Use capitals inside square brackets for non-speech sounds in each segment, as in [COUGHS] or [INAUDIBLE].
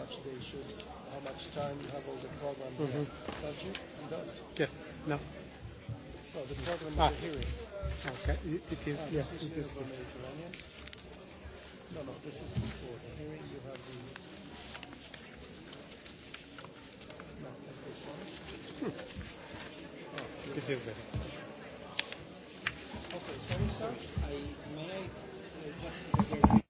much they should, how much time you have on the program mm -hmm. there. Don't you? You don't? Yeah. No. No, oh, the program ah. of the hearing. Okay. It, it is, ah, yes, is it is. No, no, this is before the hearing. You have the... No, this one. Hmm. Oh, it is there. Okay, sorry, sir. I, may I uh, just...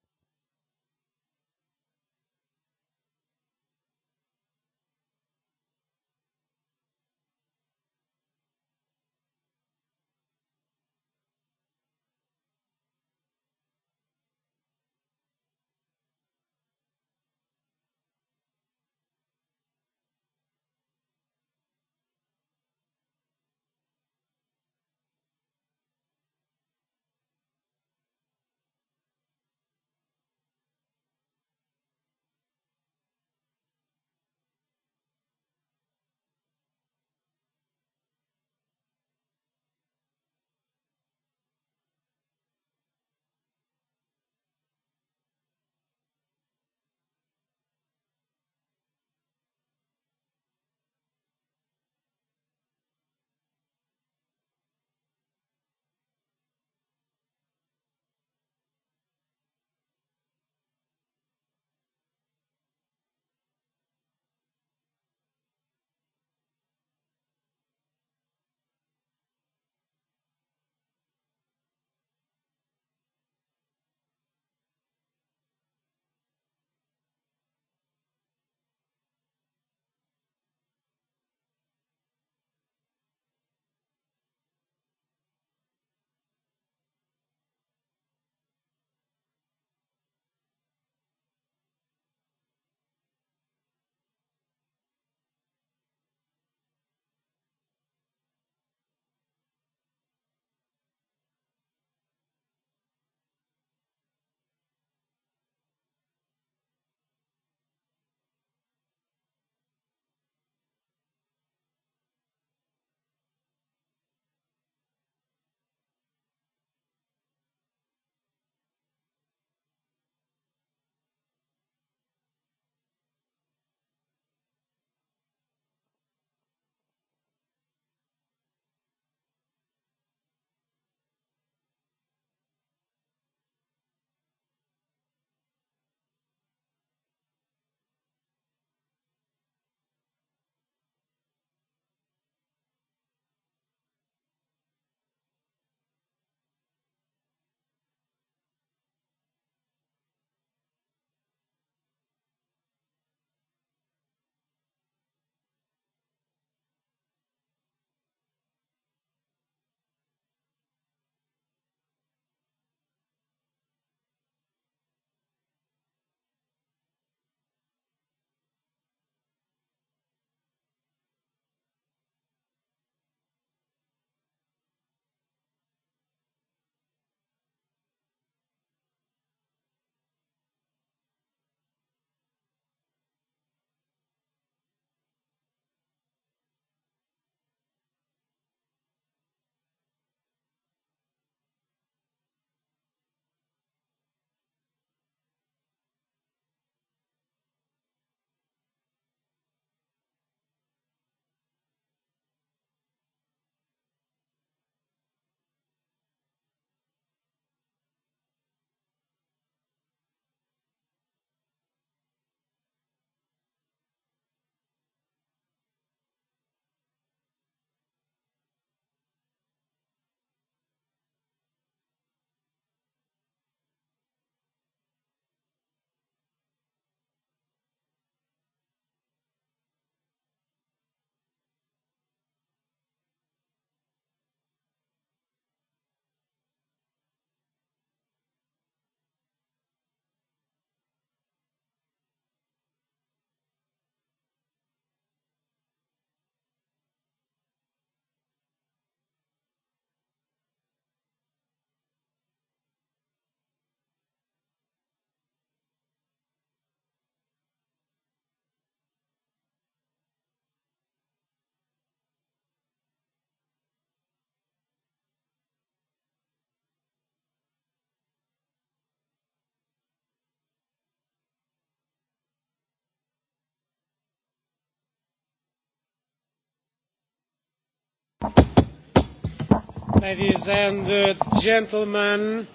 Ladies and uh, gentlemen,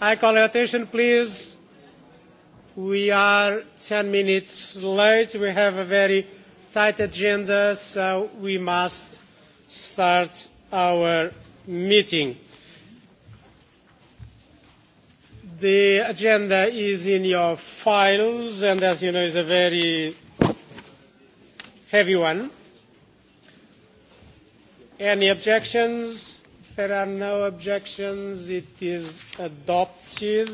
I call your attention, please. We are 10 minutes late. We have a very tight agenda, so we must start our meeting. The agenda is in your files, and as you know, it's a very heavy one. Any objections? there are no objections. It is adopted.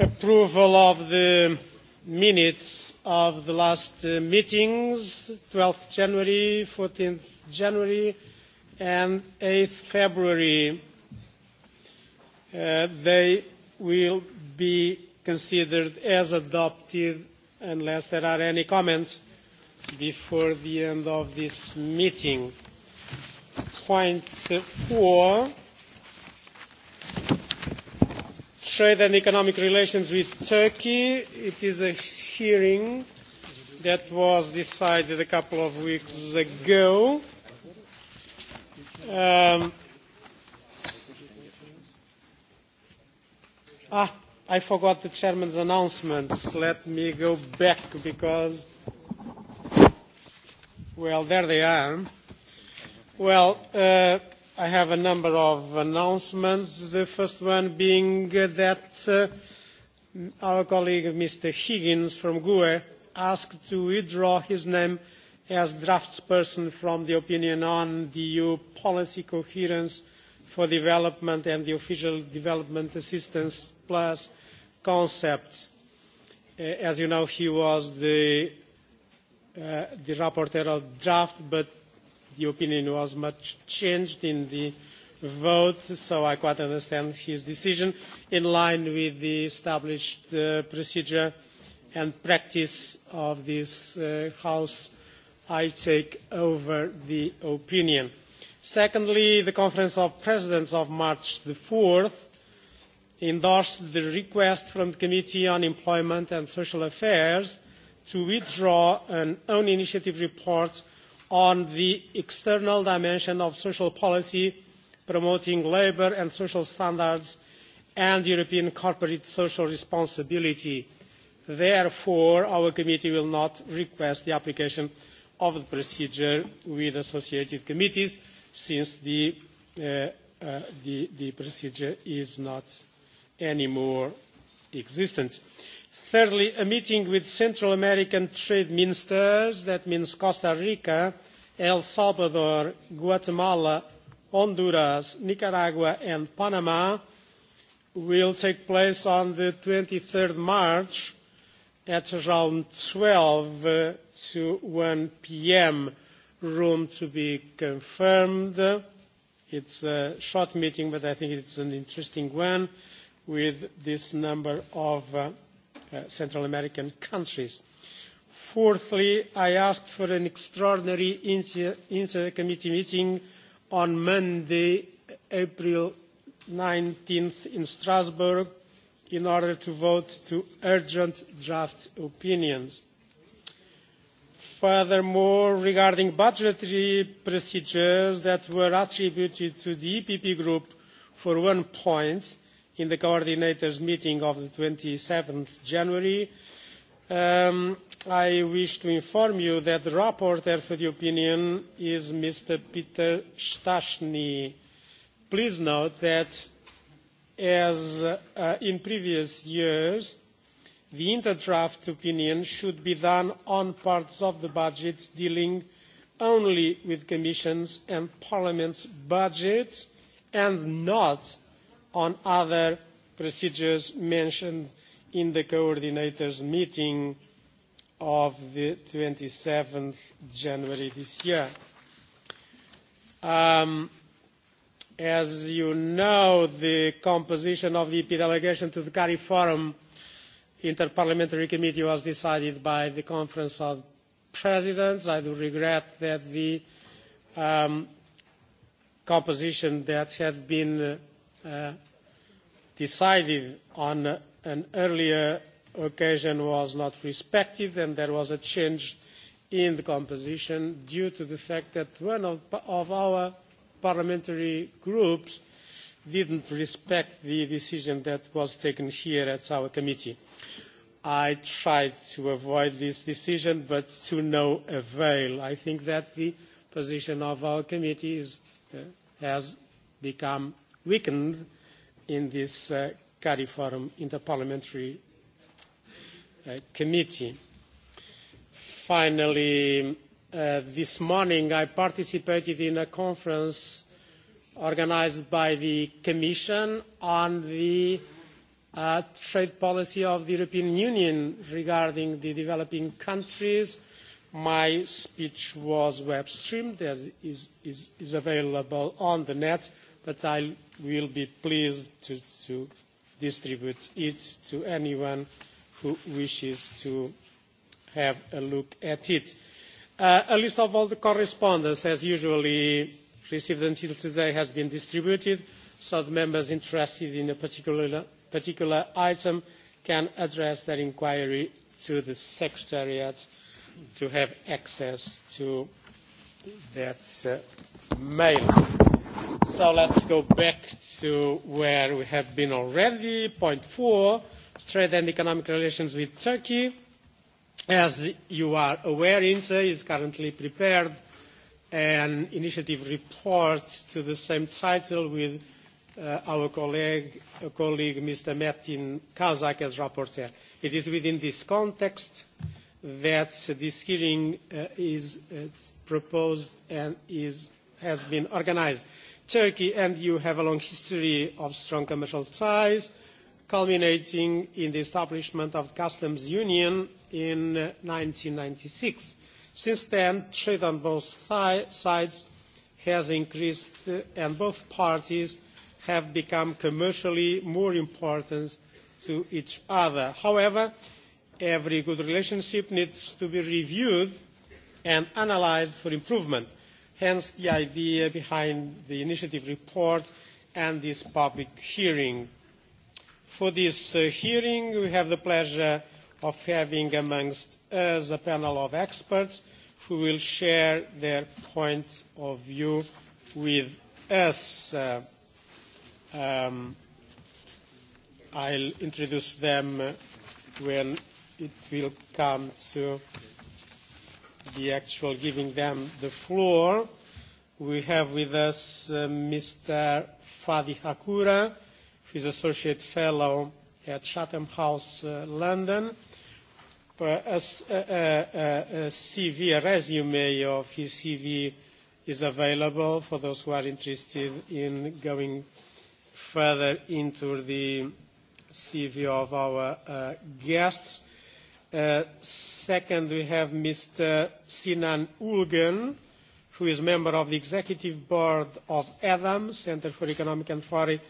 Approval of the minutes of the last uh, meetings, 12th January, 14th January, and 8th February. Uh, they will be considered as adopted unless there are any comments before the end of this meeting. Point four, trade and economic relations with Turkey. It is a hearing that was decided a couple of weeks ago. Um, Ah, I forgot the chairman's announcements. Let me go back because, well, there they are. Well, uh, I have a number of announcements. The first one being that uh, our colleague Mr. Higgins from GUE asked to withdraw his name as draftsperson from the opinion on the EU policy coherence for development and the official development assistance plus concepts. Uh, as you know, he was the, uh, the rapporteur of draft, but the opinion was much changed in the vote, so I quite understand his decision in line with the established uh, procedure and practice of this uh, House. I take over the opinion. Secondly, the Conference of Presidents of March the 4th endorsed the request from the Committee on Employment and Social Affairs to withdraw an own initiative report on the external dimension of social policy promoting labour and social standards and European corporate social responsibility. Therefore, our committee will not request the application of the procedure with associated committees since the, uh, uh, the, the procedure is not anymore existent. Thirdly, a meeting with Central American trade ministers, that means Costa Rica, El Salvador, Guatemala, Honduras, Nicaragua and Panama, will take place on the 23rd March at around 12 uh, to 1 p.m room to be confirmed. It's a short meeting, but I think it's an interesting one with this number of uh, uh, Central American countries. Fourthly, I asked for an extraordinary inter-committee meeting on Monday, April 19th in Strasbourg in order to vote to urgent draft opinions. Furthermore, regarding budgetary procedures that were attributed to the EPP group for one point in the coordinators' meeting of the 27th January, um, I wish to inform you that the rapporteur for the opinion is Mr. Peter Stashny. Please note that, as uh, in previous years, the interdraft opinion should be done on parts of the budget dealing only with the Commission's and Parliament's budgets and not on other procedures mentioned in the coordinators' meeting of twenty seven January this year. Um, as you know, the composition of the EP delegation to the CARI Forum interparliamentary committee was decided by the conference of presidents. i do regret that the um, composition that had been uh, uh, decided on an earlier occasion was not respected and there was a change in the composition due to the fact that one of, of our parliamentary groups didn't respect the decision that was taken here at our committee. I tried to avoid this decision, but to no avail. I think that the position of our committee is, uh, has become weakened in this uh, CARIFORUM interparliamentary uh, committee. Finally, uh, this morning I participated in a conference organised by the Commission on the Uh, trade policy of the European Union regarding the developing countries. My speech was web streamed as is, is, is available on the net, but I will be pleased to, to distribute it to anyone who wishes to have a look at it. Uh, a list of all the correspondence, as usually received until today, has been distributed, so the members interested in a particular particular item can address their inquiry to the Secretariat to have access to that uh, mail. So let's go back to where we have been already. Point four, trade and economic relations with Turkey. As you are aware, INSA is currently prepared an initiative report to the same title with uh, our colleague, uh, colleague Mr. Metin Kazak as rapporteur. It is within this context that this hearing uh, is uh, proposed and is, has been organized. Turkey and you have a long history of strong commercial ties, culminating in the establishment of customs union in 1996. Uh, Since then, trade on both sides has increased uh, and both parties have become commercially more important to each other. However, every good relationship needs to be reviewed and analysed for improvement. Hence the idea behind the initiative report and this public hearing. For this uh, hearing, we have the pleasure of having amongst us a panel of experts who will share their points of view with us. Uh, Um, I'll introduce them when it will come to the actual giving them the floor. We have with us uh, Mr. Fadi Hakura, who is Associate Fellow at Chatham House, uh, London. Uh, uh, uh, uh a, a, a CV, a resume of his CV is available for those who are interested in going further into the CV of our uh, guests. Uh, second, we have Mr. Sinan Ulgen, who is member of the Executive Board of ADAM, Center for Economic and Foreign,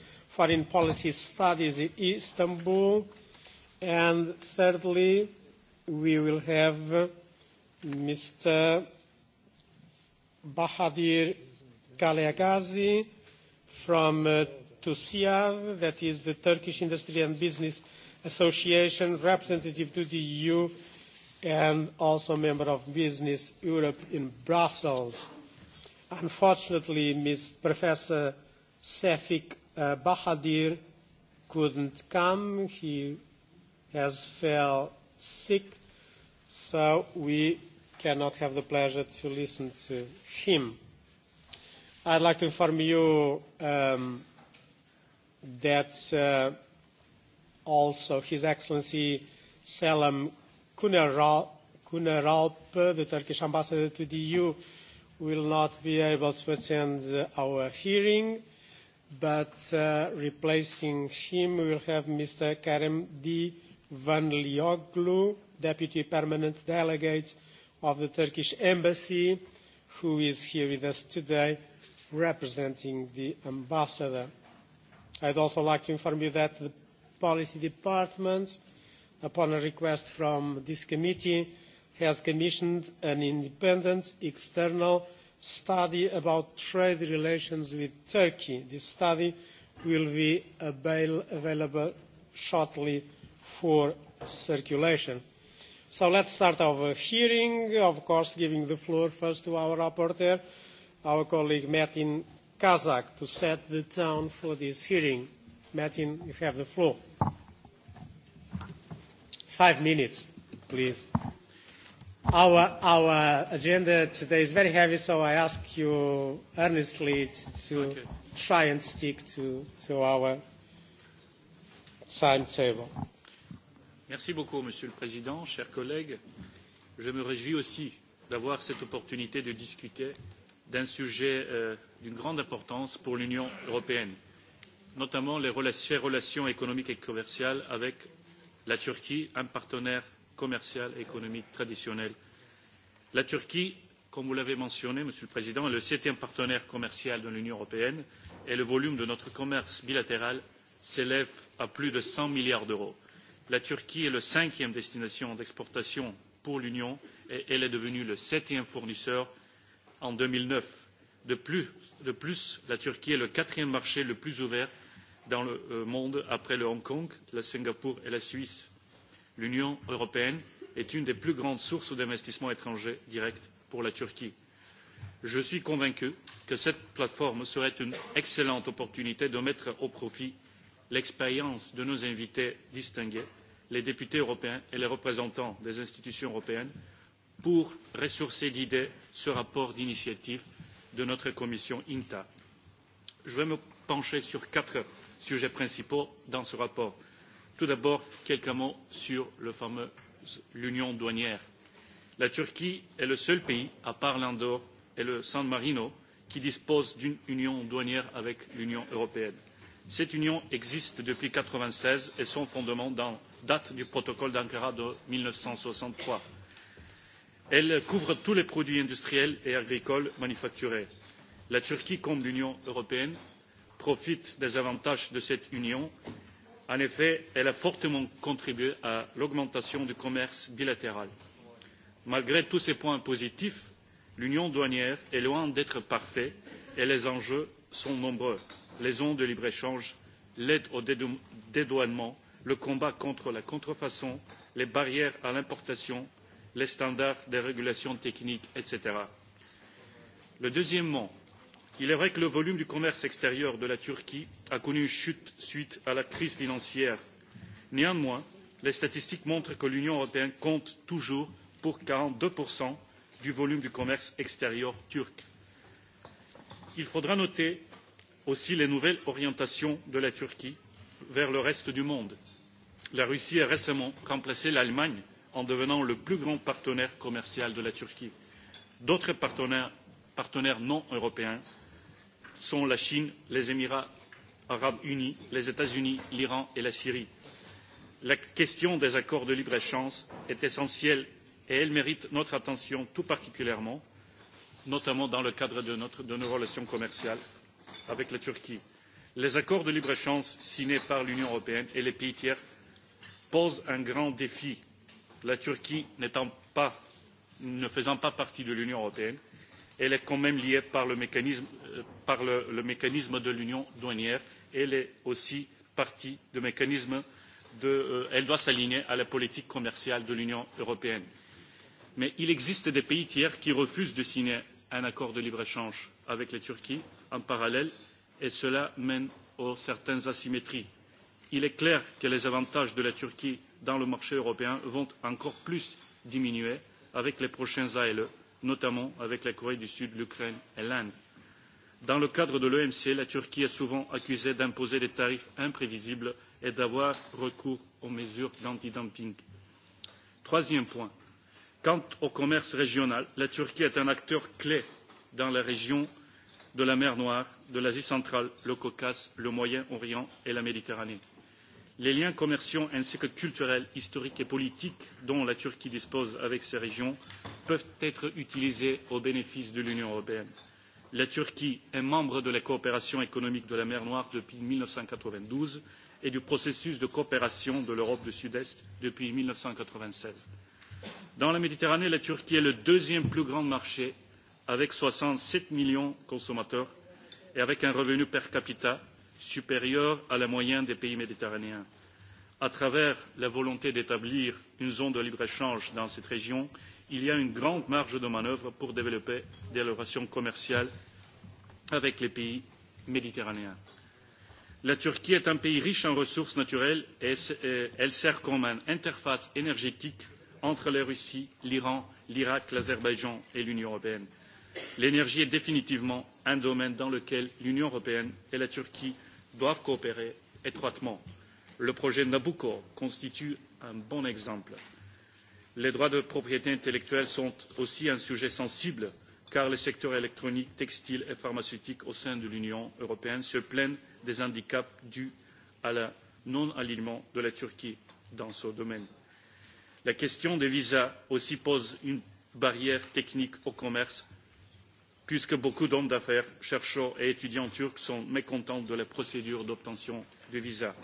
Policy Studies in Istanbul. And thirdly, we will have Mr. Bahadir Kaleagazi from uh, to SIAV, that is the Turkish Industry and Business Association, representative to the EU, and also member of Business Europe in Brussels. Unfortunately, Ms. Professor Sefik uh, Bahadir couldn't come. He has fell sick, so we cannot have the pleasure to listen to him. I'd like to inform you um, that uh, also His Excellency Selim Kuneralp, the Turkish ambassador to the EU, will not be able to attend our hearing, but uh, replacing him we will have Mr. Kerem D. Vanlioglu, Deputy Permanent Delegate of the Turkish Embassy, who is here with us today representing the ambassador. I'd also like to inform you that the Policy Department, upon a request from this committee, has commissioned an independent external study about trade relations with Turkey. This study will be available shortly for circulation. So let's start our hearing, of course, giving the floor first to our rapporteur, our colleague Martin Kazak to set the tone for this hearing. Martin, you have the floor. Five minutes, please. Our, our agenda today is very heavy, so I ask you earnestly to, to okay. try and stick to, to our timetable. Merci beaucoup, Monsieur le Président, chers collègues. Je me réjouis aussi d'avoir cette opportunité de discuter d'un sujet euh, d'une grande importance pour l'union européenne notamment ses relations économiques et commerciales avec la turquie un partenaire commercial et économique traditionnel. la turquie comme vous l'avez mentionné monsieur le président est le septième partenaire commercial de l'union européenne et le volume de notre commerce bilatéral s'élève à plus de cent milliards d'euros. la turquie est la cinquième destination d'exportation pour l'union et elle est devenue le septième fournisseur en deux mille neuf de plus la turquie est le quatrième marché le plus ouvert dans le euh, monde après hong kong singapour et la suisse. l'union européenne est une des plus grandes sources d'investissements étrangers directs pour la turquie. je suis convaincu que cette plateforme serait une excellente opportunité de mettre au profit l'expérience de nos invités distingués les députés européens et les représentants des institutions européennes pour ressourcer d'idées ce rapport d'initiative de notre commission inta. je vais me pencher sur quatre sujets principaux dans ce rapport. tout d'abord quelques mots sur la fameuse union douanière. la turquie est le seul pays à part l'andorre et san marino qui dispose d'une union douanière avec l'union européenne. cette union existe depuis mille neuf cent quatre vingt seize et son fondement date du protocole d'ankara de mille neuf cent soixante trois elle couvre tous les produits industriels et agricoles manufacturés. la turquie comme l'union européenne profite des avantages de cette union. en effet elle a fortement contribué à l'augmentation du commerce bilatéral. malgré tous ces points positifs l'union douanière est loin d'être parfaite et les enjeux sont nombreux les zones de libre échange l'aide au dédouanement le combat contre la contrefaçon les barrières à l'importation les standards des régulations techniques etc. deuxièmement il est vrai que le volume du commerce extérieur de la turquie a connu une chute suite à la crise financière. néanmoins les statistiques montrent que l'union européenne compte toujours pour quarante deux du volume du commerce extérieur turc. il faudra noter aussi les nouvelles orientations de la turquie vers le reste du monde. la russie a récemment remplacé l'allemagne en devenant le plus grand partenaire commercial de la turquie. d'autres partenaires, non européens sont la chine les émirats arabes unis les états unis l'iran et la syrie. la question des accords de libre échange est essentielle et elle mérite notre attention tout particulièrement notamment dans le cadre de, de nos relations commerciales avec la turquie. les accords de libre échange signés par l'union européenne et les pays tiers posent un grand défi la turquie ne faisant pas partie de l'union européenne elle est quand même liée par le mécanisme, euh, de l'union douanière elle est aussi partie du mécanisme euh, elle doit s'aligner sur la politique commerciale de l'union européenne. mais il existe des pays tiers qui refusent de signer un accord de libre échange avec la turquie en parallèle et cela mène à certaines asymétries il est clair que les avantages de la turquie dans le marché européen vont encore plus diminuer avec les prochains ale notamment avec la corée du sud l'ukraine et l'inde. dans le cadre de l'omc la turquie est souvent accusée d'imposer des tarifs imprévisibles et d'avoir recours aux mesures d'antidumping. troisième point quant au commerce régional la turquie est un acteur clé dans la région de la mer noire de l'asie centrale le caucase le moyen orient et la méditerranée les liens commerciaux ainsi que culturels historiques et politiques dont la turquie dispose avec ces régions peuvent être utilisés au bénéfice de l'union européenne. la turquie est membre de la coopération économique de la mer noire depuis mille neuf cent quatre vingt douze et du processus de coopération de l'europe du sud est depuis. mille neuf cent quatre vingt seize dans la méditerranée la turquie est le deuxième plus grand marché avec soixante sept millions de consommateurs et avec un revenu per capita supérieure à la moyenne des pays méditerranéens. à travers la volonté d'établir une zone de libre échange dans cette région il y a une grande marge de manœuvre pour développer des relations commerciales avec les pays méditerranéens. la turquie est un pays riche en ressources naturelles et elle sert comme une interface énergétique entre la russie l'iran l'iraq l'azerbaïdjan et l'union européenne l'énergie est définitivement un domaine dans lequel l'union européenne et la turquie doivent coopérer étroitement. le projet nabucco constitue un bon exemple. les droits de propriété intellectuelle sont aussi un sujet sensible car les secteurs électronique textile et pharmaceutique au sein de l'union européenne se plaignent des handicaps dus à la non alignement de la turquie dans ce domaine. la question des visas aussi pose une barrière technique au commerce puisque beaucoup d'hommes d'affaires chercheurs et étudiants turcs sont mécontents de la procédure d'obtention du visa.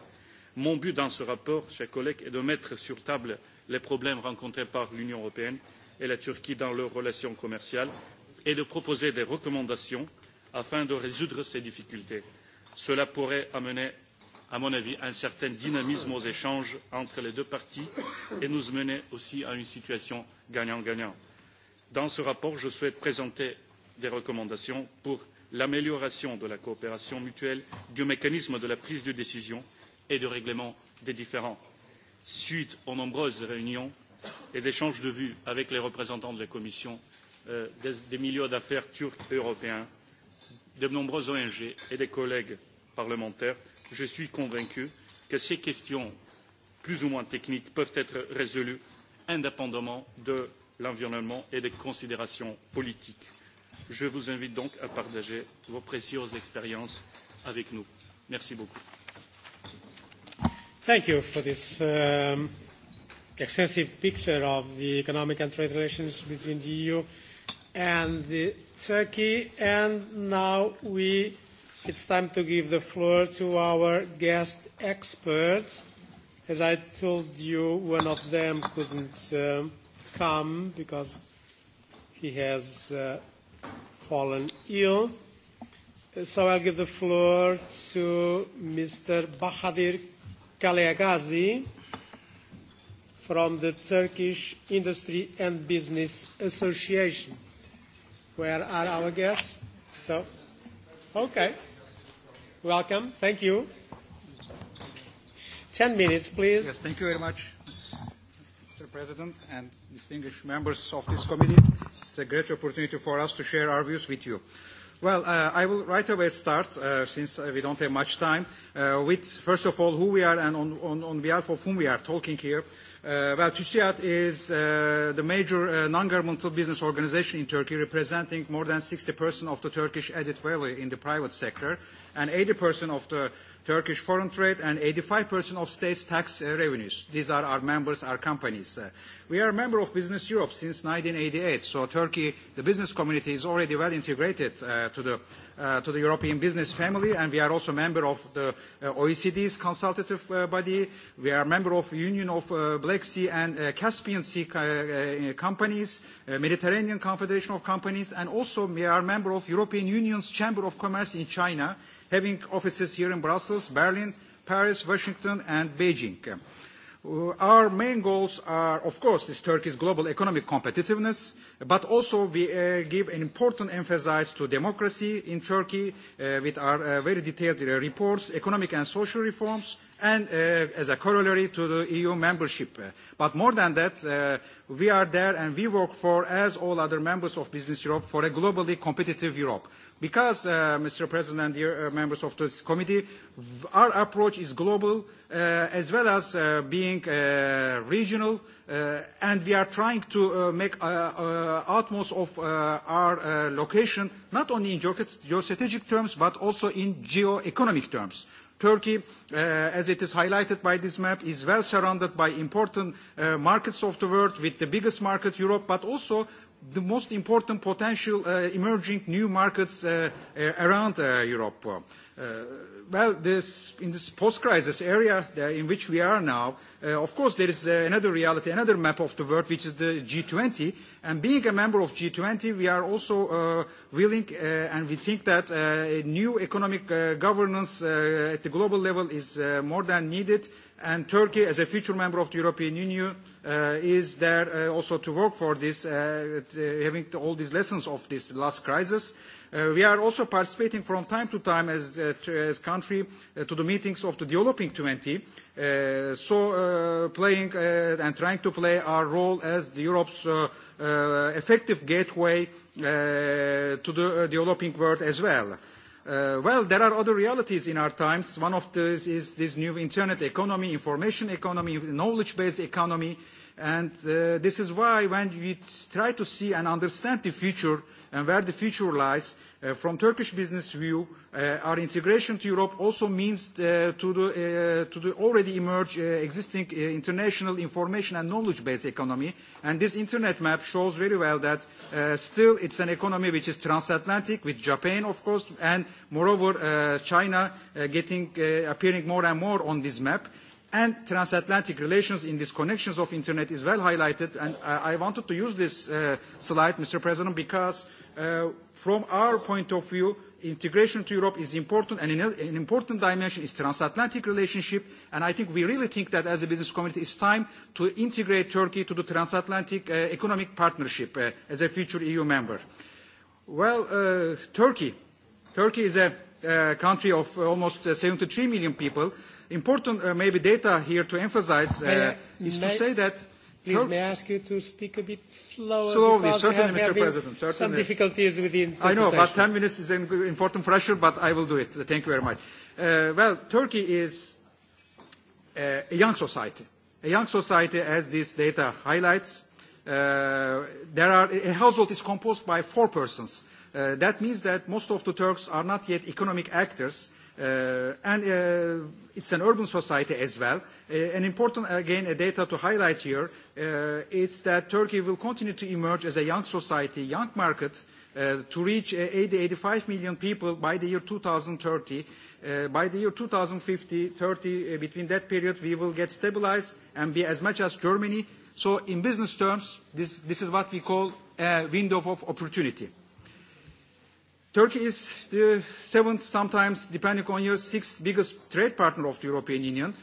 mon but dans ce rapport chers collègues est de mettre sur la table les problèmes rencontrés par l'union européenne et la turquie dans leurs relations commerciales et de proposer des recommandations afin de résoudre ces difficultés. cela pourrait amener à mon avis un certain dynamisme aux échanges entre les deux parties et nous mener aussi à une situation gagnant gagnant. dans ce rapport je souhaite présenter des recommandations pour l'amélioration de la coopération mutuelle du mécanisme de la prise de décision et du règlement des différends suite aux nombreuses réunions et échanges de vues avec les représentants de la commission euh, des milieux d'affaires turcs et européens de nombreuses ong et des collègues parlementaires je suis convaincu que ces questions plus ou moins techniques peuvent être résolues indépendamment de l'environnement et des considérations politiques je vous invite donc à partager vos précieuses expériences avec nous. merci beaucoup. Thank you for this um, extensive picture of the economic and trade relations between the EU and the Turkey. And now we, it's time to give the floor to our guest experts. As I told you, one of them couldn't um, come because he has uh, fallen ill. So I'll give the floor to Mr. Bahadir Kaleagazi from the Turkish Industry and Business Association. Where are our guests? So, okay. Welcome. Thank you. Ten minutes, please. Yes, thank you very much, Mr. President and distinguished members of this committee. It's a great opportunity for us to share our views with you. Well, uh, I will right away start, uh, since we don't have much time, uh, with, first of all, who we are and on, on, on behalf of whom we are talking here. Uh, well, TÜSİAD is uh, the major uh, non-governmental business organization in Turkey, representing more than 60% of the Turkish added value in the private sector and 80% of the Turkish foreign trade, and 85% of state's tax uh, revenues. These are our members, our companies. we are a member of Business Europe since 1988, so Turkey, the business community, is already well integrated uh, to the Uh, to the European business family, and we are also member of the uh, OECD's consultative uh, body. We are member of Union of uh, Black Sea and Caspian Sea companies, Mediterranean Confederation of Companies, and also we are member of European Union's Chamber of Commerce in China having offices here in Brussels, Berlin, Paris, Washington, and Beijing. Uh, our main goals are, of course, is Turkey's global economic competitiveness, but also we uh, give an important emphasis to democracy in Turkey uh, with our uh, very detailed uh, reports, economic and social reforms, and uh, as a corollary to the EU membership. But more than that, we are there and we work for, as all other members of Business Europe, for a globally competitive Europe. Because, uh, Mr. President, dear uh, members of this committee, our approach is global uh, as well as uh, being uh, regional, uh, and we are trying to uh, make uh, uh, utmost of uh, our uh, location, not only in geostrategic terms, but also in geo-economic terms. Turkey, uh, as it is highlighted by this map, is well surrounded by important uh, markets of the world, with the biggest market, Europe, but also the most important potential uh, emerging new markets uh, uh, around uh, Europe. Uh, well, this, in this post-crisis area in which we are now, uh, of course there is uh, another reality, another map of the world, which is the G20. And being a member of G20, we are also uh, willing uh, and we think that uh, new economic uh, governance uh, at the global level is uh, more than needed and Turkey, as a future member of the European Union, uh, is there uh, also to work for this, uh, uh having all these lessons of this last crisis. Uh, we are also participating from time to time as uh, a country to the meetings of the developing 20, so playing and trying to play our role as Europe's effective gateway to the developing world as well. Uh, well, there are other realities in our times. One of those is this new internet economy, information economy, knowledge-based economy. And uh, this is why when you try to see and understand the future and where the future lies, Uh, from Turkish business view, uh, our integration to Europe also means uh, to, the, uh, to, the, already uh, existing uh, international information and knowledge-based economy. And this internet map shows very well that still it's an economy which is transatlantic, with Japan, of course, and moreover, China getting, appearing more and more on this map and transatlantic relations in these connections of internet is well highlighted and I wanted to use this uh, slide, Mr. President, because Uh, from our point of view, integration to Europe is important, and an important dimension is transatlantic relationship. And I think we really think that as a business community, it's time to integrate Turkey to the transatlantic uh, economic partnership uh, as a future EU member. Well, uh, Turkey. Turkey is a uh, country of almost uh, 73 million people. Important, uh, maybe, data here to emphasize uh, I, is to say that Please, may I ask you to speak a bit slower? Slowly, certainly, Mr. President. Certainly. Some difficulties with within. I know, but 10 minutes is an important pressure, but I will do it. Thank you very much. Uh, well, Turkey is uh, a young society. A young society, as this data highlights, uh, there are, a household is composed by four persons. Uh, that means that most of the Turks are not yet economic actors. Uh, Uh, and uh, it's an urban society as well. Uh, an important, again, a data to highlight here uh, is that Turkey will continue to emerge as a young society, young market, uh, to reach uh, 80, 85 million people by the year 2030. Uh, by the year 2050, 30, uh, between that period, we will get stabilized and be as much as Germany. So in business terms, this, this is what we call a window of opportunity. Turkey is the seventh, sometimes depending on your sixth biggest trade partner of the European Union.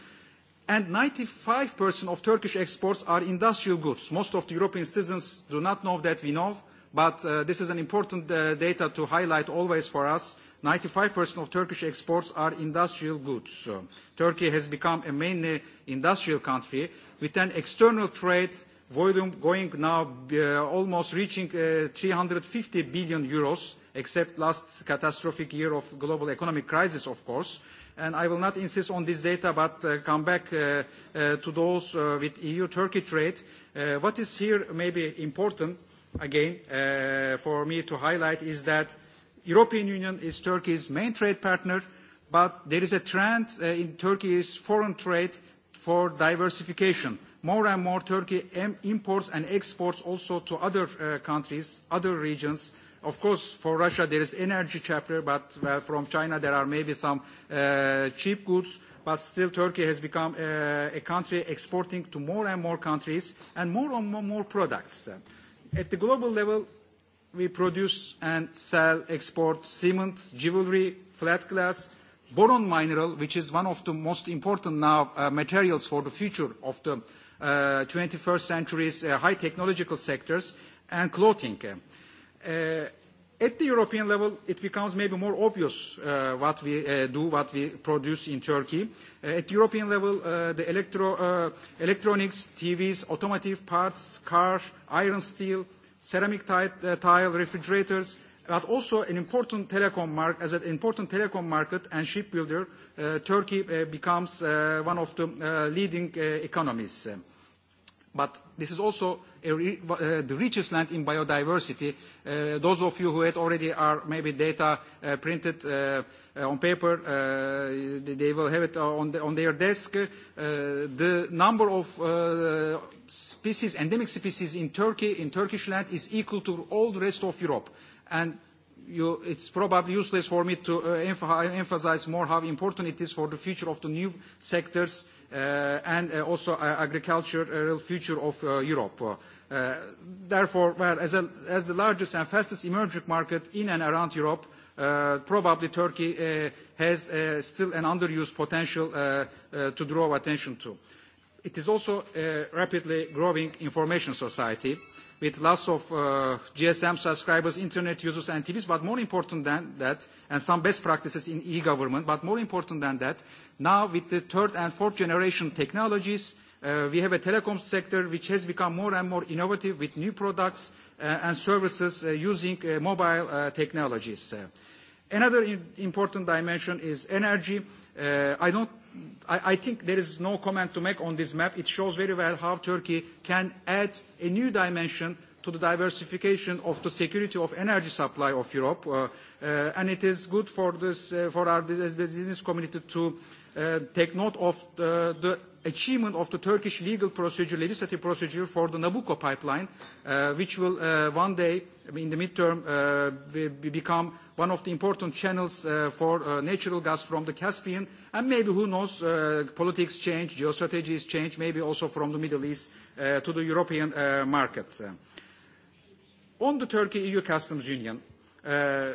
And 95% of Turkish exports are industrial goods. Most of the European citizens do not know that we know, but uh, this is an important uh, data to highlight always for us. 95% of Turkish exports are industrial goods. So, Turkey has become a mainly industrial country with an external trade volume going now uh, almost reaching uh, 350 billion euros except last catastrophic year of global economic crisis, of course. And I will not insist on this data, but uh, come back uh, uh, to those uh, with EU-Turkey trade. Uh, what is here maybe important, again, uh, for me to highlight is that European Union is Turkey's main trade partner, but there is a trend uh, in Turkey's foreign trade for diversification more and more Turkey imports and exports also to other uh, countries, other regions, Of course, for Russia there is energy chapter, but well, from China there are maybe some uh, cheap goods. But still, Turkey has become uh, a country exporting to more and more countries and more and more products. At the global level, we produce and sell, export cement, jewelry, flat glass, boron mineral, which is one of the most important now uh, materials for the future of the uh, 21st century's uh, high technological sectors, and clothing. Uh, Uh, at the European level, it becomes maybe more obvious uh, what we uh, do, what we produce in Turkey. Uh, at European level, uh, the electro, uh, electronics, TVs, automotive parts, cars, iron steel, ceramic tile, uh, tile refrigerators, but also an important telecom market, as an important telecom market and shipbuilder, uh, Turkey uh, becomes uh, one of the uh, leading uh, economies. But this is also a re- uh, the richest land in biodiversity, Uh, those of you who had already are maybe data uh, printed uh, uh on paper, uh, they will have it uh, on, the, on their desk. Uh, the number of uh, species, endemic species in Turkey, in Turkish land, is equal to all the rest of Europe. And you, it's probably useless for me to uh, emphasize more how important it is for the future of the new sectors uh, Uh, and uh, also uh, agricultural future of uh, Europe. therefore, as, the largest and fastest emerging market in and around Europe, probably Turkey has still an underused potential to draw attention to. It is also a rapidly growing information society with lots of uh, GSM subscribers, internet users, and TVs. But more important than that, and some best practices in e-government, but more important than that, now with the third and fourth generation technologies, uh, we have a telecom sector which has become more and more innovative with new products uh, and services uh, using uh, mobile uh, technologies. Uh, Another important dimension is energy. Uh, I don't I, I think there is no comment to make on this map. It shows very well how Turkey can add a new dimension to the diversification of the security of energy supply of Europe. Uh, uh, and it is good for, this, uh, for our business community to uh, take note of the, the achievement of the Turkish legal procedure, legislative procedure for the Nabucco pipeline, uh, which will uh, one day, in the midterm, uh, be become one of the important channels uh, for uh, natural gas from the Caspian, and maybe who knows, uh, politics change, geostrategies change, maybe also from the Middle East uh, to the European uh, markets. Uh, on the Turkey-EU customs union, uh,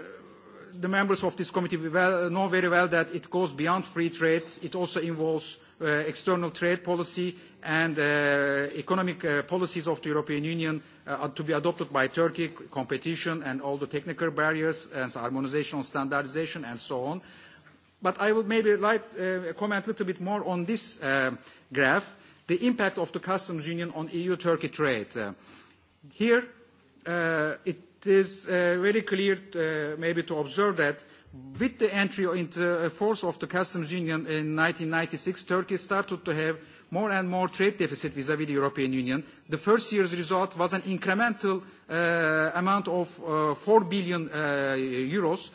the members of this committee well, know very well that it goes beyond free trade. It also involves uh, external trade policy and uh, economic uh, policies of the European Union uh, are to be adopted by Turkey, competition and all the technical barriers and harmonization, standardization and so on. But I would maybe like to uh, comment a little bit more on this uh, graph, the impact of the customs union on EU-Turkey trade. Uh, here, uh, it is uh, very clear uh, maybe to observe that with the entry into force of the customs union in 1996, Turkey started to have more and more trade deficit vis-à-vis the European Union. The first year's result was an incremental uh, amount of uh, 4 billion uh, euros,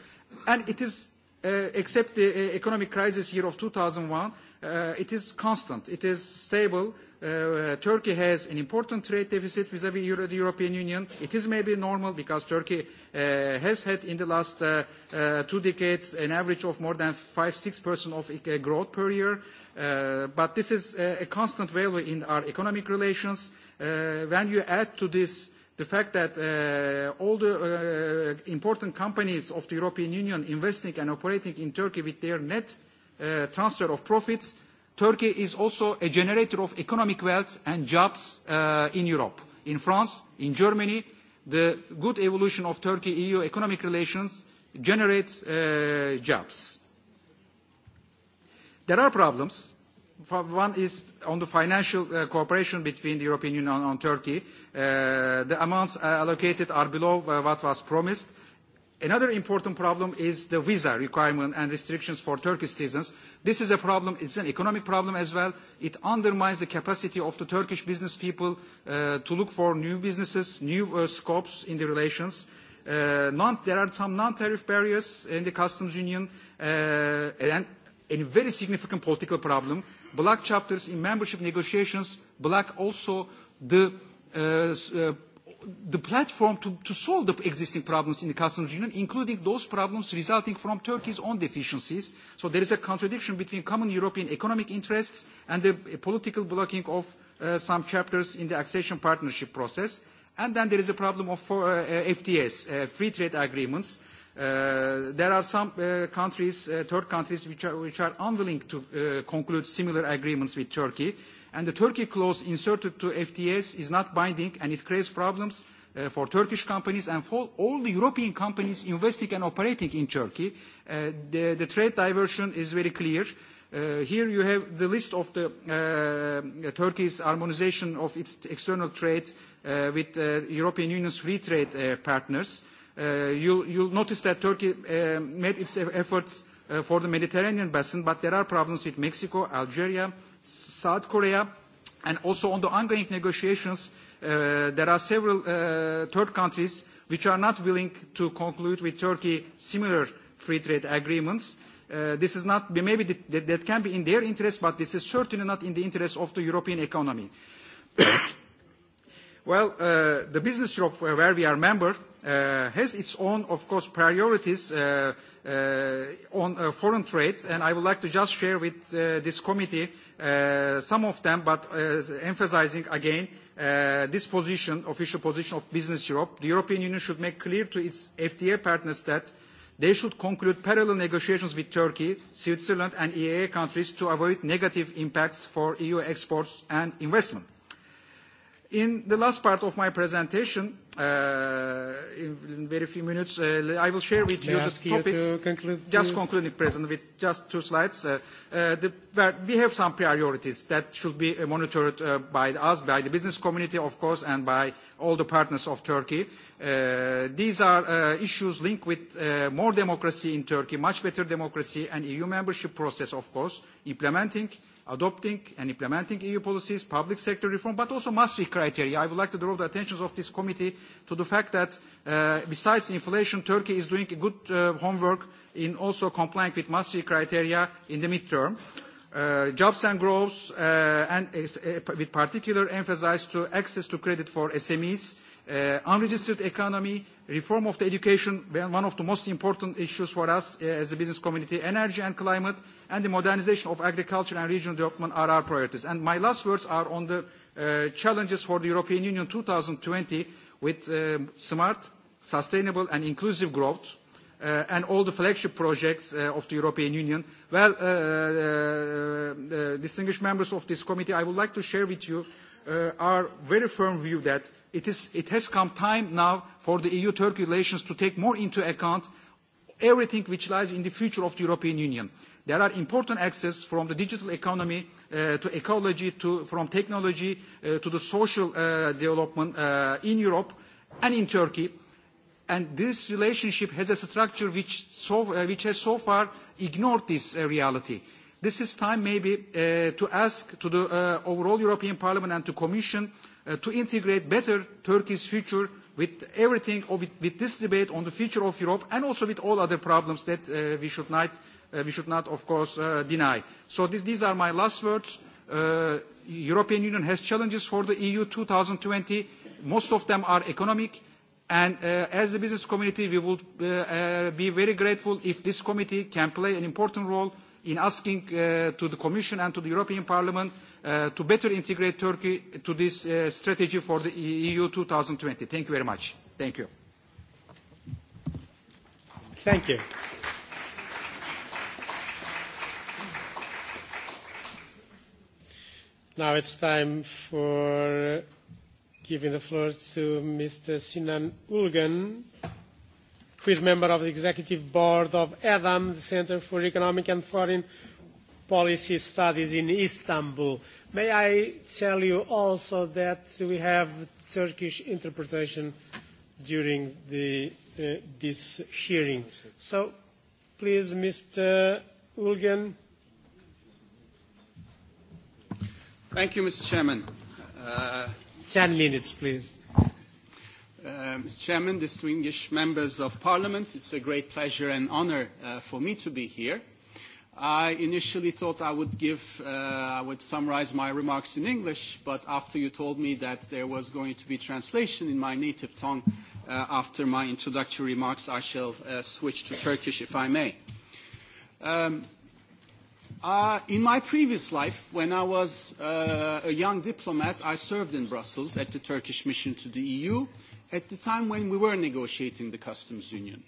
and it is, uh, except the uh, economic crisis year of 2001, uh, it is constant, it is stable, Uh, uh, Turkey has an important trade deficit vis-à-vis Euro the European Union. It is maybe normal because Turkey uh, has had in the last uh, uh, two decades an average of more than 5-6% of uh, growth per year. Uh, but this is uh, a constant value in our economic relations. Uh, when you add to this the fact that uh, all the uh, important companies of the European Union investing and operating in Turkey with their net uh, transfer of profits, Turkey is also a generator of economic wealth and jobs uh, in Europe. In France, in Germany, the good evolution of Turkey-EU economic relations generates uh, jobs. There are problems. One is on the financial uh, cooperation between the European Union and, Turkey. Uh, the amounts uh, allocated are below uh, what was promised Another important problem is the visa requirement and restrictions for Turkish citizens. This is a problem. It's an economic problem as well. It undermines the capacity of the Turkish business people uh, to look for new businesses, new uh, scopes in the relations. Uh, non, there are some non-tariff barriers in the customs union uh, and, and a very significant political problem. Black chapters in membership negotiations block also the uh, uh, the platform to, to solve the existing problems in the customs union, including those problems resulting from Turkey's own deficiencies. So there is a contradiction between common European economic interests and the political blocking of uh, some chapters in the accession partnership process. And then there is a problem of for, uh, uh FTS, uh, free trade agreements. Uh, there are some uh, countries, uh, third countries, which are, which are unwilling to uh, conclude similar agreements with Turkey. Uh, And the Turkey clause inserted to FTAs is not binding, and it creates problems uh, for Turkish companies and for all the European companies investing and operating in Turkey. Uh, the, the trade diversion is very clear. Uh, here you have the list of the, uh, Turkey's harmonization of its external trade uh, with uh, European Union's free trade uh, partners. Uh, you'll, you'll notice that Turkey uh, made its efforts uh, for the Mediterranean basin, but there are problems with Mexico, Algeria, South Korea, and also on the ongoing negotiations, uh, there are several uh, third countries which are not willing to conclude with Turkey similar free trade agreements. Uh, this is not, maybe that, that can be in their interest, but this is certainly not in the interest of the European economy. [COUGHS] well, uh, the business group where we are member uh, has its own, of course, priorities uh, uh, on uh, foreign trade, and I would like to just share with uh, this committee uh, some of them, but uh, emphasizing again uh, this position, official position of Business Europe. The European Union should make clear to its FTA partners that they should conclude parallel negotiations with Turkey, Switzerland and EEA countries to avoid negative impacts for EU exports and investment. In the last part of my presentation, uh, in, in very few minutes, uh, I will share with May you the topics. You to conclude, just concluding, present with just two slides. Uh, uh, the, we have some priorities that should be uh, monitored uh, by us, by the business community, of course, and by all the partners of Turkey. Uh, these are uh, issues linked with uh, more democracy in Turkey, much better democracy, and EU membership process, of course, implementing uh, adopting and implementing EU policies, public sector reform, but also Maastricht criteria. I would like to draw the attention of this committee to the fact that uh, besides inflation, Turkey is doing good uh, homework in also complying with Maastricht criteria in the midterm. Uh, jobs and growth, uh, and uh, with particular emphasis to access to credit for SMEs, uh, unregistered economy, reform of the education, one of the most important issues for us uh, as a business community, energy and climate, and the modernization of agriculture and regional development are our priorities. And my last words are on the uh, challenges for the European Union 2020 with uh, smart, sustainable and inclusive growth uh, and all the flagship projects uh, of the European Union. Well, uh, uh, uh, distinguished members of this committee, I would like to share with you uh, our very firm view that it, is, it has come time now for the EU-Turkey relations to take more into account everything which lies in the future of the European Union. There are important axes from the digital economy uh, to ecology, to, from technology uh, to the social uh, development uh, in Europe and in Turkey. And this relationship has a structure which, so, uh, which has so far ignored this uh, reality. This is time maybe uh, to ask to the uh, overall European Parliament and to Commission uh, to integrate better Turkey's future with everything, with, with this debate on the future of Europe and also with all other problems that uh, we should not uh, we should not, of course, uh, deny. So this, these are my last words. Uh, European Union has challenges for the EU 2020. Most of them are economic. And uh, as the business community, we would uh, uh, be very grateful if this committee can play an important role in asking uh, to the Commission and to the European Parliament uh, to better integrate Turkey to this uh, strategy for the EU 2020. Thank you very much. Thank you. Thank you. Now it's time for uh, giving the floor to Mr. Sinan Ulgen, who is member of the Executive Board of EDAM, the Center for Economic and Foreign Policy Studies in Istanbul. May I tell you also that we have Turkish interpretation during the, uh, this hearing. So please, Mr. Ulgen. Thank you, Mr. Chairman. Uh, 10 minutes, please. Uh, Mr. Chairman, distinguished members of Parliament, it's a great pleasure and honor uh, for me to be here. I initially thought I would give, uh, I would summarize my remarks in English, but after you told me that there was going to be translation in my native tongue uh, after my introductory remarks, I shall uh, switch to Turkish if I may. Um, Uh, in my previous life, when I was uh, a young diplomat, I served in Brussels at the Turkish mission to the EU at the time when we were negotiating the customs union.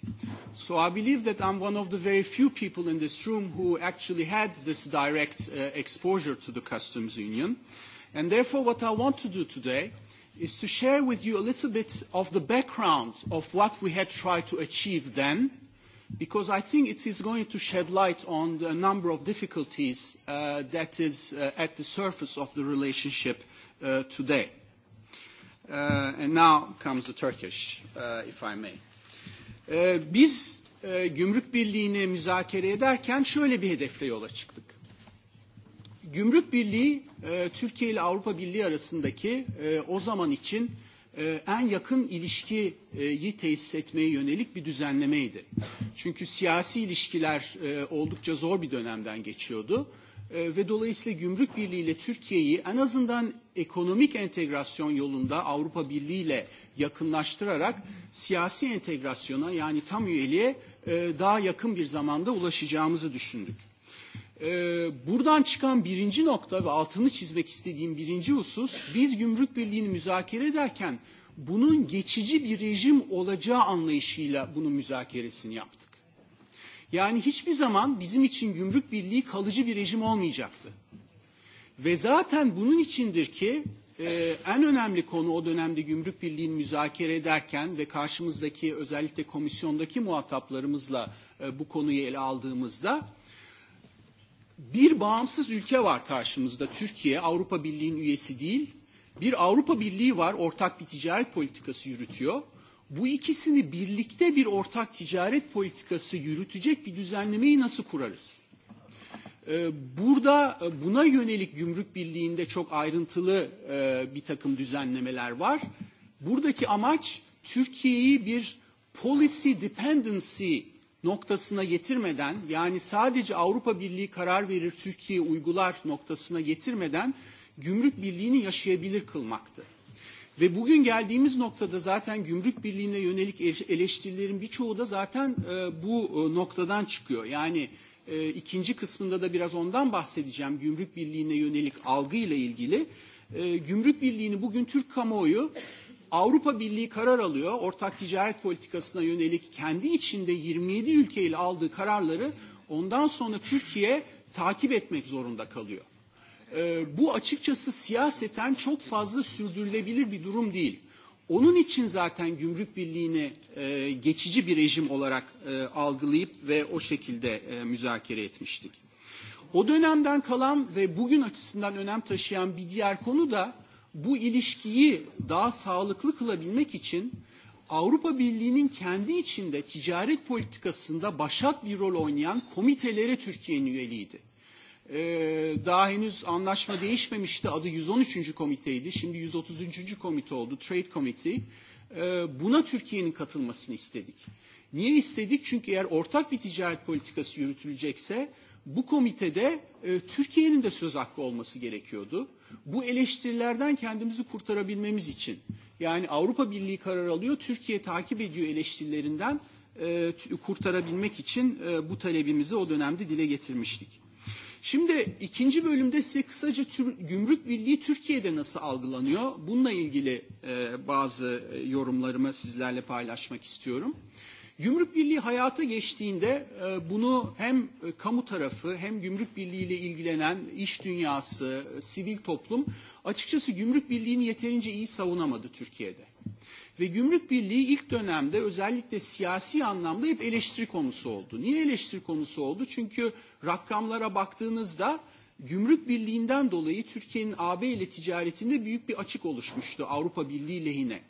So I believe that I'm one of the very few people in this room who actually had this direct uh, exposure to the customs union. And therefore, what I want to do today is to share with you a little bit of the background of what we had tried to achieve then because I think it is going to shed light on a number of difficulties uh, that is uh, at the surface of the relationship uh, today. Uh, and now comes the Turkish, uh, if I may. Uh, biz e, gümrük birliğini müzakere ederken şöyle bir hedefle yola çıktık. Gümrük Birliği, e, Türkiye ile Avrupa Birliği arasındaki e, o zaman için E, en yakın ilişkiyi tesis etmeye yönelik bir düzenlemeydi. Çünkü siyasi ilişkiler e, oldukça zor bir dönemden geçiyordu e, ve dolayısıyla gümrük birliği ile Türkiye'yi en azından ekonomik entegrasyon yolunda Avrupa Birliği ile yakınlaştırarak siyasi entegrasyona yani tam üyeliğe daha yakın bir zamanda ulaşacağımızı düşündük. Ee, buradan çıkan birinci nokta ve altını çizmek istediğim birinci husus biz gümrük birliğini müzakere ederken bunun geçici bir rejim olacağı anlayışıyla bunun müzakeresini yaptık. Yani hiçbir zaman bizim için gümrük birliği kalıcı bir rejim olmayacaktı. Ve zaten bunun içindir ki e, en önemli konu o dönemde gümrük birliğini müzakere ederken ve karşımızdaki özellikle komisyondaki muhataplarımızla e, bu konuyu ele aldığımızda bir bağımsız ülke var karşımızda. Türkiye Avrupa Birliği'nin üyesi değil. Bir Avrupa Birliği var ortak bir ticaret politikası yürütüyor. Bu ikisini birlikte bir ortak ticaret politikası yürütecek bir düzenlemeyi nasıl kurarız? Burada e, buna yönelik gümrük birliğinde çok ayrıntılı e, bir takım düzenlemeler var. Buradaki amaç Türkiye'yi bir policy dependency noktasına getirmeden yani sadece Avrupa Birliği karar verir Türkiye uygular noktasına getirmeden gümrük birliğini yaşayabilir kılmaktı. Ve bugün geldiğimiz noktada zaten gümrük birliğine yönelik eleştirilerin birçoğu da zaten e, bu e, noktadan çıkıyor. Yani e, ikinci kısmında da biraz ondan bahsedeceğim gümrük birliğine yönelik algıyla ilgili. E, gümrük birliğini bugün Türk kamuoyu Avrupa Birliği karar alıyor. Ortak ticaret politikasına yönelik kendi içinde 27 ülkeyle aldığı kararları ondan sonra Türkiye takip etmek zorunda kalıyor. E, bu açıkçası siyaseten çok fazla sürdürülebilir bir durum değil. Onun için zaten gümrük birliğini e, geçici bir rejim olarak e, algılayıp ve o şekilde e, müzakere etmiştik. O dönemden kalan ve bugün açısından önem taşıyan bir diğer konu da bu ilişkiyi daha sağlıklı kılabilmek için Avrupa Birliği'nin kendi içinde ticaret politikasında başat bir rol oynayan komitelere Türkiye'nin üyeliğiydi. Ee, daha henüz anlaşma değişmemişti. Adı 113. komiteydi. Şimdi 133. komite oldu. Trade Committee. Ee, buna Türkiye'nin katılmasını istedik. Niye istedik? Çünkü eğer ortak bir ticaret politikası yürütülecekse bu komitede e, Türkiye'nin de söz hakkı olması gerekiyordu. Bu eleştirilerden kendimizi kurtarabilmemiz için yani Avrupa Birliği karar alıyor, Türkiye takip ediyor eleştirilerinden e, kurtarabilmek için e, bu talebimizi o dönemde dile getirmiştik. Şimdi ikinci bölümde size kısaca tüm, gümrük birliği Türkiye'de nasıl algılanıyor? Bununla ilgili e, bazı e, yorumlarımı sizlerle paylaşmak istiyorum. Gümrük Birliği hayata geçtiğinde e, bunu hem e, kamu tarafı hem gümrük birliği ile ilgilenen iş dünyası, e, sivil toplum açıkçası gümrük birliğini yeterince iyi savunamadı Türkiye'de. Ve gümrük birliği ilk dönemde özellikle siyasi anlamda hep eleştiri konusu oldu. Niye eleştiri konusu oldu? Çünkü rakamlara baktığınızda Gümrük Birliği'nden dolayı Türkiye'nin AB ile ticaretinde büyük bir açık oluşmuştu Avrupa Birliği lehine.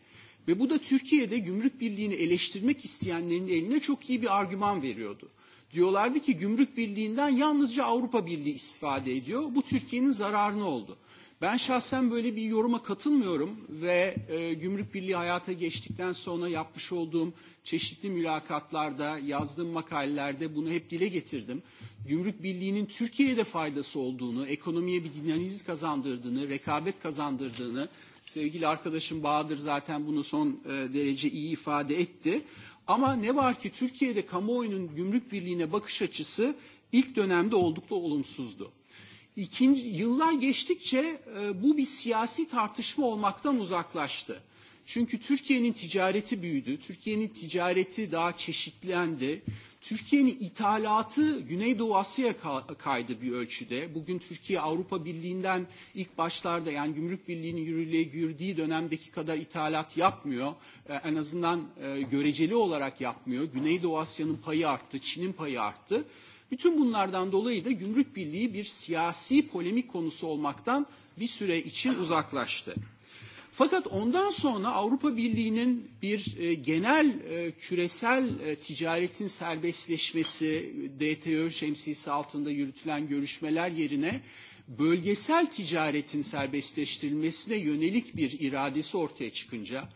Ve bu da Türkiye'de gümrük birliğini eleştirmek isteyenlerin eline çok iyi bir argüman veriyordu. Diyorlardı ki gümrük birliğinden yalnızca Avrupa Birliği istifade ediyor. Bu Türkiye'nin zararını oldu. Ben şahsen böyle bir yoruma katılmıyorum ve e, Gümrük Birliği hayata geçtikten sonra yapmış olduğum çeşitli mülakatlarda, yazdığım makalelerde bunu hep dile getirdim. Gümrük Birliği'nin Türkiye'ye de faydası olduğunu, ekonomiye bir dinamizm kazandırdığını, rekabet kazandırdığını Sevgili arkadaşım Bahadır zaten bunu son e, derece iyi ifade etti. Ama ne var ki Türkiye'de kamuoyunun gümrük birliğine bakış açısı ilk dönemde oldukça olumsuzdu. İkinci, yıllar geçtikçe e, bu bir siyasi tartışma olmaktan uzaklaştı. Çünkü Türkiye'nin ticareti büyüdü, Türkiye'nin ticareti daha çeşitlendi, Türkiye'nin ithalatı Güneydoğu Asya'ya kaydı bir ölçüde. Bugün Türkiye Avrupa Birliği'nden ilk başlarda yani Gümrük Birliği'nin yürürlüğe girdiği dönemdeki kadar ithalat yapmıyor. en azından e, göreceli olarak yapmıyor. Güneydoğu Asya'nın payı arttı, Çin'in payı arttı. Bütün bunlardan dolayı da Gümrük Birliği bir siyasi polemik konusu olmaktan bir süre için uzaklaştı. Fakat ondan sonra Avrupa Birliği'nin bir e, genel e, küresel e, ticaretin serbestleşmesi, DTÖ şemsiyesi altında yürütülen görüşmeler yerine bölgesel ticaretin serbestleştirilmesine yönelik bir iradesi ortaya çıkınca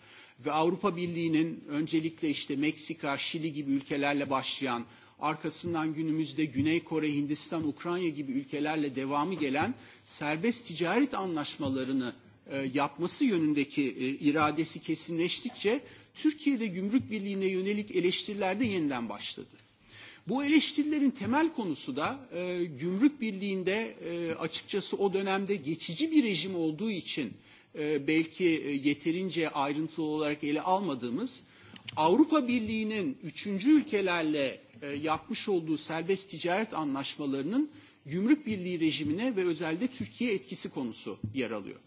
ve Avrupa Birliği'nin öncelikle işte Meksika, Şili gibi ülkelerle başlayan arkasından günümüzde Güney Kore, Hindistan, Ukrayna gibi ülkelerle devamı gelen serbest ticaret anlaşmalarını E, yapması yönündeki e, iradesi kesinleştikçe Türkiye'de gümrük birliğine yönelik eleştiriler de yeniden başladı. Bu eleştirilerin temel konusu da e, gümrük birliğinde e, açıkçası o dönemde geçici bir rejim olduğu için e, belki e, yeterince ayrıntılı olarak ele almadığımız Avrupa Birliği'nin üçüncü ülkelerle e, yapmış olduğu serbest ticaret anlaşmalarının gümrük birliği rejimine ve özellikle Türkiye etkisi konusu yer alıyor.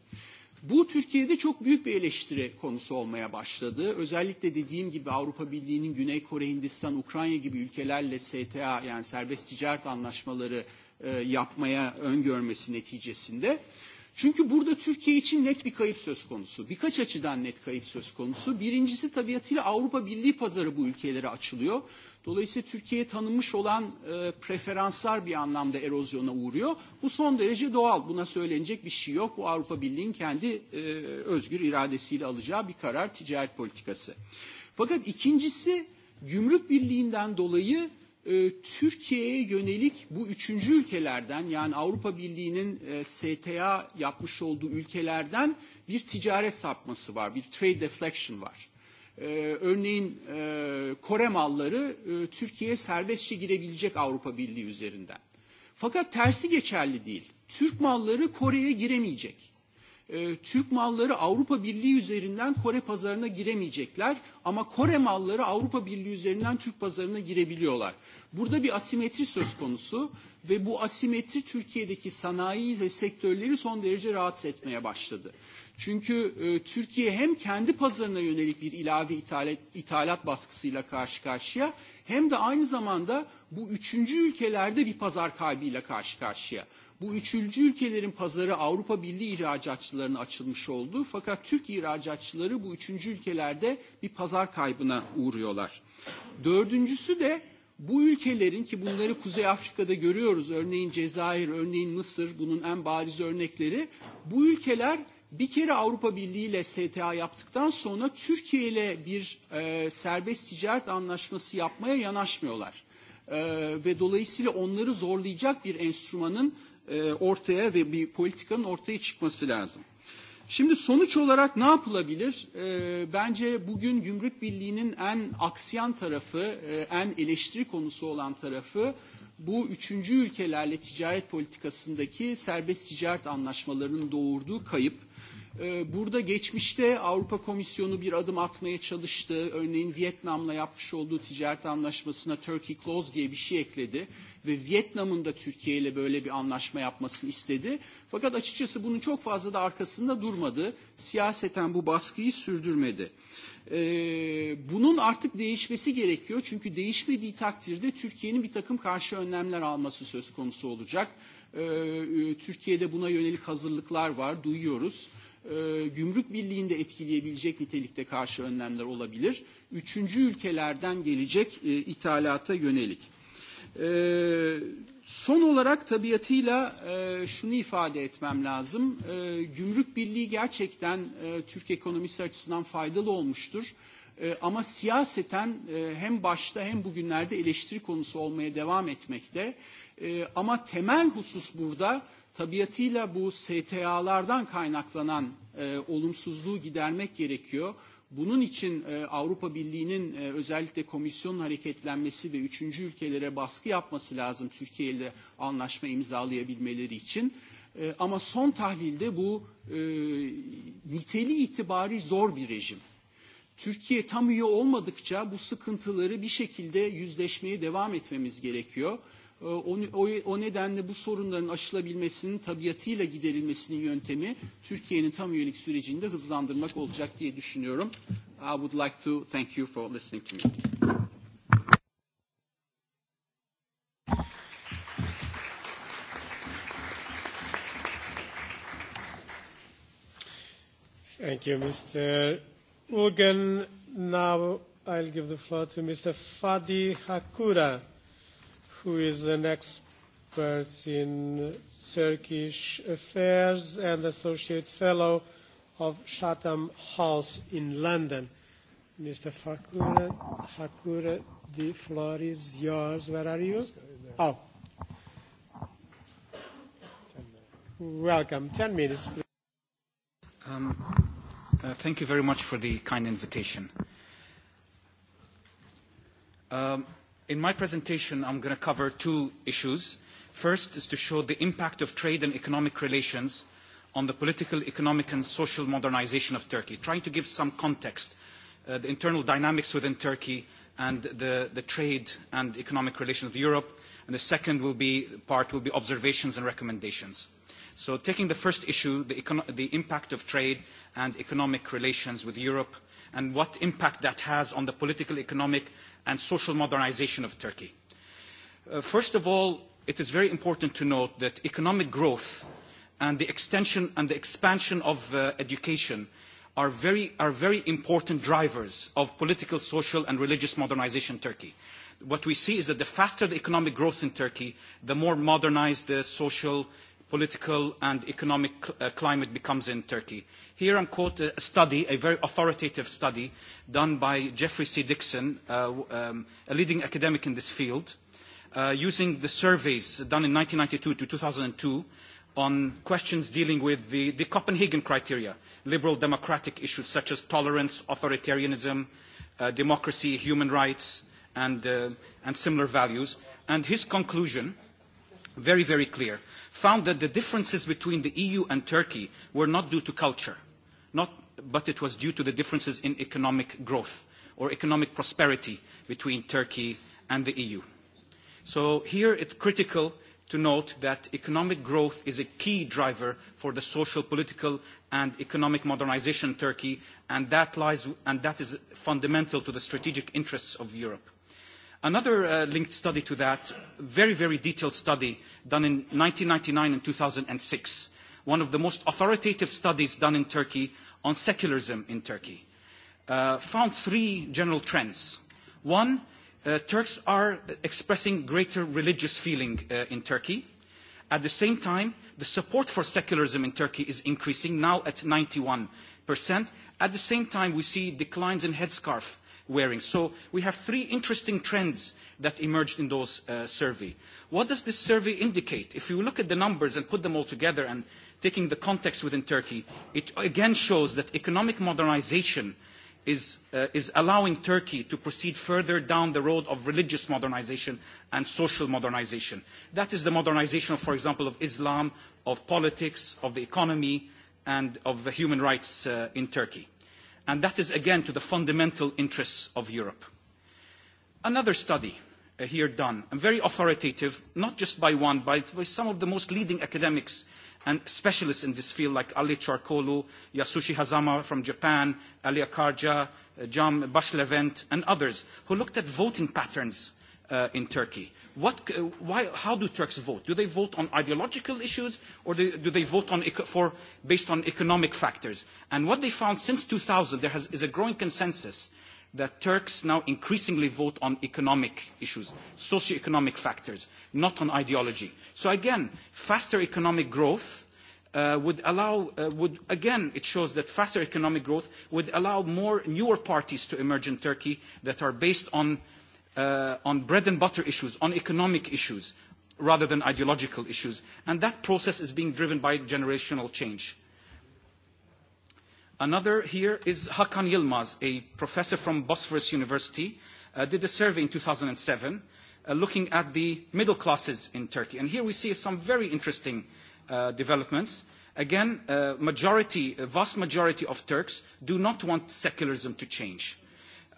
Bu Türkiye'de çok büyük bir eleştiri konusu olmaya başladı. Özellikle dediğim gibi Avrupa Birliği'nin Güney Kore, Hindistan, Ukrayna gibi ülkelerle STA yani serbest ticaret anlaşmaları e, yapmaya öngörmesi neticesinde. Çünkü burada Türkiye için net bir kayıp söz konusu. Birkaç açıdan net kayıp söz konusu. Birincisi tabiatıyla Avrupa Birliği pazarı bu ülkelere açılıyor. Dolayısıyla Türkiye'ye tanınmış olan e, preferanslar bir anlamda erozyona uğruyor. Bu son derece doğal. Buna söylenecek bir şey yok. Bu Avrupa Birliği'nin kendi e, özgür iradesiyle alacağı bir karar ticaret politikası. Fakat ikincisi gümrük birliğinden dolayı Türkiye'ye yönelik bu üçüncü ülkelerden yani Avrupa Birliği'nin e, STA yapmış olduğu ülkelerden bir ticaret sapması var, bir trade deflection var. örneğin e, Kore malları e, Türkiye'ye serbestçe girebilecek Avrupa Birliği üzerinden. Fakat tersi geçerli değil. Türk malları Kore'ye giremeyecek. Türk malları Avrupa Birliği üzerinden Kore pazarına giremeyecekler ama Kore malları Avrupa Birliği üzerinden Türk pazarına girebiliyorlar. Burada bir asimetri söz konusu ve bu asimetri Türkiye'deki sanayi ve sektörleri son derece rahatsız etmeye başladı. Çünkü e, Türkiye hem kendi pazarına yönelik bir ilave ithalat, ithalat baskısıyla karşı karşıya hem de aynı zamanda bu üçüncü ülkelerde bir pazar kaybıyla karşı karşıya. Bu üçüncü ülkelerin pazarı Avrupa Birliği ihracatçılarına açılmış oldu. Fakat Türk ihracatçıları bu üçüncü ülkelerde bir pazar kaybına uğruyorlar. Dördüncüsü de bu ülkelerin ki bunları Kuzey Afrika'da görüyoruz örneğin Cezayir, örneğin Mısır bunun en bariz örnekleri. Bu ülkeler bir kere Avrupa Birliği ile STA yaptıktan sonra Türkiye ile bir e, serbest ticaret anlaşması yapmaya yanaşmıyorlar. E, ve dolayısıyla onları zorlayacak bir enstrümanın E, ortaya ve bir politikanın ortaya çıkması lazım. Şimdi sonuç olarak ne yapılabilir? E, bence bugün Gümrük Birliği'nin en aksiyan tarafı, e, en eleştiri konusu olan tarafı bu üçüncü ülkelerle ticaret politikasındaki serbest ticaret anlaşmalarının doğurduğu kayıp. Burada geçmişte Avrupa Komisyonu bir adım atmaya çalıştı. Örneğin Vietnam'la yapmış olduğu ticaret anlaşmasına Turkey Clause diye bir şey ekledi ve Vietnam'ın da Türkiye ile böyle bir anlaşma yapmasını istedi. Fakat açıkçası bunun çok fazla da arkasında durmadı. Siyaseten bu baskıyı sürdürmedi. Ee, bunun artık değişmesi gerekiyor. Çünkü değişmediği takdirde Türkiye'nin bir takım karşı önlemler alması söz konusu olacak. Ee, Türkiye'de buna yönelik hazırlıklar var, duyuyoruz E, gümrük birliğinde etkileyebilecek nitelikte karşı önlemler olabilir. Üçüncü ülkelerden gelecek e, ithalata yönelik. E, son olarak tabiatıyla e, şunu ifade etmem lazım. E, gümrük birliği gerçekten e, Türk ekonomisi açısından faydalı olmuştur. E, ama siyaseten e, hem başta hem bugünlerde eleştiri konusu olmaya devam etmekte. E, ama temel husus burada tabiatıyla bu STA'lardan kaynaklanan e, olumsuzluğu gidermek gerekiyor. Bunun için e, Avrupa Birliği'nin e, özellikle komisyonun hareketlenmesi ve üçüncü ülkelere baskı yapması lazım Türkiye ile anlaşma imzalayabilmeleri için. E, ama son tahlilde bu e, niteli itibari zor bir rejim. Türkiye tam üye olmadıkça bu sıkıntıları bir şekilde yüzleşmeye devam etmemiz gerekiyor. O, o, nedenle bu sorunların aşılabilmesinin tabiatıyla giderilmesinin yöntemi Türkiye'nin tam üyelik sürecinde hızlandırmak olacak diye düşünüyorum. I would like to thank you for listening to me. Thank you, Mr. Ugen. Now I'll give the floor to Mr. Fadi Hakura who is an expert in Turkish affairs and associate fellow of Chatham House in London. Mr. Fakura, Fakura, the floor is yours. Where are you? Oh. Welcome. Ten minutes, please. Um, uh, thank you very much for the kind invitation. Um, In my presentation, I'm going to cover two issues. First is to show the impact of trade and economic relations on the political, economic and social modernization of Turkey, trying to give some context, uh, the internal dynamics within Turkey and the, the trade and economic relations with Europe. And the second will be, part will be observations and recommendations. So taking the first issue, the, the, impact of trade and economic relations with Europe and what impact that has on the political, economic and social modernization of Turkey. Uh, first of all, it is very important to note that economic growth and the extension and the expansion of uh, education are very, are very important drivers of political, social, and religious modernization in Turkey. What we see is that the faster the economic growth in Turkey, the more modernized the social, political and economic uh, climate becomes in Turkey. Here I'm quote uh, a study, a very authoritative study done by Jeffrey C. Dixon, uh, um, a leading academic in this field, uh, using the surveys done in 1992 to 2002 on questions dealing with the, the Copenhagen criteria, liberal democratic issues such as tolerance, authoritarianism, uh, democracy, human rights, and, uh, and similar values. And his conclusion, very, very clear found that the differences between the EU and Turkey were not due to culture, not, but it was due to the differences in economic growth or economic prosperity between Turkey and the EU. So here it's critical to note that economic growth is a key driver for the social, political and economic modernization of Turkey and that, lies, and that is fundamental to the strategic interests of Europe. Another uh, linked study to that, very, very detailed study done in 1999 and 2006, one of the most authoritative studies done in Turkey on secularism in Turkey, uh, found three general trends. One, uh, Turks are expressing greater religious feeling uh, in Turkey. At the same time, the support for secularism in Turkey is increasing, now at 91%. At the same time, we see declines in headscarf wearing. So we have three interesting trends that emerged in those uh, survey. What does this survey indicate? If you look at the numbers and put them all together and taking the context within Turkey, it again shows that economic modernization is, uh, is allowing Turkey to proceed further down the road of religious modernization and social modernization. That is the modernization, of, for example, of Islam, of politics, of the economy, and of the human rights uh, in Turkey. And that is, again, to the fundamental interests of Europe. Another study uh, here done, and very authoritative, not just by one, but by some of the most leading academics and specialists in this field, like Ali Charkolu, Yasushi Hazama from Japan, Ali Akarja, uh, Jam Bashlevent, and others, who looked at voting patterns uh, in Turkey What, uh, why, how do Turks vote? Do they vote on ideological issues or do, do they vote on, for, based on economic factors? And what they found since 2000, there has, is a growing consensus that Turks now increasingly vote on economic issues, socioeconomic factors, not on ideology. So again, faster economic growth uh, would allow, uh, would, again, it shows that faster economic growth would allow more newer parties to emerge in Turkey that are based on uh, on bread and butter issues, on economic issues, rather than ideological issues. And that process is being driven by generational change. Another here is Hakan Yilmaz, a professor from Bosphorus University, uh, did a survey in 2007 uh, looking at the middle classes in Turkey. And here we see some very interesting uh, developments. Again, uh, majority, a vast majority of Turks do not want secularism to change.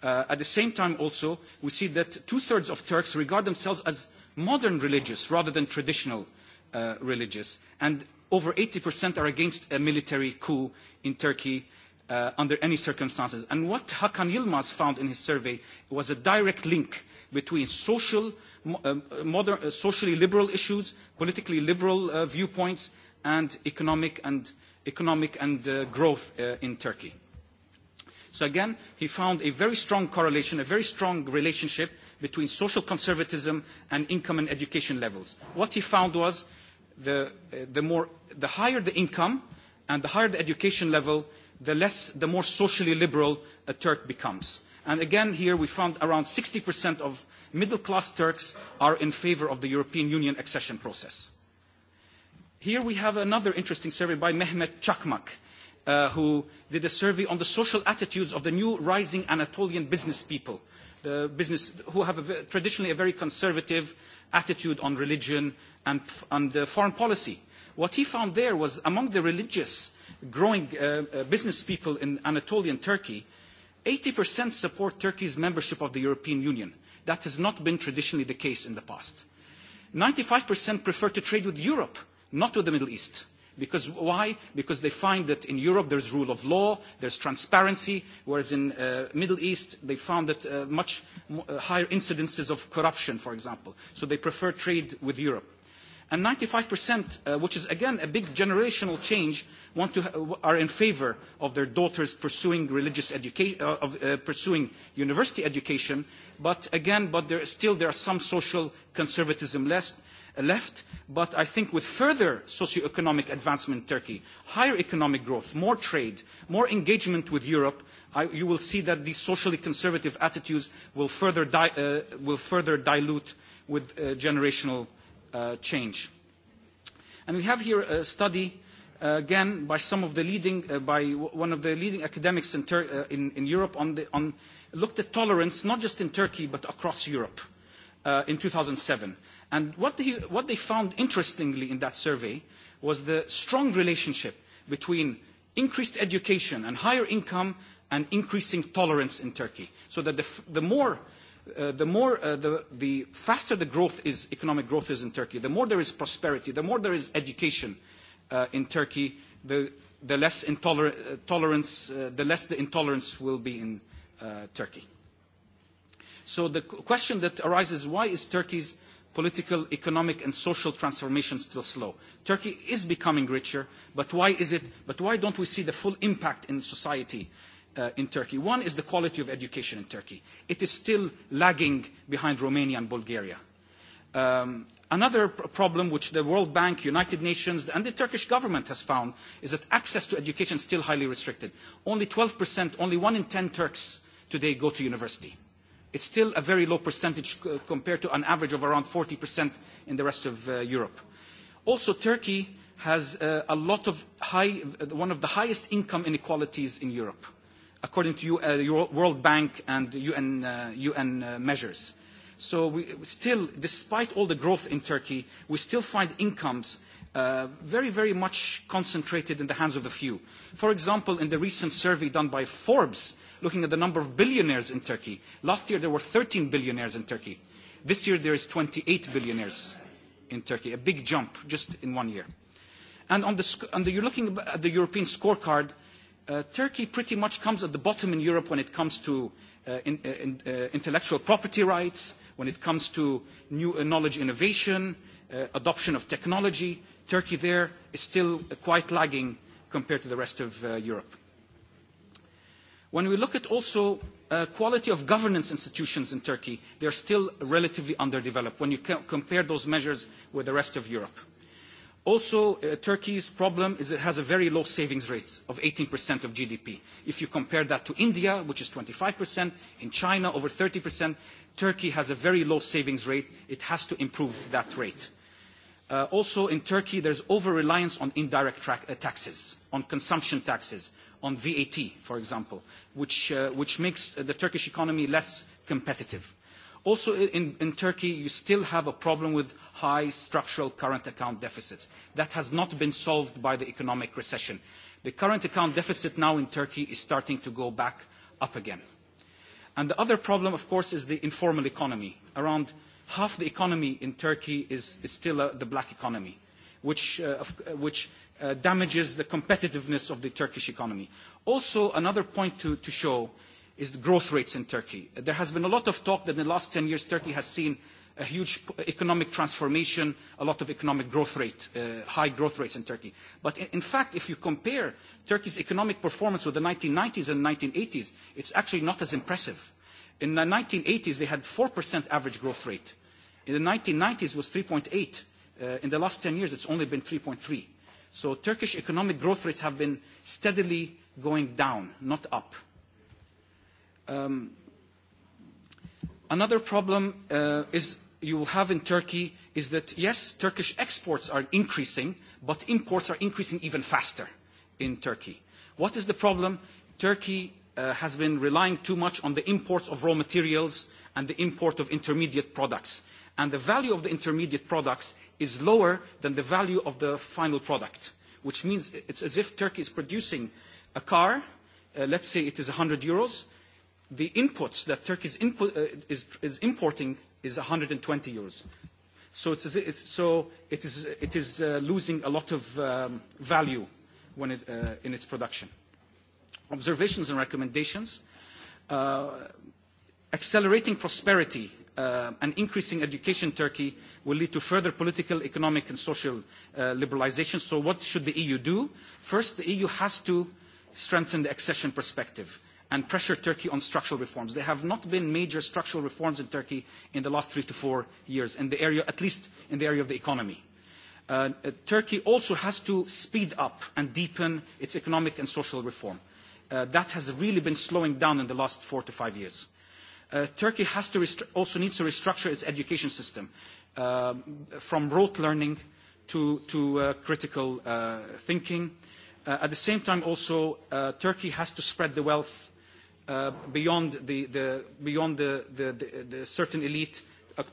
Uh, at the same time, also, we see that two-thirds of Turks regard themselves as modern religious rather than traditional uh, religious. And over 80% are against a military coup in Turkey uh, under any circumstances. And what Hakan Yilmaz found in his survey was a direct link between social, uh, modern, uh, socially liberal issues, politically liberal uh, viewpoints, and economic and, economic and uh, growth uh, in Turkey. So again, he found a very strong correlation, a very strong relationship between social conservatism and income and education levels. What he found was the, uh, the, more, the higher the income and the higher the education level, the, less, the more socially liberal a Turk becomes. And again, here we found around 60% of middle-class Turks are in favor of the European Union accession process. Here we have another interesting survey by Mehmet Çakmak uh, who did a survey on the social attitudes of the new rising Anatolian business people, the business who have a, traditionally a very conservative attitude on religion and, and uh, foreign policy. What he found there was among the religious growing uh, uh business people in Anatolian Turkey, 80% support Turkey's membership of the European Union. That has not been traditionally the case in the past. 95% prefer to trade with Europe, not with the Middle East. Because why? Because they find that in Europe there's rule of law, there's transparency, whereas in uh, Middle East they found that uh, much uh, higher incidences of corruption, for example. So they prefer trade with Europe. And 95%, uh, which is again a big generational change, want to are in favor of their daughters pursuing religious education, uh, of uh, pursuing university education. But again, but there, still there are some social conservatism left left, but I think with further socio-economic advancement in Turkey, higher economic growth, more trade, more engagement with Europe, I, you will see that these socially conservative attitudes will further, di uh, will further dilute with uh, generational uh, change. And we have here a study, uh, again, by some of the leading, uh, by one of the leading academics in, uh, in, in, Europe on, the, on looked at tolerance, not just in Turkey, but across Europe in 2007. And what they, what they found interestingly in that survey was the strong relationship between increased education and higher income and increasing tolerance in Turkey. So that the, the more uh, the more uh, the, the faster the growth is economic growth is in Turkey, the more there is prosperity, the more there is education uh, in Turkey, the, the less intoler- uh, tolerance, uh, the less the intolerance will be in uh, Turkey. So the question that arises: Why is Turkey's political, economic and social transformation still slow. Turkey is becoming richer, but why, is it, but why don't we see the full impact in society uh, in Turkey? One is the quality of education in Turkey. It is still lagging behind Romania and Bulgaria. Um, another pr problem which the World Bank, United Nations and the Turkish government has found is that access to education is still highly restricted. Only 12%, only one in 10 Turks today go to university. It's still a very low percentage uh, compared to an average of around 40% in the rest of uh, Europe. Also, Turkey has uh, a lot of high, uh, one of the highest income inequalities in Europe, according to uh, World Bank and UN, uh, UN uh, measures. So we still, despite all the growth in Turkey, we still find incomes Uh, very, very much concentrated in the hands of the few. For example, in the recent survey done by Forbes, looking at the number of billionaires in Turkey. Last year there were 13 billionaires in Turkey. This year there is 28 billionaires in Turkey, a big jump just in one year. And on the, on the, you're looking at the European scorecard, uh, Turkey pretty much comes at the bottom in Europe when it comes to uh, in, uh, in, uh, intellectual property rights, when it comes to new uh, knowledge innovation, uh, adoption of technology. Turkey there is still uh, quite lagging compared to the rest of uh, Europe. When we look at also uh, quality of governance institutions in Turkey, they're still relatively underdeveloped when you compare those measures with the rest of Europe. Also, uh, Turkey's problem is it has a very low savings rate of 18% of GDP. If you compare that to India, which is 25%, in China, over 30%, Turkey has a very low savings rate. It has to improve that rate. Uh, also, in Turkey, there's over-reliance on indirect uh, taxes, on consumption taxes, on VAT, for example which, uh, which makes the Turkish economy less competitive. Also in, in Turkey, you still have a problem with high structural current account deficits. That has not been solved by the economic recession. The current account deficit now in Turkey is starting to go back up again. And the other problem, of course, is the informal economy. Around half the economy in Turkey is, is still a, uh, the black economy, which, uh, uh which uh, damages the competitiveness of the Turkish economy. Also, another point to, to show is the growth rates in Turkey. There has been a lot of talk that in the last 10 years Turkey has seen a huge economic transformation, a lot of economic growth rate, uh, high growth rates in Turkey. But in, in, fact, if you compare Turkey's economic performance with the 1990s and 1980s, it's actually not as impressive. In the 1980s, they had 4% average growth rate. In the 1990s, it was 3.8. Uh, in the last 10 years, it's only been 3.3. So Turkish economic growth rates have been steadily going down, not up. Um, another problem uh, is you will have in Turkey is that, yes, Turkish exports are increasing, but imports are increasing even faster in Turkey. What is the problem? Turkey uh, has been relying too much on the imports of raw materials and the import of intermediate products. And the value of the intermediate products is lower than the value of the final product, which means it's as if Turkey is producing a car, uh, let's say it is 100 euros, the inputs that Turkey is, input, uh, is, is importing is 120 euros. So, it's, it's, so it is, it is uh, losing a lot of um, value when it, uh, in its production. Observations and recommendations. Uh, accelerating prosperity uh, and increasing education in Turkey will lead to further political, economic and social uh, liberalisation. So what should the EU do? First, the EU has to strengthen the accession perspective and pressure Turkey on structural reforms. There have not been major structural reforms in Turkey in the last three to four years, in the area, at least in the area of the economy. Uh, uh Turkey also has to speed up and deepen its economic and social reform. Uh, that has really been slowing down in the last four to five years. Uh, Turkey has to also needs to restructure its education system um, from rote learning to, to uh, critical uh, thinking. Uh, at the same time, also, Turkey has to spread the wealth beyond, the, the, beyond the, the, certain elite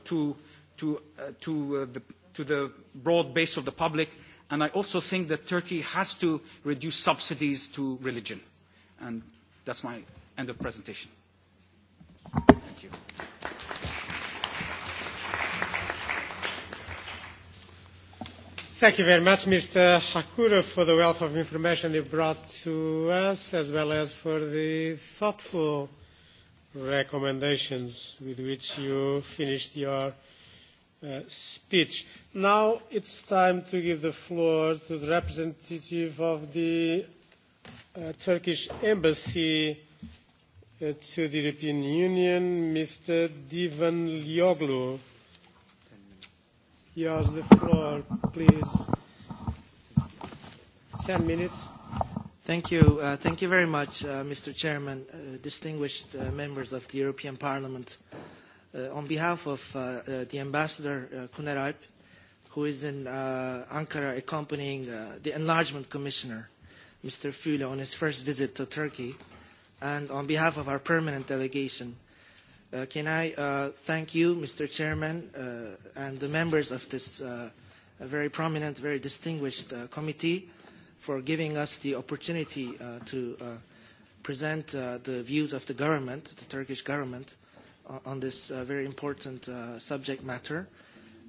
to, to, to, the, to the broad base of the public. And I also think that Turkey has to reduce subsidies to religion. And that's my end of presentation. Thank you. very much, Mr. Hakura, for the wealth of information you brought to us, as well as for the thoughtful recommendations with which you finished your uh, speech. Now it's time to give the floor to the representative of the uh, Turkish Embassy Uh, to the European Union, Mr. Divan Lioglu. You have the floor, please. Ten minutes. Thank you. Uh, thank you very much, uh, Mr. Chairman, uh, distinguished uh, members of the European Parliament. Uh, on behalf of uh, uh, the Ambassador uh, Kuneralp, who is in uh, Ankara accompanying uh, the Enlargement Commissioner, Mr. Füle, on his first visit to Turkey, and on behalf of our permanent delegation, uh, can I uh, thank you, Mr. Chairman, uh, and the members of this uh, very prominent, very distinguished uh, committee for giving us the opportunity uh, to uh, present uh, the views of the government, the Turkish government, on this uh, very important uh, subject matter.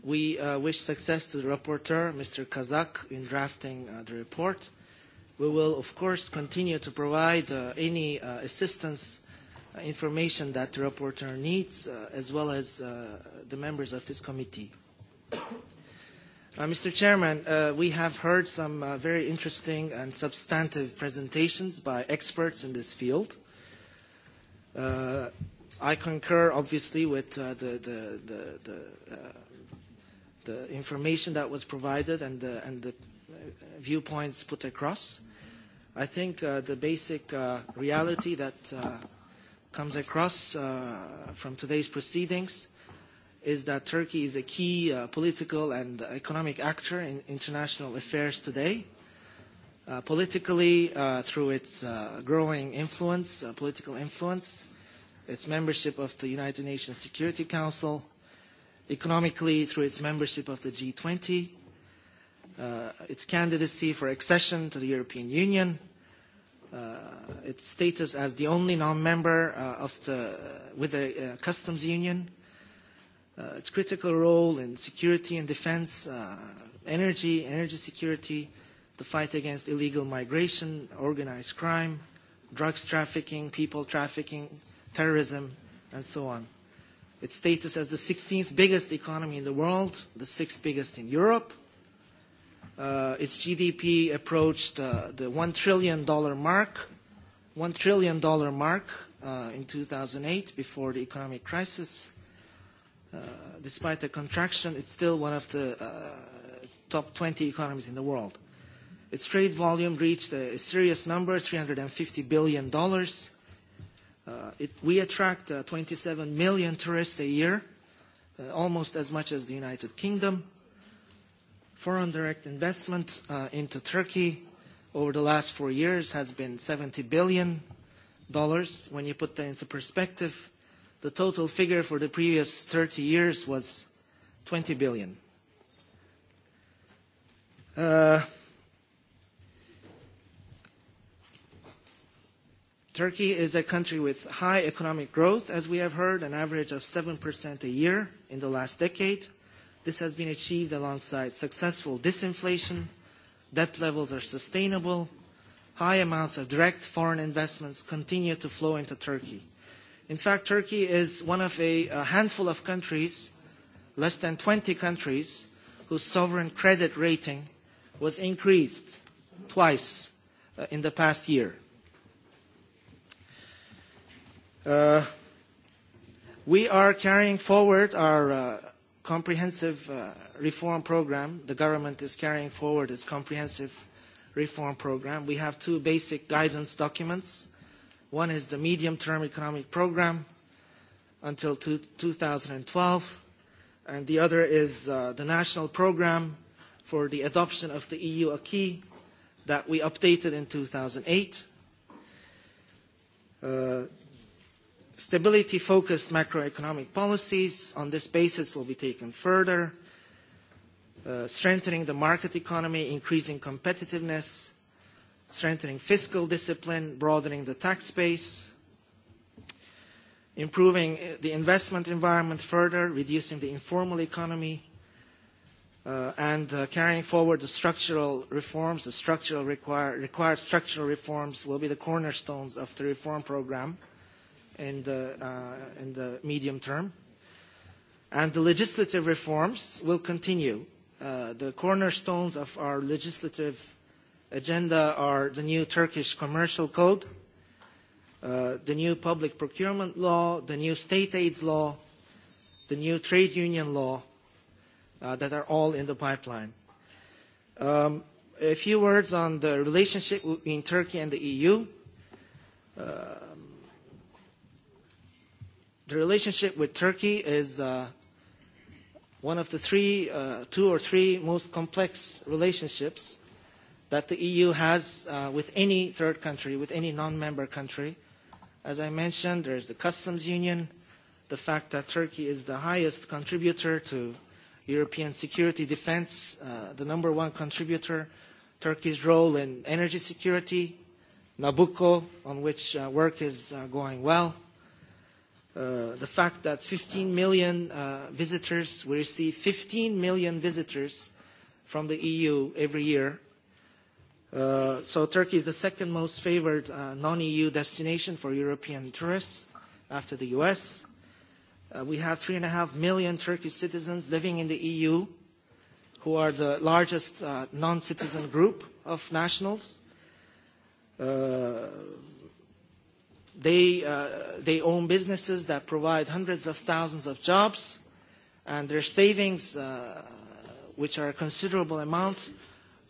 We uh, wish success to the rapporteur, Mr. Kazak, in drafting uh, the report We will, of course, continue to provide uh, any uh, assistance, uh, information that the rapporteur needs, uh, as well as uh, the members of this committee. uh, Mr. Chairman, uh, we have heard some uh, very interesting and substantive presentations by experts in this field. Uh, I concur, obviously, with uh, the, the, the, the, uh, the information that was provided and the, and the viewpoints put across. I think uh, the basic uh, reality that uh, comes across uh, from today's proceedings is that Turkey is a key uh, political and economic actor in international affairs today. Uh, politically, uh, through its uh, growing influence, uh, political influence, its membership of the United Nations Security Council, economically through its membership of the G20, uh, its candidacy for accession to the European Union, uh, its status as the only non-member uh, of the, with the uh, customs union, uh, its critical role in security and defense, uh, energy, energy security, the fight against illegal migration, organized crime, drugs trafficking, people trafficking, terrorism, and so on. Its status as the 16th biggest economy in the world, the sixth biggest in Europe, uh, its GDP approached uh, the one trillion dollar mark, one trillion dollar mark uh, in 2008 before the economic crisis. Uh, despite the contraction, it's still one of the uh, top 20 economies in the world. Its trade volume reached a serious number, 350 billion dollars. Uh, it, we attract uh, 27 million tourists a year, uh, almost as much as the United Kingdom. Uh, Foreign direct investment uh, into Turkey over the last four years has been $70 billion. When you put that into perspective, the total figure for the previous 30 years was $20 billion. Uh, Turkey is a country with high economic growth, as we have heard, an average of 7% a year in the last decade. This has been achieved alongside successful disinflation, debt levels are sustainable, high amounts of direct foreign investments continue to flow into Turkey. In fact, Turkey is one of a, a handful of countries, less than 20 countries, whose sovereign credit rating was increased twice uh, in the past year. Uh, we are carrying forward our uh, comprehensive uh, reform program. The government is carrying forward its comprehensive reform program. We have two basic guidance documents. One is the medium-term economic program until two, 2012, and the other is uh, the national program for the adoption of the EU acquis that we updated in 2008. Uh, Stability-focused macroeconomic policies on this basis will be taken further, uh, strengthening the market economy, increasing competitiveness, strengthening fiscal discipline, broadening the tax base, improving uh, the investment environment further, reducing the informal economy, uh, and uh, carrying forward the structural reforms. The structural require, required structural reforms will be the cornerstones of the reform programme in the, uh, in the medium term. And the legislative reforms will continue. Uh, the cornerstones of our legislative agenda are the new Turkish Commercial Code, uh, the new Public Procurement Law, the new State Aids Law, the new Trade Union Law, that are all in the pipeline. Um, a few words on the relationship between Turkey and the EU. The relationship with Turkey is uh, one of the three, uh, two or three most complex relationships that the EU has uh, with any third country, with any non-member country. As I mentioned, there's the customs union, the fact that Turkey is the highest contributor to European security defense, uh, the number one contributor, Turkey's role in energy security, Nabucco, on which uh, work is uh, going well, Uh, the fact that 15 million uh, visitors, we receive 15 million visitors from the EU every year. Uh, so Turkey is the second most favored uh, non-EU destination for European tourists after the US. Uh, we have 3.5 million Turkish citizens living in the EU who are the largest non-citizen group of nationals. They, uh, they own businesses that provide hundreds of thousands of jobs, and their savings, uh, which are a considerable amount,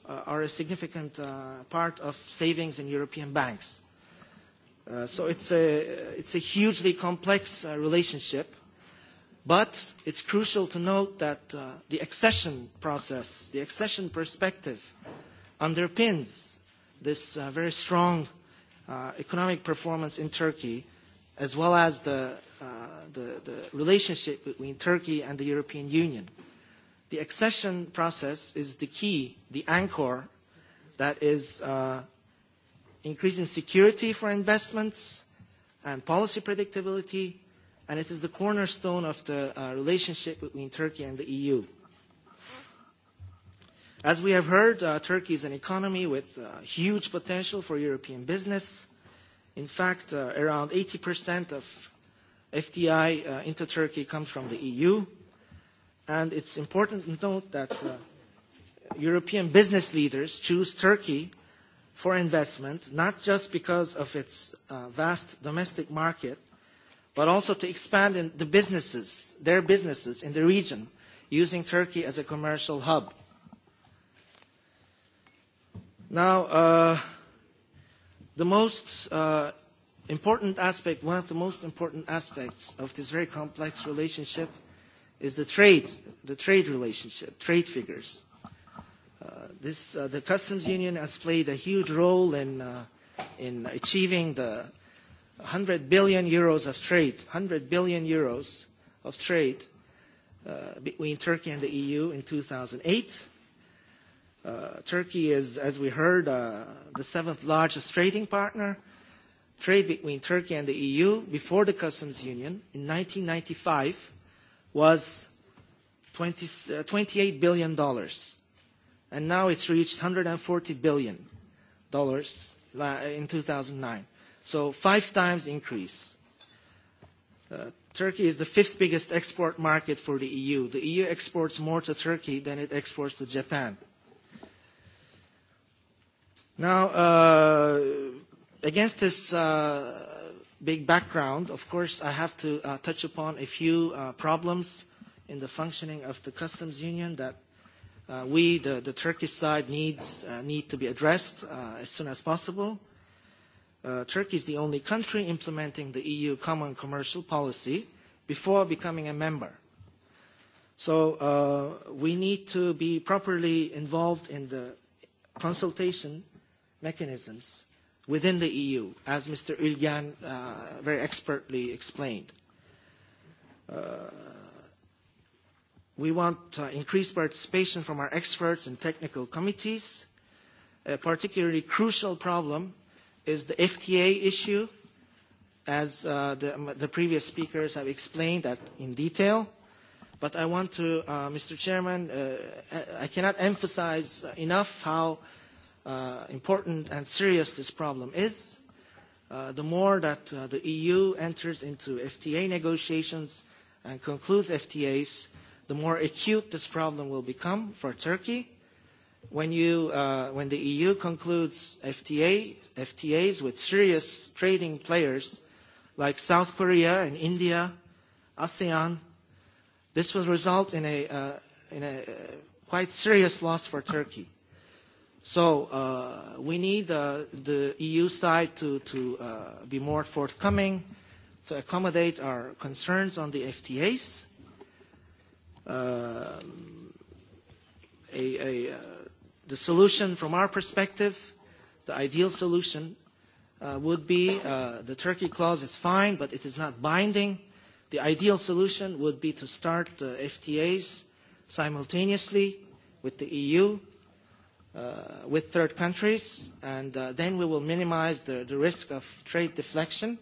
uh, are a significant uh, part of savings in European banks. Uh, so it's a, it's a hugely complex uh, relationship, but it's crucial to note that uh, the accession process, the accession perspective, underpins this uh, very strong Uh, economic performance in Turkey, as well as the, uh, the, the relationship between Turkey and the European Union. The accession process is the key, the anchor, that is uh, increasing security for investments and policy predictability, and it is the cornerstone of the uh, relationship between Turkey and the EU. As we have heard, uh, Turkey is an economy with uh, huge potential for European business. In fact, uh, around 80% of FDI uh, into Turkey comes from the EU. And it's important to note that uh, European business leaders choose Turkey for investment, not just because of its uh, vast domestic market, but also to expand in the businesses, their businesses in the region, using Turkey as a commercial hub. Now, uh, the most uh, important aspect, one of the most important aspects of this very complex relationship is the trade, the trade relationship, trade figures. Uh, this, uh, the customs union has played a huge role in, uh, in achieving the 100 billion euros of trade, 100 billion euros of trade uh, between Turkey and the EU in 2008. Uh, Turkey is, as we heard, uh, the seventh largest trading partner. Trade between Turkey and the EU before the customs union in 1995 was 20, uh, 28 billion dollars, and now it's reached 140 billion dollars in 2009. So five times increase. Uh, Turkey is the fifth biggest export market for the EU. The EU exports more to Turkey than it exports to Japan. Now, uh, against this uh, big background, of course, I have to uh, touch upon a few uh, problems in the functioning of the customs union that uh, we, the, the Turkish side, needs, uh, need to be addressed uh, as soon as possible. Uh, Turkey is the only country implementing the EU common commercial policy before becoming a member. So uh, we need to be properly involved in the consultation mechanisms within the EU, as Mr. Ulyan uh, very expertly explained. Uh, we want uh, increased participation from our experts and technical committees. A particularly crucial problem is the FTA issue, as uh, the, um, the previous speakers have explained that in detail. But I want to, uh, Mr. Chairman, uh, I cannot emphasize enough how uh, uh, important and serious this problem is, uh, the more that uh, the EU enters into FTA negotiations and concludes FTAs, the more acute this problem will become for Turkey. When, you, uh, when the EU concludes FTA, FTAs with serious trading players like South Korea and India, ASEAN, this will result in a, uh, in a uh, quite serious loss for Turkey. So uh, we need uh, the EU side to, to uh, be more forthcoming, to accommodate our concerns on the FTAs. Uh, um, a, a, uh, the solution from our perspective, the ideal solution, uh, would be uh, the Turkey clause is fine, but it is not binding. The ideal solution would be to start uh, FTAs simultaneously with the EU uh, with third countries, and uh, then we will minimize the, the risk of trade deflection.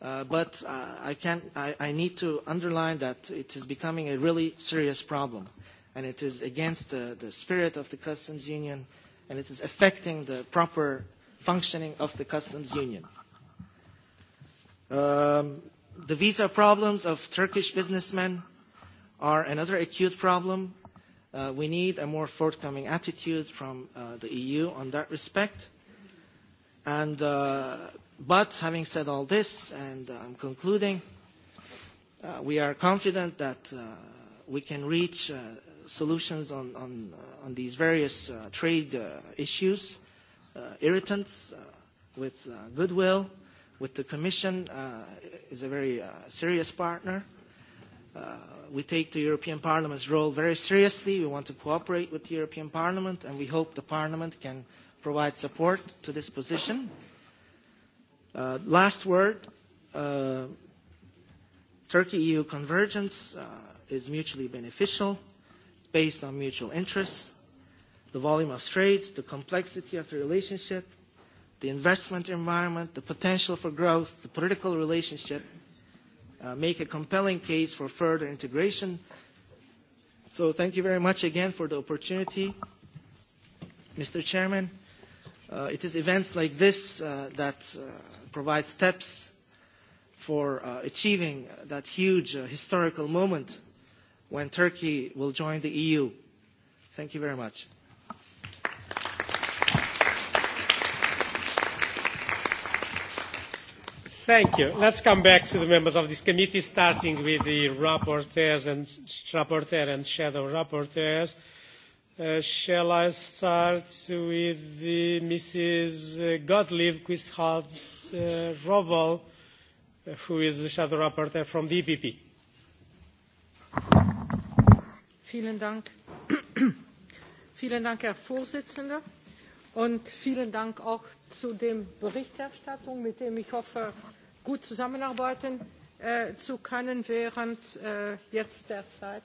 Uh, but uh, I, can't, I, I need to underline that it is becoming a really serious problem, and it is against the, the spirit of the customs union, and it is affecting the proper functioning of the customs union. Um, the visa problems of Turkish businessmen are another acute problem Uh, we need a more forthcoming attitude from uh, the EU on that respect. Uh, but having said all this, and I'm concluding, we are confident that we can reach solutions on, these various trade issues, irritants, with goodwill, with the Commission is a very serious partner Uh, we take the European Parliament's role very seriously. We want to cooperate with the European Parliament, and we hope the Parliament can provide support to this position. Uh, last word, uh, Turkey-EU convergence uh, is mutually beneficial, It's based on mutual interests. The volume of trade, the complexity of the relationship, the investment environment, the potential for growth, the political relationship – Uh, make a compelling case for further integration. So thank you very much again for the opportunity, Mr. Chairman. Uh, it is events like this uh, that uh, provide steps for uh, achieving that huge uh, historical moment when Turkey will join the EU. Thank you very much. Thank you. Let's come back to the members of this committee, starting with the rapporteurs and rapporteur and shadow rapporteurs. Uh, shall I start with the Mrs. Gottlieb Quisthout uh, who is the shadow rapporteur from the EPP? Vielen Dank. [CLEARS THROAT] Vielen Dank, Herr Vorsitzender. Und vielen Dank auch zu dem Berichterstattung, mit dem ich hoffe, gut zusammenarbeiten äh, zu können während äh, jetzt der Zeit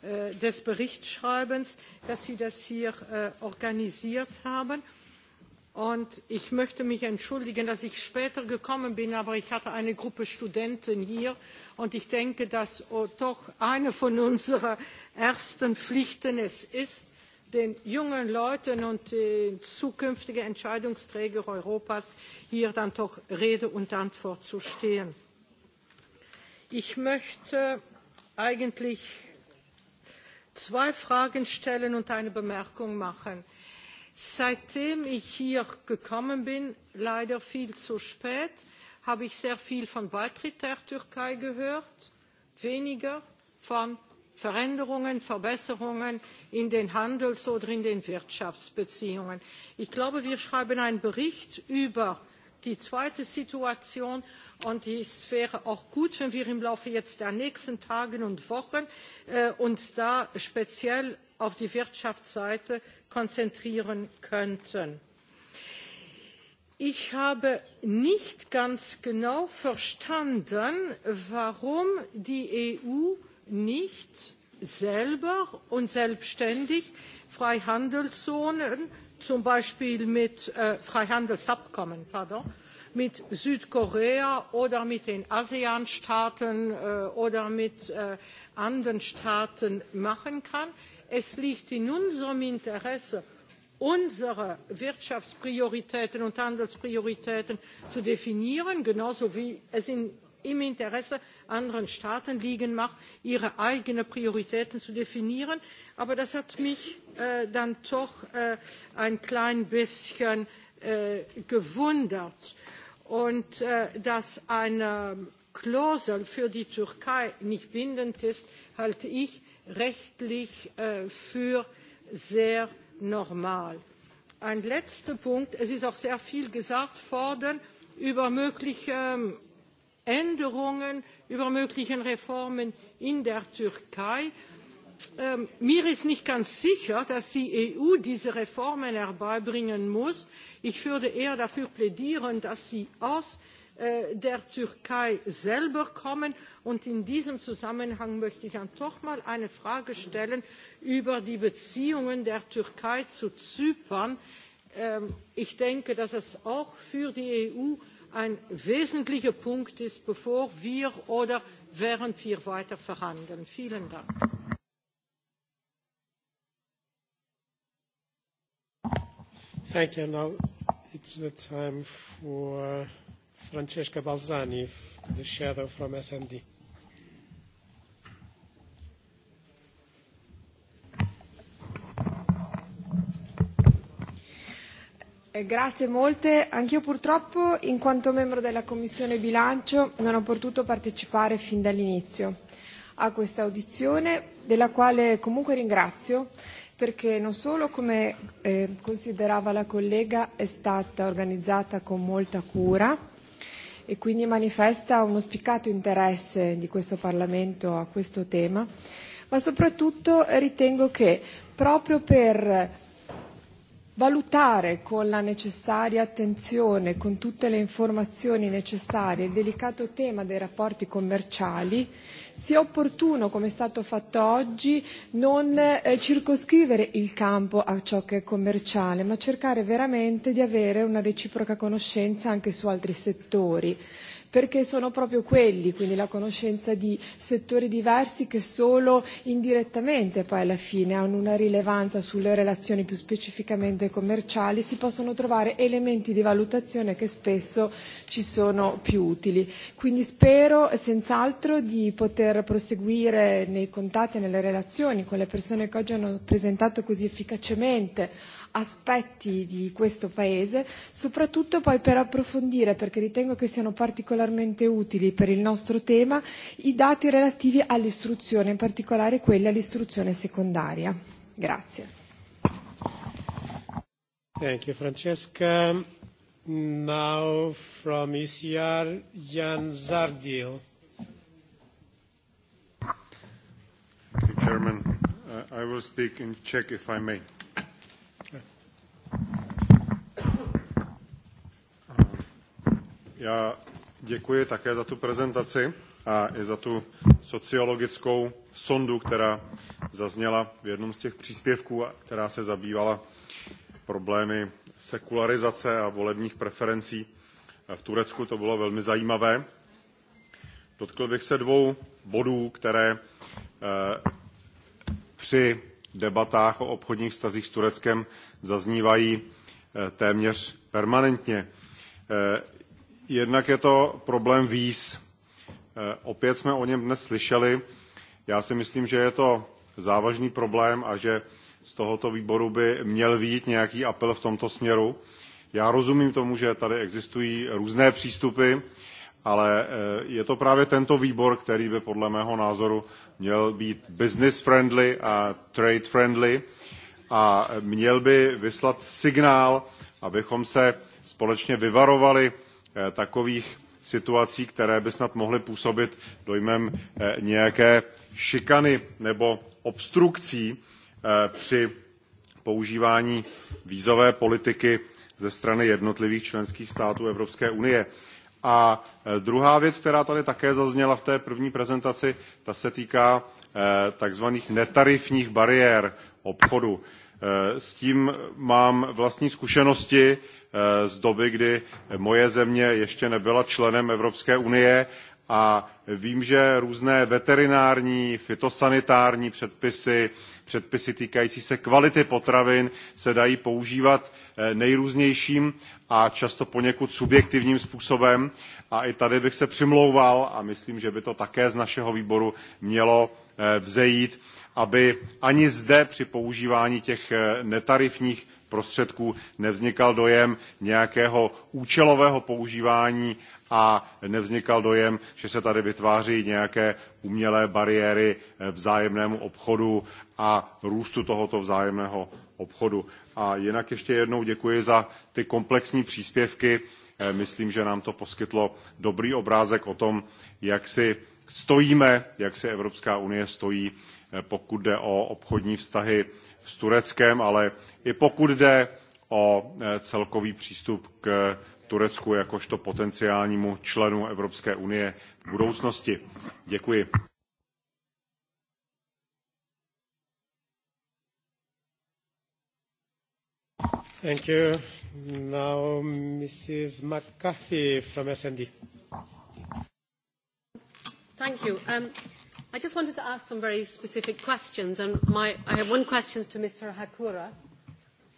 äh, des Berichtsschreibens, dass Sie das hier äh, organisiert haben. Und ich möchte mich entschuldigen, dass ich später gekommen bin, aber ich hatte eine Gruppe Studenten hier und ich denke, dass oh, doch eine von unserer ersten Pflichten es ist, den jungen Leuten und den zukünftigen Entscheidungsträgern Europas hier dann doch Rede und Antwort zu stehen. Ich möchte eigentlich zwei Fragen stellen und eine Bemerkung machen. Seitdem ich hier gekommen bin, leider viel zu spät, habe ich sehr viel von Beitritt der Türkei gehört, weniger von veränderungen verbesserungen in den handels oder in den wirtschaftsbeziehungen. ich glaube wir schreiben einen bericht über die zweite situation und es wäre auch gut wenn wir uns im laufe der nächsten tage und wochen äh, da speziell auf die wirtschaftsseite konzentrieren könnten. ich habe nicht ganz genau verstanden warum die eu nicht selber und selbstständig Freihandelszonen, zum Beispiel mit äh, Freihandelsabkommen, pardon, mit Südkorea oder mit den ASEAN-Staaten äh, oder mit äh, anderen Staaten machen kann. Es liegt in unserem Interesse, unsere Wirtschaftsprioritäten und Handelsprioritäten zu definieren, genauso wie es in im interesse anderen staaten liegen mag ihre eigenen prioritäten zu definieren. aber das hat mich äh, dann doch äh, ein klein bisschen äh, gewundert und dass eine klausel für die türkei nicht bindend ist halte ich rechtlich für sehr normal. ein letzter punkt es ist auch sehr viel gesagt worden über mögliche ähm, änderungen über mögliche reformen in der türkei. Ähm, mir ist nicht ganz sicher dass die eu diese reformen herbeibringen muss. ich würde eher dafür plädieren dass sie aus äh, der türkei selber kommen und in diesem zusammenhang möchte ich dann doch mal eine frage stellen über die beziehungen der türkei zu zypern. Ähm, ich denke dass es auch für die e ein wesentlicher punkt ist bevor wir oder während wir weiter verhandeln. vielen dank. Thank you. Now it's the time for Francesca Balzani, the shadow from SND. Eh, grazie Anch'io purtroppo, in quanto membro della Commissione Bilancio, non ho potuto partecipare fin dall'inizio a questa audizione, della quale comunque ringrazio perché non solo, come eh, considerava la collega, è stata organizzata con molta cura e quindi manifesta uno spiccato interesse di questo Parlamento a questo tema, ma soprattutto ritengo che proprio per valutare con la necessaria attenzione, con tutte le informazioni necessarie, il delicato tema dei rapporti commerciali, sia opportuno, come è stato fatto oggi, non eh, circoscrivere il campo a ciò che è commerciale, ma cercare veramente di avere una reciproca conoscenza anche su altri settori perché sono proprio quelli, quindi la conoscenza di settori diversi che solo indirettamente poi alla fine hanno una rilevanza sulle relazioni più specificamente commerciali, si possono trovare elementi di valutazione che spesso ci sono più utili. Quindi spero e senz'altro di poter proseguire nei contatti e nelle relazioni con le persone che oggi hanno presentato così efficacemente aspetti di questo Paese, soprattutto poi per approfondire, perché ritengo che siano particolarmente utili per il nostro tema, i dati relativi all'istruzione, in particolare quelli all'istruzione secondaria. Grazie. Thank you, Francesca. Now from ECR, Jan Zardil. Chairman, uh, I will speak in Czech if I may. Já děkuji také za tu prezentaci a i za tu sociologickou sondu, která zazněla v jednom z těch příspěvků, která se zabývala problémy sekularizace a volebních preferencí. V Turecku to bylo velmi zajímavé. Dotkl bych se dvou bodů, které při eh, debatách o obchodních vztazích s Tureckem zaznívají eh, téměř permanentně. Eh, jednak je to problém víz. Eh, opět jsme o něm dnes slyšeli. Já si myslím, že je to závažný problém a že z tohoto výboru by měl výjít nějaký apel v tomto směru. Já rozumím tomu, že tady existují různé přístupy ale eh, je to právě tento výbor, který by podle mého názoru měl být business friendly a trade friendly a měl by vyslat signál, abychom se společně vyvarovali eh, takových situací, které by snad mohly působit dojmem eh, nějaké šikany nebo obstrukcí při používání vízové politiky ze strany jednotlivých členských států Evropské unie a e, druhá věc, která tady také zazněla v té první prezentaci, ta se týká e, takzvaných netarifních bariér obchodu. E, s tím mám vlastní zkušenosti z doby, kdy moje země ještě nebyla členem Evropské unie a vím, že různé veterinární, fitosanitární předpisy, předpisy týkající se kvality potravin se dají používat eh, nejrůznějším a často poněkud subjektivním způsobem. A i tady bych se přimlouval a myslím, že by to také z našeho výboru mělo eh, vzejít, aby ani zde při používání těch eh, netarifních prostředků nevznikal dojem nějakého účelového používání a nevznikal dojem, že se tady vytváří nějaké umělé bariéry vzájemnému obchodu a růstu tohoto vzájemného obchodu. A jinak ještě jednou děkuji za ty komplexní příspěvky. E, myslím, že nám to poskytlo dobrý obrázek o tom, jak si stojíme, jak si Evropská unie stojí, e, pokud jde o obchodní vztahy s Tureckem, ale i pokud jde o e, celkový přístup k Turecku jakožto potenciálnímu členu Evropské unie v budoucnosti. Děkuji. Thank you. Now, Mrs. McCarthy from SND. Thank you. Um, I just wanted to ask some very specific questions, and my, I have one question to Mr. Hakura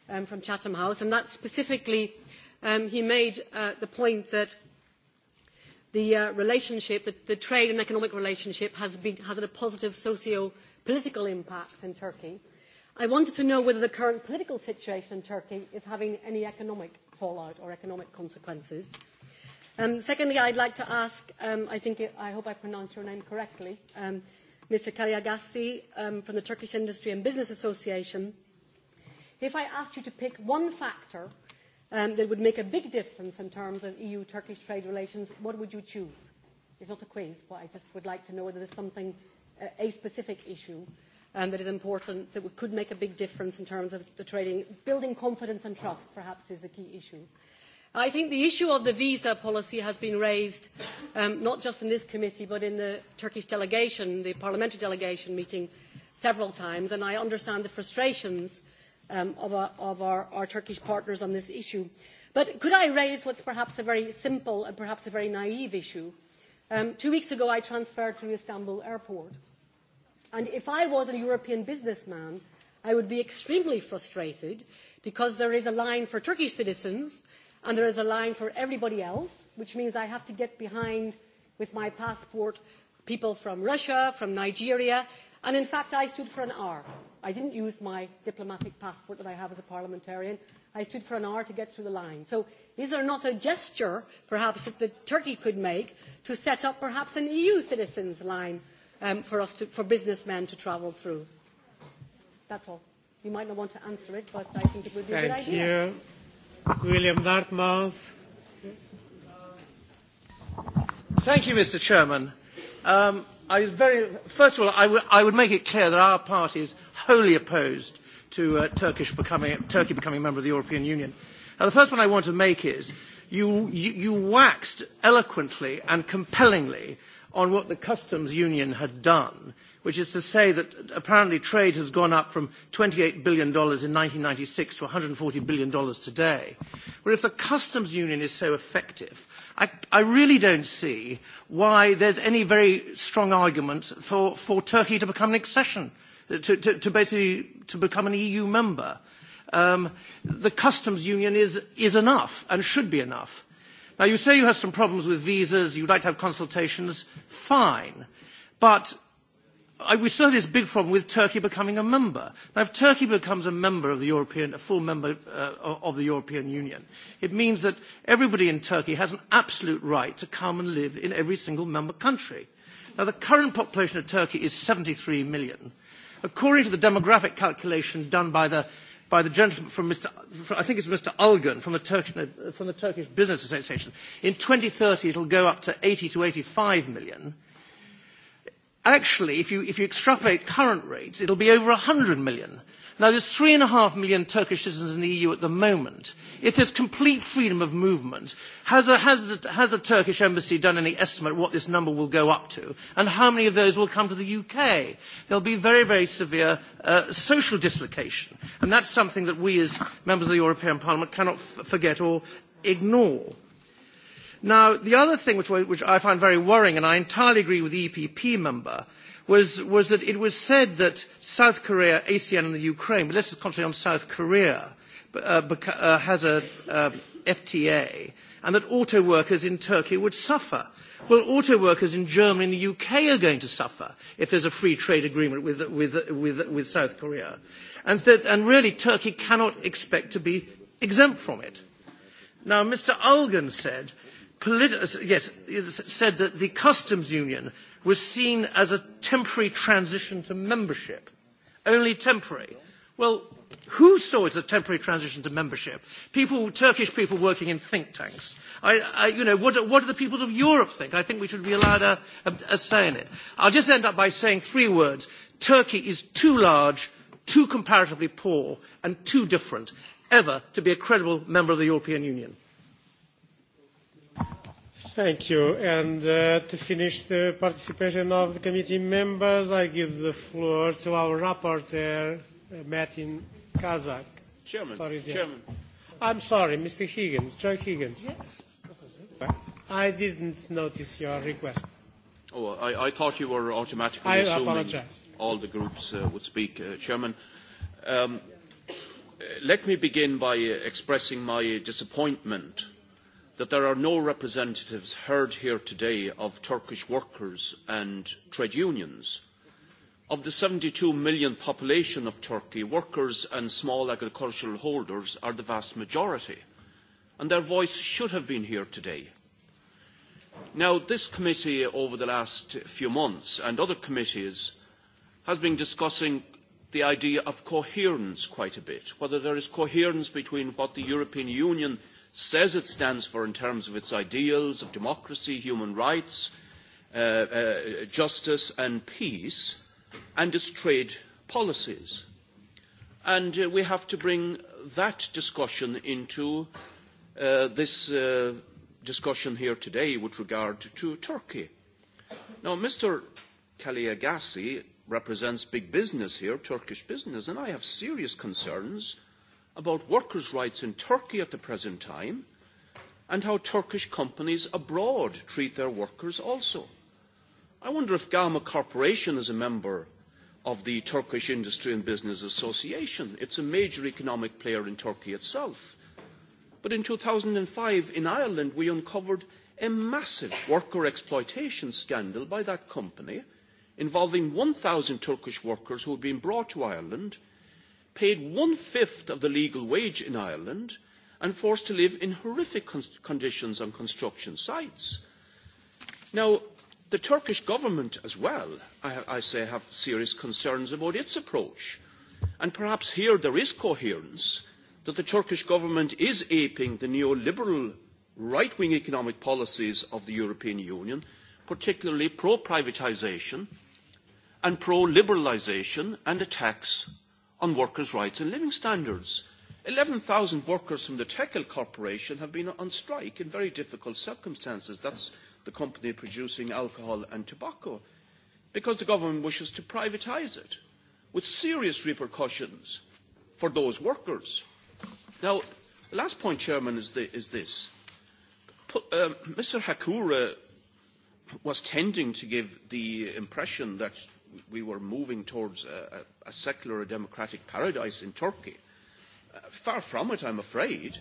um, from Chatham House, and that's specifically um, he made uh, the point that the uh, relationship, the, the trade and economic relationship, has, been, has had a positive socio-political impact in Turkey. I wanted to know whether the current political situation in Turkey is having any economic fallout or economic consequences. Um, secondly, I'd like to ask, um, I, think it, I hope I pronounced your name correctly, um, Mr. Kaliagassi um, from the Turkish Industry and Business Association. If I asked you to pick one factor Um, that would make a big difference in terms of EU-Turkish trade relations, what would you choose? It's not a quiz, but I just would like to know whether there's something, uh, a specific issue um, that is important that could make a big difference in terms of the trading. Building confidence and trust, perhaps, is the key issue. I think the issue of the visa policy has been raised um, not just in this committee but in the Turkish delegation, the parliamentary delegation meeting several times, and I understand the frustrations Um, of, our, Turkish partners on this issue. But could I raise what's perhaps a very simple and perhaps a very naive issue? Um, two weeks ago, I transferred through Istanbul airport. And if I was a European businessman, I would be extremely frustrated because there is a line for Turkish citizens and there is a line for everybody else, which means I have to get behind with my passport people from Russia, from Nigeria, and in fact i stood for an hour i did not use my diplomatic passport that i have as a parliamentarian i stood for an hour to get through the line. so is there not a gesture perhaps that turkey could make to set up perhaps an eu citizens' line um, for, to, for businessmen to travel through? that's all. you might not want to answer it but i think it would be Thank a good idea. You. william dartmouth. Thank you, Mr. Chairman. Um, I very, first of all, I, I would make it clear that our party is wholly opposed to uh, Turkish becoming, Turkey becoming a member of the European Union. Now, the first one I want to make is you, you, you waxed eloquently and compellingly on what the customs union had done, which is to say that apparently trade has gone up from $28 billion in 1996 to $140 billion today. Well, if the customs union is so effective, I, I really don't see why there's any very strong argument for, for Turkey to become an accession, to, to, to basically to become an EU member. Um, the customs union is, is enough and should be enough. Now, you say you have some problems with visas, you'd like to have consultations, fine. But we still have this big problem with Turkey becoming a member. Now, if Turkey becomes a member of the European, a full member uh, of the European Union, it means that everybody in Turkey has an absolute right to come and live in every single member country. Now, the current population of Turkey is 73 million. According to the demographic calculation done by the by the gentleman from Mr. I think it's Mr. Ulgen from the, Turkish, from the Turkish Business Association. In 2030, it'll go up to 80 to 85 million. Actually, if you, if you extrapolate current rates, it'll be over 100 million Now, there's three and a half million Turkish citizens in the EU at the moment. If there's complete freedom of movement, has, a, has, the, has the Turkish embassy done any estimate of what this number will go up to? And how many of those will come to the UK? There'll be very, very severe uh, social dislocation. And that's something that we as members of the European Parliament cannot f- forget or ignore. Now, the other thing which, which I find very worrying, and I entirely agree with the EPP member, was, was that it was said that South Korea, ASEAN and the Ukraine, but let's just concentrate on South Korea, uh, uh, has a uh, FTA, and that auto workers in Turkey would suffer. Well, auto workers in Germany and the UK are going to suffer if there's a free trade agreement with, with, with, with South Korea. And, that, and really, Turkey cannot expect to be exempt from it. Now, Mr. Algan said, yes, said that the customs union was seen as a temporary transition to membership, only temporary. Well, who saw it as a temporary transition to membership? People, Turkish people working in think tanks. I, I, you know, what, what do the peoples of Europe think? I think we should be allowed a, a, a say in it. I'll just end up by saying three words. Turkey is too large, too comparatively poor, and too different ever to be a credible member of the European Union. Thank you. And uh, to finish the participation of the committee members, I give the floor to our rapporteur, uh, Martin Kazak. Chairman, Chairman. I'm sorry, Mr. Higgins, Joe Higgins. Yes. I didn't notice your request. Oh, I, I thought you were automatically I assuming apologize. all the groups uh, would speak, uh, Chairman. Um, uh, let me begin by uh, expressing my disappointment that there are no representatives heard here today of Turkish workers and trade unions. Of the 72 million population of Turkey, workers and small agricultural holders are the vast majority, and their voice should have been here today. Now, this committee over the last few months and other committees has been discussing the idea of coherence quite a bit, whether there is coherence between what the European Union says it stands for in terms of its ideals of democracy, human rights, uh, uh, justice and peace, and its trade policies. And uh, we have to bring that discussion into uh, this uh, discussion here today with regard to Turkey. Now, Mr. Kaliagasi represents big business here, Turkish business, and I have serious concerns uh, about workers' rights in Turkey at the present time and how Turkish companies abroad treat their workers also. I wonder if Galma Corporation is a member of the Turkish Industry and Business Association. It's a major economic player in Turkey itself. But in 2005 in Ireland, we uncovered a massive worker exploitation scandal by that company involving 1,000 Turkish workers who had been brought to Ireland – paid one-fifth of the legal wage in Ireland and forced to live in horrific con conditions on construction sites. Now, the Turkish government as well, I, I say, have serious concerns about its approach. And perhaps here there is coherence that the Turkish government is aping the neoliberal right-wing economic policies of the European Union, particularly pro-privatisation and pro-liberalisation and attacks on workers' rights and living standards. 11,000 workers from the Tekel Corporation have been on strike in very difficult circumstances. That's the company producing alcohol and tobacco. Because the government wishes to privatise it with serious repercussions for those workers. Now, the last point, Chairman, is, the, is this. uh, um, Mr Hakura was tending to give the impression that we were moving towards a, a, a secular democratic paradise in Turkey. Uh, far from it, I'm afraid.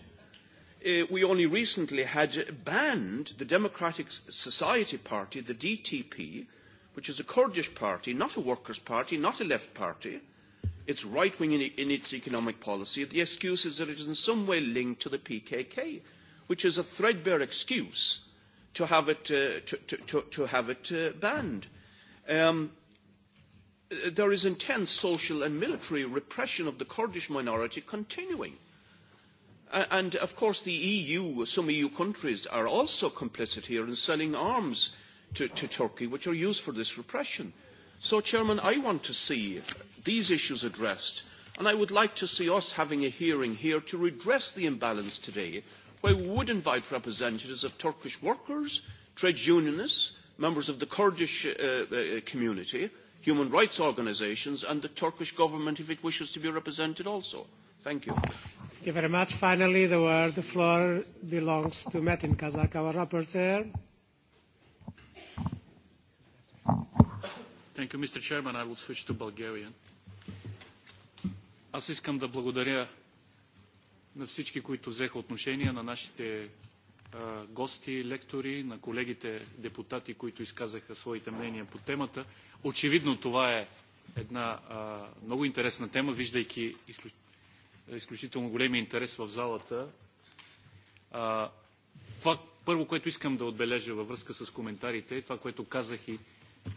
Uh, we only recently had banned the Democratic Society Party, the DTP, which is a Kurdish party, not a workers' party, not a left party. It's right wing in, in its economic policy. The excuse is that it is in some way linked to the PKK, which is a threadbare excuse to have it, uh, to, to, to, to have it uh, banned. Um, there is intense social and military repression of the Kurdish minority continuing. And of course, the EU, some EU countries are also complicit here in selling arms to, to Turkey, which are used for this repression. So, Chairman, I want to see these issues addressed, and I would like to see us having a hearing here to redress the imbalance today, where we would invite representatives of Turkish workers, trade unionists, members of the Kurdish uh, uh, community, human rights organisations and the Turkish government if it wishes to be represented also. Thank you. Thank you very much. Finally, the, word, the floor belongs to Metin Kazak, our rapporteur. Thank you, Mr. Chairman. I will switch to Bulgarian. Аз искам да благодаря на всички, които взеха отношение на нашите гости, лектори, на колегите депутати, които изказаха своите мнения по темата. Очевидно това е една а, много интересна тема, виждайки изклю... изключително големи интерес в залата. А, това, първо, което искам да отбележа във връзка с коментарите, това, което казах и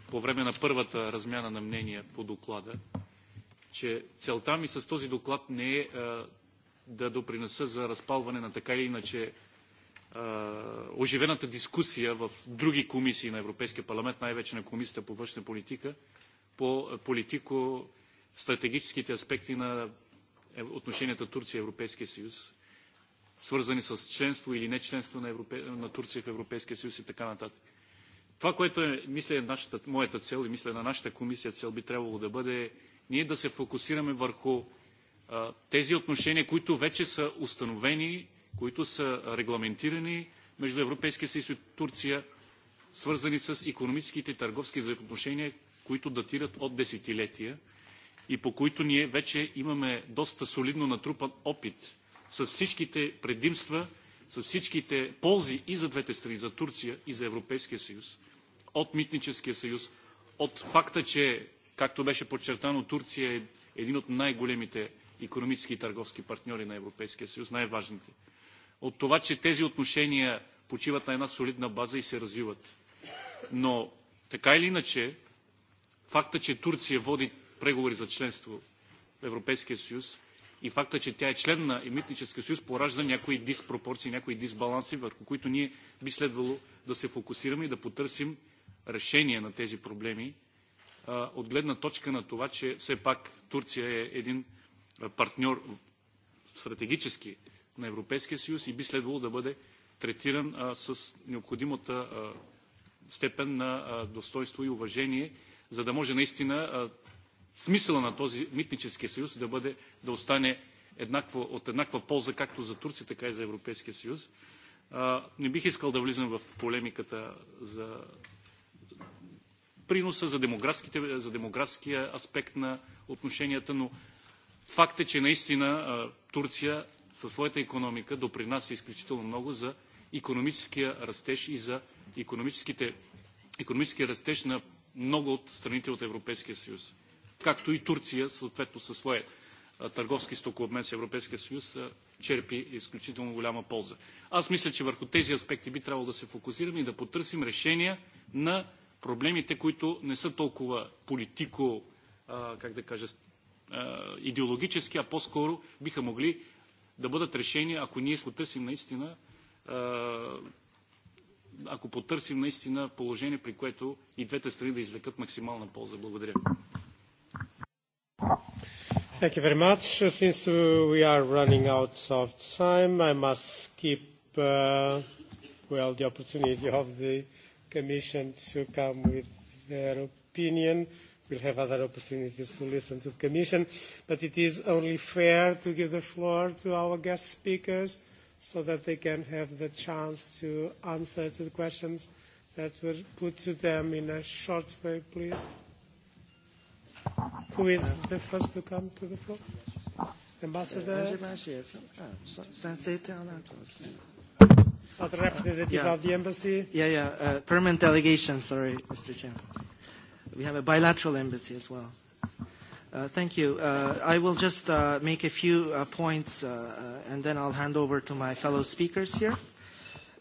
по време на първата размяна на мнения по доклада, че целта ми с този доклад не е а, да допринеса за разпалване на така или иначе оживената дискусия в други комисии на Европейския парламент, най-вече на Комисията по външна политика, по политико стратегическите аспекти на отношенията Турция-Европейския съюз, свързани с членство или не членство на, Европе... на Турция в Европейския съюз и така нататък. Това, което е, мисля, е нашата, моята цел и мисля на нашата комисия цел би трябвало да бъде ние да се фокусираме върху а, тези отношения, които вече са установени които са регламентирани между Европейския съюз и Турция, свързани с економическите и търговски взаимоотношения, които датират от десетилетия и по които ние вече имаме доста солидно натрупан опит с всичките предимства, с всичките ползи и за двете страни, за Турция и за Европейския съюз, от Митническия съюз, от факта, че, както беше подчертано, Турция е един от най-големите економически и търговски партньори на Европейския съюз, най-важните от това, че тези отношения почиват на една солидна база и се развиват. Но така или иначе, факта, че Турция води преговори за членство в Европейския съюз и факта, че тя е член на Емитническия съюз, поражда някои диспропорции, някои дисбаланси, върху които ние би следвало да се фокусираме и да потърсим решение на тези проблеми от гледна точка на това, че все пак Турция е един партньор стратегически на Европейския съюз и би следвало да бъде третиран с необходимата степен на достоинство и уважение, за да може наистина смисъла на този митнически съюз да, бъде, да остане еднакво, от еднаква полза както за Турция, така и за Европейския съюз. не бих искал да влизам в полемиката за приноса, за, за демографския аспект на отношенията, но факт е, че наистина Турция със своята економика допринася изключително много за економическия растеж и за економическия растеж на много от страните от Европейския съюз. Както и Турция, съответно със своя търговски стокообмен с Европейския съюз, черпи изключително голяма полза. Аз мисля, че върху тези аспекти би трябвало да се фокусираме и да потърсим решения на проблемите, които не са толкова политико, как да кажа, идеологически, а по-скоро биха могли да бъдат решени, ако ние потърсим наистина ако потърсим наистина положение, при което и двете страни да извлекат максимална полза. Благодаря. Thank you very much. Since we are running out of time, I must keep uh, well the opportunity of the Commission to come with their opinion will have other opportunities to listen to the Commission, but it is only fair to give the floor to our guest speakers so that they can have the chance to answer to the questions that were put to them in a short way, please. Who is the first to come to the floor? Ambassador? Eh, ah, the representative yeah. of the embassy? Yeah, yeah, uh, permanent delegation, sorry, Mr. Chairman. We have a bilateral embassy as well. Uh, thank you. Uh, I will just uh, make a few uh, points uh, uh, and then I'll hand over to my fellow speakers here.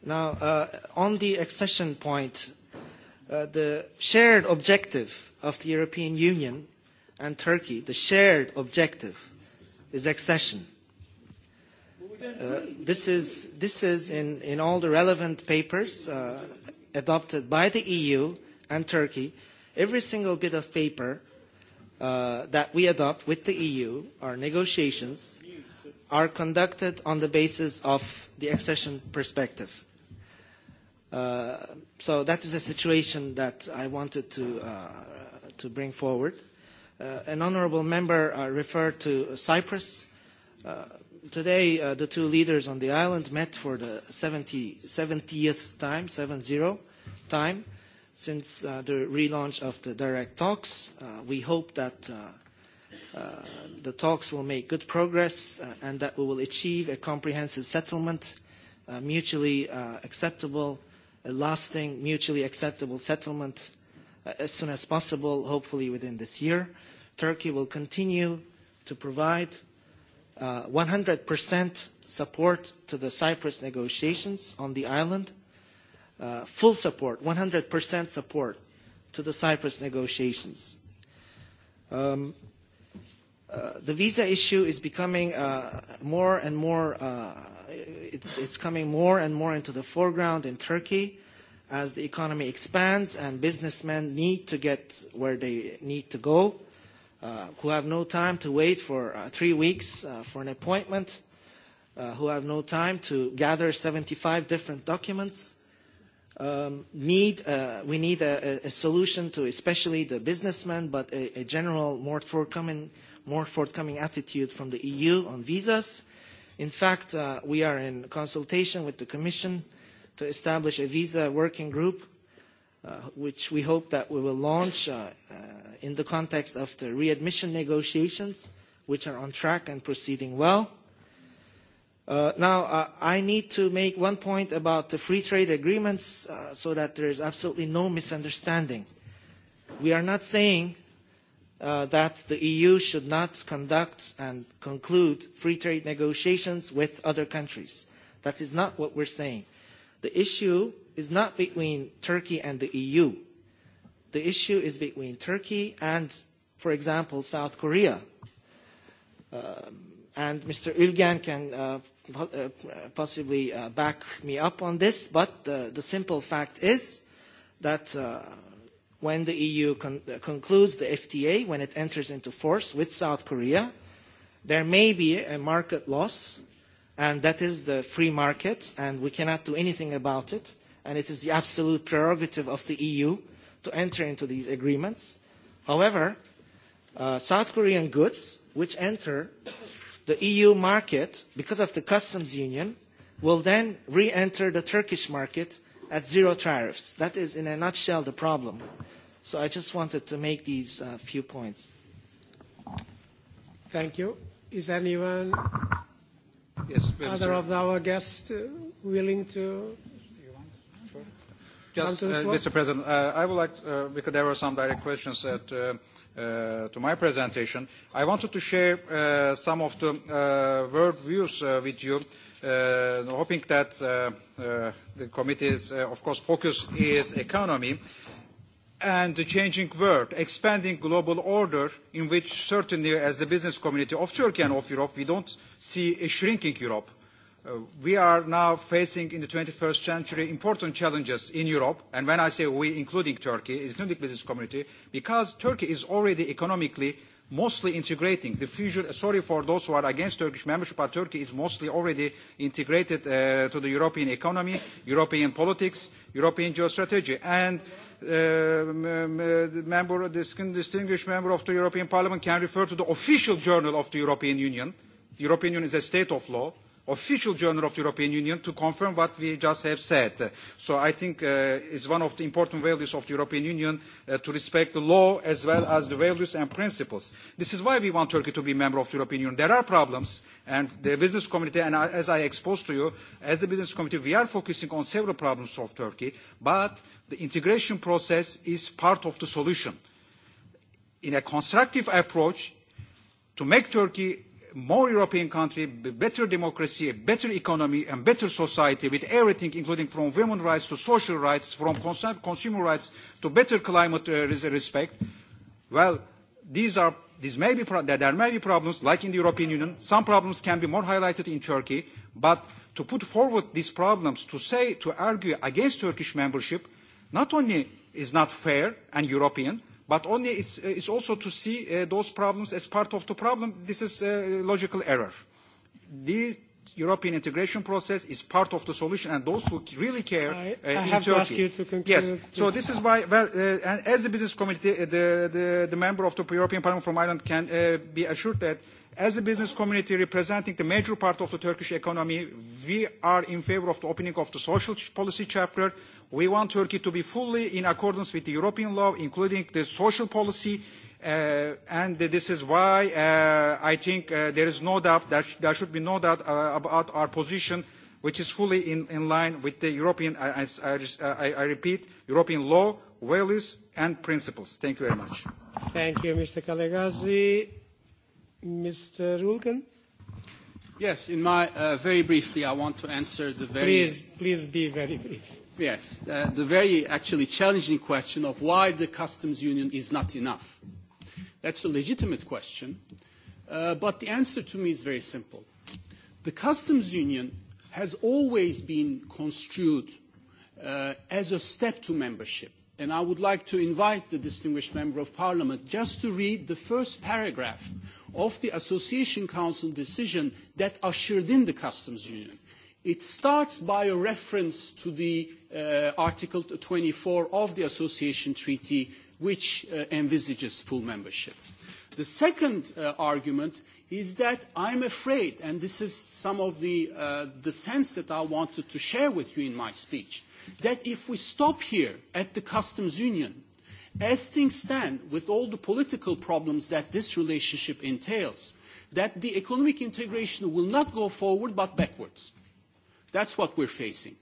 Now, uh, on the accession point, uh, the shared objective of the European Union and Turkey, the shared objective is accession. Uh, this is, this is in, in all the relevant papers uh, adopted by the EU and Turkey, every single bit of paper uh, that we adopt with the EU, our negotiations, are conducted on the basis of the accession perspective. Uh, so that is a situation that I wanted to, uh, to bring forward. Uh, an honourable member uh, referred to Cyprus. Uh, today, uh, the two leaders on the island met for the 70, 70th time, 7-0 time since uh, the relaunch of the direct talks. Uh, we hope that uh, uh the talks will make good progress uh, and that we will achieve a comprehensive settlement, uh, mutually acceptable, a lasting, mutually acceptable settlement as soon as possible, hopefully within this year. Turkey will continue to provide 100% support to the Cyprus negotiations on the island uh, full support, 100% support to the Cyprus negotiations. Um, uh, the visa issue is becoming uh, more and more, uh, it's, it's coming more and more into the foreground in Turkey as the economy expands and businessmen need to get where they need to go, uh, who have no time to wait for uh, three weeks uh, for an appointment, uh, who have no time to gather 75 different documents um, need, uh, we need a, a, solution to especially the businessmen, but a, a, general more forthcoming, more forthcoming attitude from the EU on visas. In fact, uh, we are in consultation with the Commission to establish a visa working group, uh, which we hope that we will launch uh, uh, in the context of the readmission negotiations, which are on track and proceeding well. Uh, now, uh, I need to make one point about the free trade agreements uh, so that there is absolutely no misunderstanding. We are not saying uh, that the EU should not conduct and conclude free trade negotiations with other countries. That is not what we're saying. The issue is not between Turkey and the EU. The issue is between Turkey and, for example, South Korea. Um, and Mr. Ulgan can uh, uh, possibly uh, back me up on this, but the, the simple fact is that uh, when the EU con uh, concludes the FTA, when it enters into force with South Korea, there may be a market loss, and that is the free market, and we cannot do anything about it, and it is the absolute prerogative of the EU to enter into these agreements. However, uh, South Korean goods which enter The EU market, because of the customs union, will then re-enter the Turkish market at zero tariffs. That is, in a nutshell, the problem. So I just wanted to make these uh, few points. Thank you. Is anyone yes, other of our guests uh, willing to? Yes, uh, Mr. President, uh, I would like, to, uh, because there were some direct questions that. Uh, uh, to my presentation, I wanted to share uh, some of the uh, world views uh, with you, uh, hoping that uh, uh, the committee's, uh, of course, focus is economy and the changing world, expanding global order in which certainly as the business community of Turkey and of Europe, we don't see a shrinking Europe Uh, we are now facing in the 21st century important challenges in Europe, and when I say we, including Turkey, including business community, because Turkey is already economically mostly integrating the future, uh, Sorry for those who are against Turkish membership, but Turkey is mostly already integrated uh, to the European economy, European politics, European geostrategy. And Uh, uh member, distinguished member of the European Parliament can refer to the official journal of the European Union. The European Union is a state of law official journal of the European Union to confirm what we just have said. So I think uh, it's one of the important values of the European Union uh, to respect the law as well as the values and principles. This is why we want Turkey to be a member of the European Union. There are problems and the business community, and as I exposed to you, as the business community, we are focusing on several problems of Turkey, but the integration process is part of the solution. In a constructive approach, to make Turkey more European country, better democracy, a better economy and better society with everything including from women's rights to social rights, from cons consumer rights to better climate uh, respect. Well, these are these may be pro- there may be problems like in the European Union. Some problems can be more highlighted in Turkey, but to put forward these problems, to say, to argue against Turkish membership, not only is not fair and European, But only it's, uh, it's also to see uh, those problems as part of the problem. This is a uh, logical error. This European integration process is part of the solution, and those who really care I, uh, I in have Turkey. to ask you to conclude. Yes. Please. So this is why, well, uh, and as the business community, uh, the, the the member of the European Parliament from Ireland can uh, be assured that As a business community representing the major part of the Turkish economy, we are in favor of the opening of the social policy chapter. We want Turkey to be fully in accordance with the European law, including the social policy, uh, and this is why uh, I think uh, there is no doubt, that sh there should be no doubt uh, about our position, which is fully in, in line with the European, I, I, I, I repeat, European law, values, and principles. Thank you very much. Thank you, Mr. Kalegazi. Mr. Rulgen? Yes, in my uh, very briefly, I want to answer the very. Please, please be very brief. Yes, uh, the very actually challenging question of why the customs union is not enough. That's a legitimate question, uh, but the answer to me is very simple. The customs union has always been construed uh, as a step to membership. And I would like to invite the distinguished member of parliament just to read the first paragraph of the Association Council decision that ushered in the customs union. It starts by a reference to the uh, Article 24 of the Association Treaty, which uh, envisages full membership. The second uh, argument is that I'm afraid, and this is some of the, uh, the sense that I wanted to share with you in my speech, that if we stop here at the customs union, as things stand, with all the political problems that this relationship entails, that the economic integration will not go forward but backwards. That's what we're facing.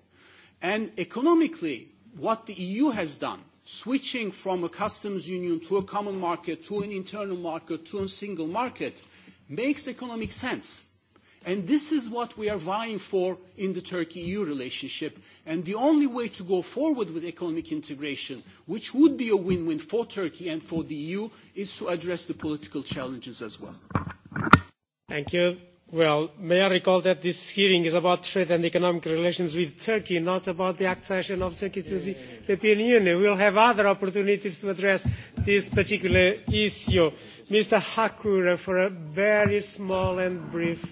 And economically, what the EU has done, switching from a customs union to a common market, to an internal market, to a single market, makes economic sense And this is what we are vying for in the Turkey-EU relationship. And the only way to go forward with economic integration, which would be a win-win for Turkey and for the EU, is to address the political challenges as well. Thank you. Well, may I recall that this hearing is about trade and economic relations with Turkey, not about the accession of Turkey to the European Union. We'll have other opportunities to address this particular issue. Mr. Hakura, for a very small and brief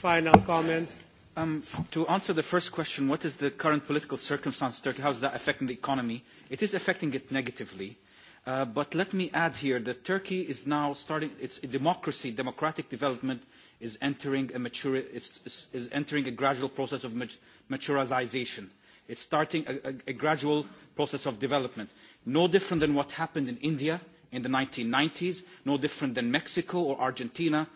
final comments? Um, to answer the first question, what is the current political circumstance in Turkey? How is that affecting the economy? It is affecting it negatively. Uh, but let me add here that Turkey is now starting its democracy, democratic development is entering a, mature, is, is, entering a gradual process of mat maturization. It's starting a, a, a gradual process of development. No different than what happened in India in the 1990s, no different than Mexico or Argentina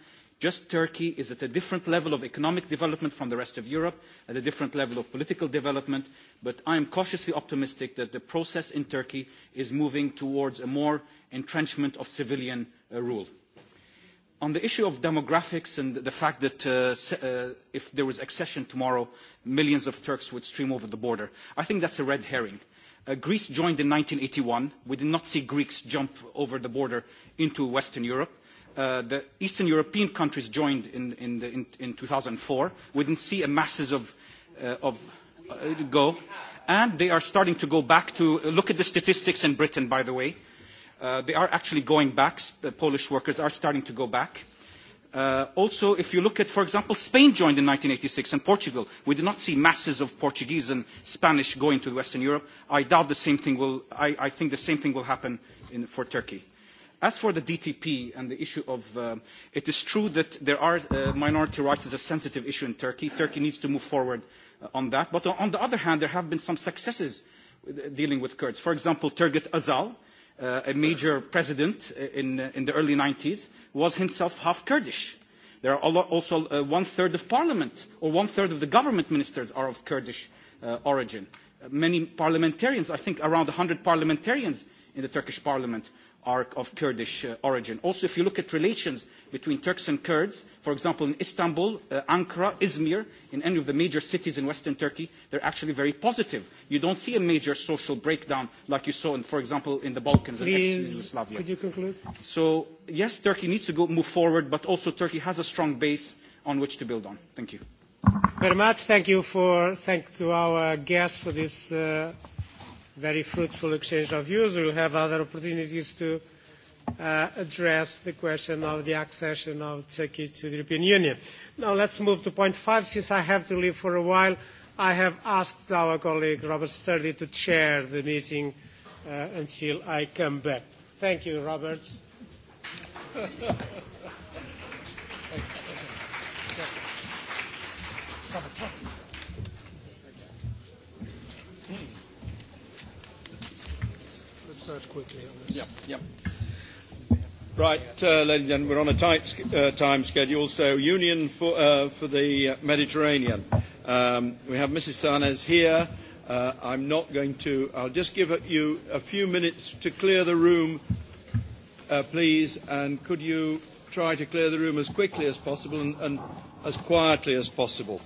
Just Turkey is at a different level of economic development from the rest of Europe, at a different level of political development, but I am cautiously optimistic that the process in Turkey is moving towards a more entrenchment of civilian uh, rule. On the issue of demographics and the fact that uh, uh, if there was accession tomorrow, millions of Turks would stream over the border, I think that's a red herring. Uh, Greece joined in 1981. We did not see Greeks jump over the border into Western Europe. Uh, the Eastern European countries joined in, in, the, in, in 2004. We didn't see a masses of, uh, of uh, go. And they are starting to go back to uh, look at the statistics in Britain, by the way. Uh, they are actually going back. The Polish workers are starting to go back. Uh, also, if you look at, for example, Spain joined in 1986 and Portugal, we did not see masses of Portuguese and Spanish going to Western Europe. I doubt the same thing will, I, I think the same thing will happen in, for Turkey. As for the DTP and the issue of, uh, it is true that there are uh, minority rights as a sensitive issue in Turkey. Turkey needs to move forward uh, on that. But on the other hand, there have been some successes uh, dealing with Kurds. For example, Turgut Azal, uh, a major president uh, in, in, the early 90s, was himself half Kurdish. There are also one-third of parliament, or one-third of the government ministers are of Kurdish origin. Many parliamentarians, I think around 100 parliamentarians in the Turkish parliament are of Kurdish uh, origin. Also, if you look at relations between Turks and Kurds, for example, in Istanbul, uh, Ankara, Izmir, in any of the major cities in western Turkey, they're actually very positive. You don't see a major social breakdown like you saw, in, for example, in the Balkans Please, and Yugoslavia. could you conclude? So, yes, Turkey needs to go, move forward, but also Turkey has a strong base on which to build on. Thank you. Very much. Thank you for thank to our guests for this uh, very fruitful exchange of views. We'll have other opportunities to uh, address the question of the accession of Turkey to the European Union. Now let's move to point five. Since I have to leave for a while, I have asked our colleague Robert Sturdy to chair the meeting uh, until I come back. Thank you, Robert. [LAUGHS] Thank you. search quickly on this. Yeah, yeah. Right, uh, ladies and gentlemen, we're on a tight uh, time schedule. So, Union for, uh, for the Mediterranean. Um, we have Mrs. Sarnes here. Uh, I'm not going to. I'll just give you a few minutes to clear the room, uh, please. And could you try to clear the room as quickly as possible and, and as quietly as possible?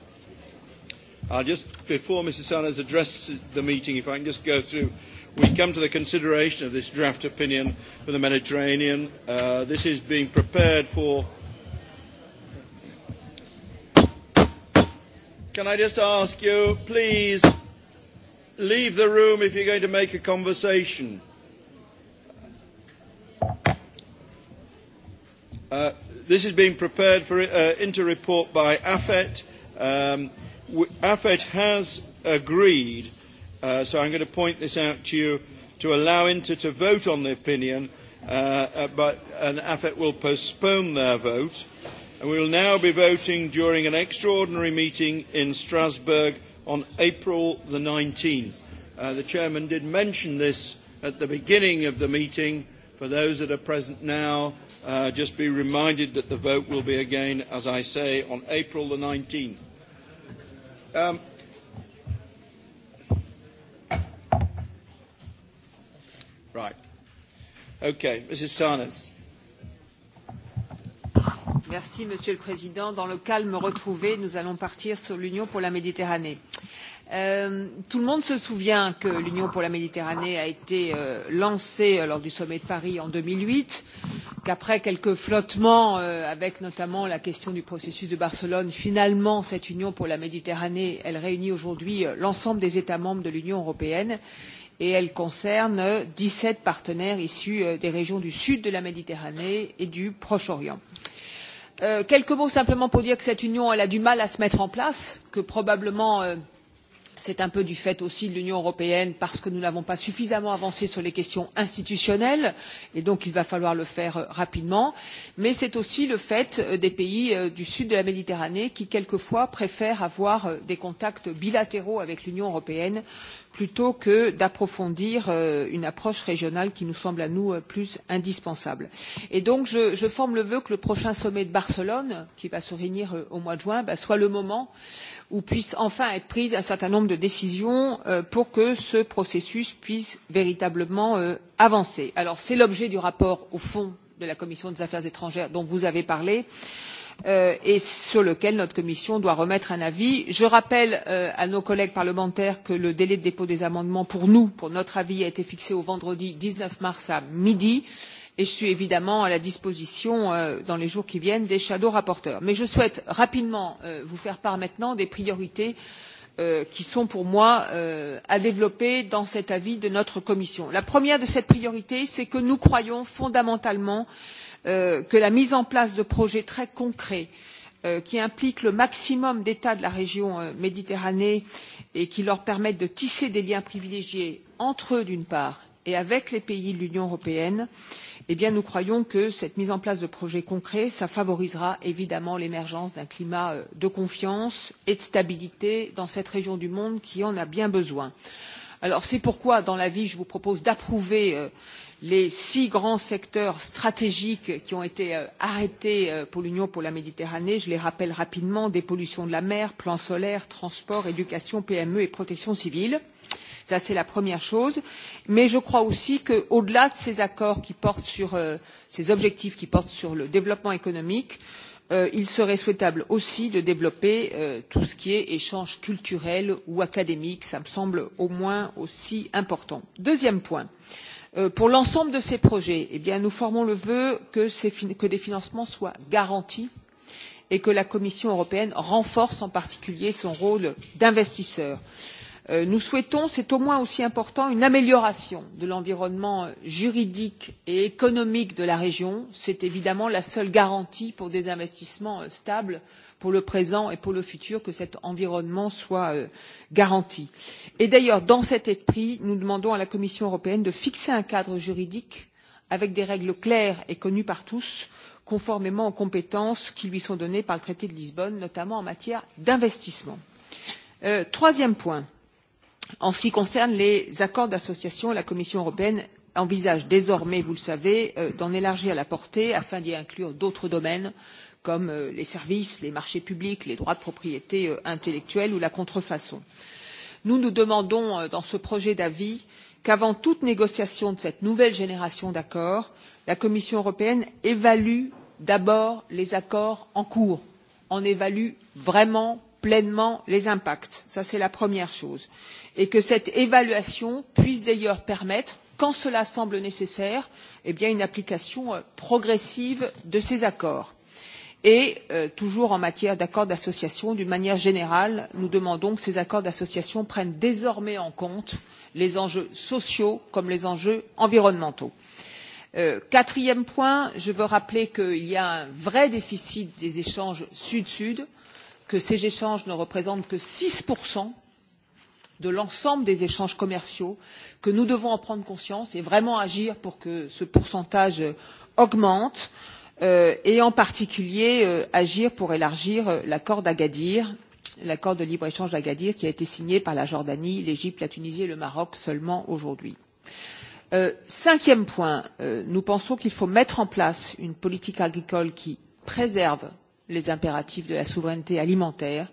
I'll just, before Mrs. Sarnes addresses the meeting, if I can just go through we come to the consideration of this draft opinion for the Mediterranean. Uh, this is being prepared for. Can I just ask you, please leave the room if you're going to make a conversation? Uh, this is being prepared for uh, inter-report by AFET. Um, AFET has agreed Uh, so I'm going to point this out to you to allow Inter to vote on the opinion, uh, uh but an AFET will postpone their vote. And we will now be voting during an extraordinary meeting in Strasbourg on April the 19th. Uh, the chairman did mention this at the beginning of the meeting. For those that are present now, uh, just be reminded that the vote will be again, as I say, on April the 19th. Um, Right. Okay, Mrs. Sarnes. Merci, Monsieur le Président. Dans le calme retrouvé, nous allons partir sur l'Union pour la Méditerranée. Euh, tout le monde se souvient que l'union pour la méditerranée a été euh, lancée euh, lors du sommet de paris en 2008, qu'après quelques flottements euh, avec notamment la question du processus de barcelone finalement cette union pour la méditerranée elle réunit aujourd'hui euh, l'ensemble des états membres de l'union européenne Euh, et elle concerne dix sept partenaires issus euh, des régions du sud de la méditerranée et du proche orient. Euh, quelques mots simplement pour dire que cette union a du mal à se mettre en place que probablement euh, c'est un peu du fait aussi de l'union européenne parce que nous n'avons pas suffisamment avancé sur les questions institutionnelles et donc il va falloir le faire euh, rapidement mais c'est aussi le fait euh, des pays euh, du sud de la méditerranée qui quelquefois préfèrent avoir des contacts bilatéraux avec l'union européenne plutôt que d'approfondir une approche régionale qui nous semble à nous plus indispensable. Et donc je, forme le vœu que le prochain sommet de barcelone qui va se réunir au mois de juin soit le moment euh, où puissent enfin être prises un certain nombre de décisions euh, pour que ce processus puisse véritablement euh, avancer. c'est l'objet du rapport au fond de la commission des affaires étrangères dont vous avez parlé euh, et sur lequel notre commission doit remettre un avis. je rappelle euh, à nos collègues parlementaires que le délai de dépôt des amendements pour nous pour notre avis a été fixé au vendredi dix neuf mars à midi et et je suis évidemment à la disposition euh, dans les jours qui viennent des shadow rapporteurs. mais je souhaite rapidement euh, vous faire part maintenant des priorités euh, qui sont pour moi à développer dans cet avis de notre commission. la première de ces priorités c'est que nous croyons fondamentalement que la mise en place de projets très concrets qui impliquent le maximum d'états de la région méditerranée et qui leur permettent de tisser des liens privilégiés entre eux d'une part et avec les pays de l'union européenne eh bien, nous croyons que cette mise en place de projets concrets favorisera évidemment l'émergence d'un climat euh, de confiance et de stabilité dans cette région du monde qui en a bien besoin. c'est pourquoi dans l'avis je vous propose d'approuver euh, les six grands secteurs stratégiques qui ont été euh, arrêtés pour l'union pour la méditerranée je les rappelle rapidement dépollution de la mer plan solaire transport éducation pme et protection civile. il ça c'est la première chose mais je crois aussi qu'au delà de ces accords qui portent sur euh, ces objectifs qui portent sur le développement économique euh, il serait souhaitable aussi de développer euh, tout ce qui est échange culturel ou académique cela me semble au moins aussi important. deuxième point pour l'ensemble de ces projets eh nous formons le vœu que, des financements soient garantis et que la commission européenne renforce en particulier son rôle d'investisseur. il Euh, nous souhaitons c'est au moins aussi important une amélioration de l'environnement juridique et économique de la région c'est évidemment la seule garantie pour des investissements euh, stables pour le présent et pour le futur que cet environnement soit euh, garanti. et d'ailleurs dans cet esprit nous demandons à la commission européenne de fixer un cadre juridique avec des règles claires et connues par tous conformément aux compétences qui lui sont données par le traité de lisbonne notamment en matière d'investissement. troisième point en ce qui concerne les accords d'association la commission européenne envisage désormais vous le savez euh, d'en élargir la portée afin d'y inclure d'autres domaines comme euh, les services les marchés publics les droits de propriété euh, intellectuelle ou la contrefaçon. nous nous demandons dans ce projet d'avis qu'avant toute négociation de cette nouvelle génération d'accords la commission européenne évalue d'abord les accords en cours en évalue vraiment pleinement les impacts ça c'est la première chose et que cette évaluation puisse d'ailleurs permettre quand cela semble nécessaire eh une application euh, progressive de ces accords. et euh, toujours en matière d'accords d'association d'une manière générale nous demandons que ces accords d'association prennent désormais en compte les enjeux sociaux comme les enjeux environnementaux. Euh, quatrième point je veux rappeler qu'il y a un vrai déficit des échanges sud sud que ces échanges ne représentent que six de l'ensemble des échanges commerciaux que nous devons en prendre conscience et vraiment agir pour que ce pourcentage augmente euh, et en particulier euh, agir pour élargir euh, l'accord d'agadir l'accord de libre échange d'agadir qui a été signé par la jordanie l'égypte la tunisie et le maroc seulement aujourd'hui. Euh, cinquième point euh, nous pensons qu'il faut mettre en place une politique agricole qui préserve les impératifs de la souveraineté alimentaire.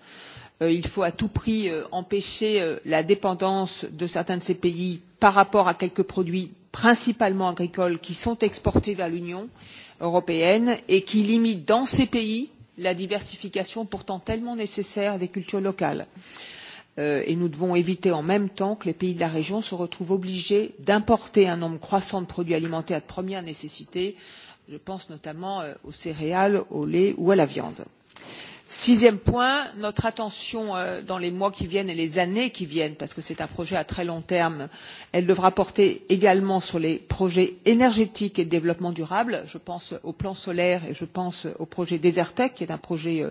Euh, il faut à tout prix euh, empêcher euh, la dépendance de certains de ces pays par rapport à quelques produits principalement agricoles qui sont exportés vers l'union européenne et qui limitent dans ces pays la diversification pourtant tellement nécessaire des cultures locales et nous devons éviter en même temps que les pays de la région se retrouvent obligés d'importer un nombre croissant de produits alimentaires de première nécessité Je pense notamment euh, aux céréales, au lait ou à la viande. Sixième point, notre attention euh, dans les mois qui viennent et les années qui viennent, parce que c'est un projet à très long terme, elle devra porter également sur les projets énergétiques et de développement durable. Je pense au plan solaire et je pense au projet Desertec, qui est un projet euh,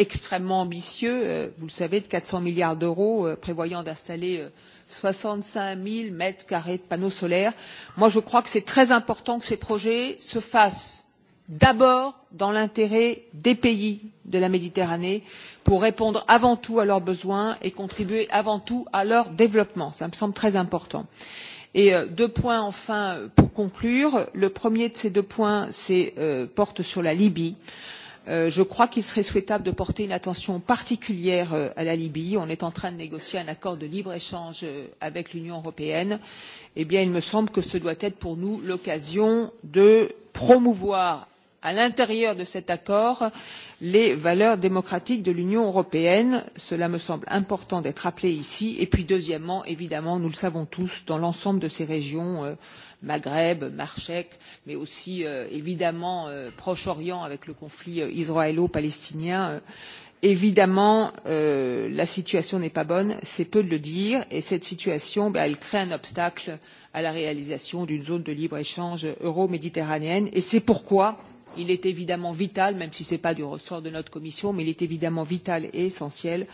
extrêmement ambitieux, vous le savez, de 400 milliards d'euros, prévoyant d'installer soixante cinq zéro mètres carrés de panneaux solaires. je crois qu'il est très important que ces projets se fassent d'abord dans l'intérêt des pays de la méditerranée pour répondre avant tout à leurs besoins et contribuer avant tout à leur développement. cela me semble très important. Et euh, deux points enfin pour conclure le premier de ces deux points euh, porte sur la libye. Euh, je crois qu'il serait souhaitable de porter une attention particulière euh, à la libye on est en train de négocier un accord de libre échange euh, avec l'union européenne eh bien il me semble que ce doit être pour nous l'occasion de promouvoir à l'intérieur de cet accord les valeurs démocratiques de l'union européenne cela me semble important d'être rappelé ici et puis deuxièmement évidemment nous le savons tous dans l'ensemble de ces régions euh, maghreb marchek mais aussi euh, évidemment euh, proche orient avec le conflit israélo palestinien évidemment la situation n'est pas bonne c'est peu de le dire et cette situation elle crée un obstacle à la réalisation d'une zone de libre échange euro méditerranéenne et c'est pourquoi nous il est évidemment vital même si ce n'est pas du ressort de notre commission mais il est évidemment vital et essentiel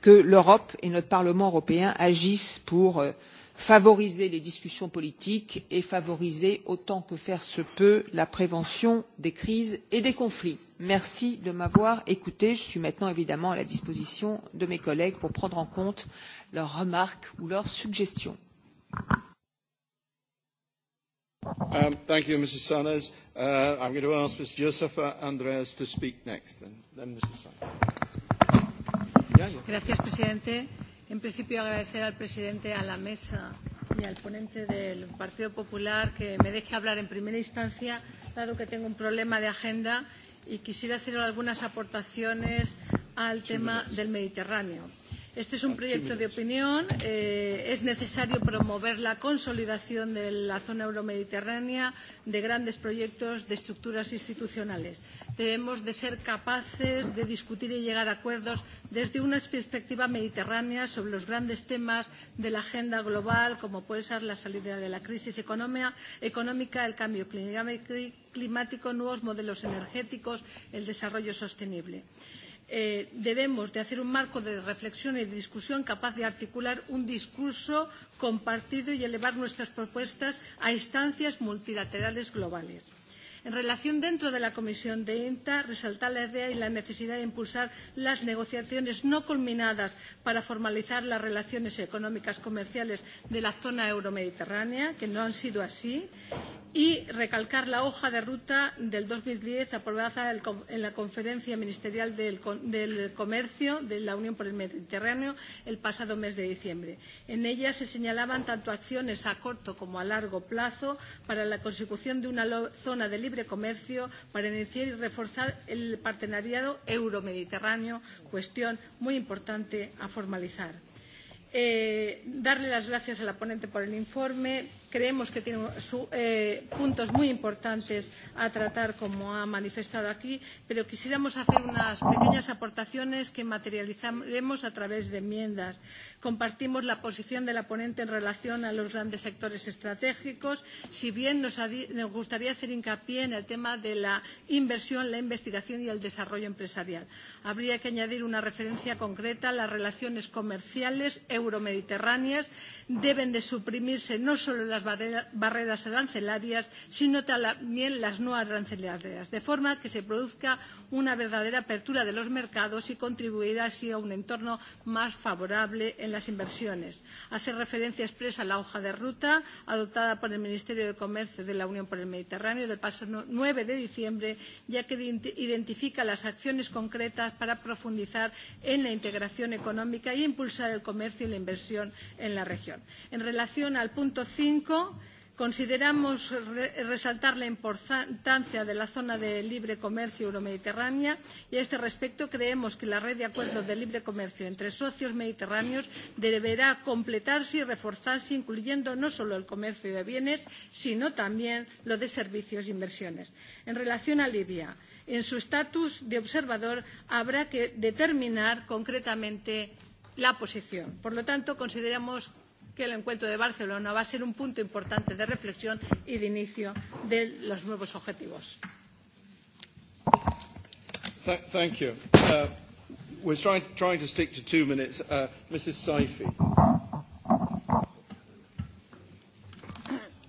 que l'europe et notre parlement européen agissent pour euh, favoriser les discussions politiques et favoriser autant que faire se peut la prévention des crises et des conflits. merci de m'avoir écoutée je suis maintenant évidemment à la disposition de mes collègues pour prendre en compte leurs remarques ou leurs suggestions. Um, thank you, Mrs. Sanders. Uh, I'm going to ask Ms. Josefa Andreas to speak next, then, then Mrs. Sanchez. Gracias, presidente. En principio, agradecer al presidente, a la mesa y al ponente del Partido Popular que me deje hablar en primera instancia, dado que tengo un problema de agenda y quisiera hacer algunas aportaciones al tema del Mediterráneo. Este es un ah, proyecto de opinión. Eh, es necesario promover la consolidación de la zona euromediterránea de grandes proyectos de estructuras institucionales. Debemos de ser capaces de discutir y llegar a acuerdos desde una perspectiva mediterránea sobre los grandes temas de la agenda global, como puede ser la salida de la crisis economía, económica, el cambio climático, nuevos modelos energéticos, el desarrollo sostenible eh, debemos de hacer un marco de reflexión y de discusión capaz de articular un discurso compartido y elevar nuestras propuestas a instancias multilaterales globales. En relación dentro de la comisión de INTA, resaltar la idea y la necesidad de impulsar las negociaciones no culminadas para formalizar las relaciones económicas comerciales de la zona euromediterránea, que no han sido así, y recalcar la hoja de ruta del 2010 aprobada en la Conferencia Ministerial del, Comercio de la Unión por el Mediterráneo el pasado mes de diciembre. En ella se señalaban tanto acciones a corto como a largo plazo para la consecución de una zona de libre comercio para iniciar y reforzar el partenariado euromediterráneo, cuestión muy importante a formalizar. Eh, darle las gracias a la ponente por el informe creemos que tiene su, eh, puntos muy importantes a tratar, como ha manifestado aquí, pero quisiéramos hacer unas pequeñas aportaciones que materializaremos a través de enmiendas. Compartimos la posición de la ponente en relación a los grandes sectores estratégicos, si bien nos, nos gustaría hacer hincapié en el tema de la inversión, la investigación y el desarrollo empresarial. Habría que añadir una referencia concreta a las relaciones comerciales euromediterráneas. Deben de suprimirse no solo las las barreras arancelarias, sino también las no arancelarias, de forma que se produzca una verdadera apertura de los mercados y contribuir así a un entorno más favorable en las inversiones. Hace referencia expresa a la hoja de ruta adoptada por el Ministerio de Comercio de la Unión por el Mediterráneo del pasado 9 de diciembre, ya que identifica las acciones concretas para profundizar en la integración económica y impulsar el comercio y la inversión en la región. En relación al punto 5, 5, consideramos re resaltar la importancia de la zona de libre comercio euromediterránea y a este respecto creemos que la red de acuerdos de libre comercio entre socios mediterráneos deberá completarse y reforzarse incluyendo no solo el comercio de bienes sino también lo de servicios e inversiones. En relación a Libia, en su estatus de observador habrá que determinar concretamente la posición. Por lo tanto, consideramos que el encuentro de Barcelona va a ser un punto importante de reflexión y de inicio de los nuevos objetivos. thank you. Uh, we're trying, trying to stick to two minutes. Uh, Mrs. Saifi.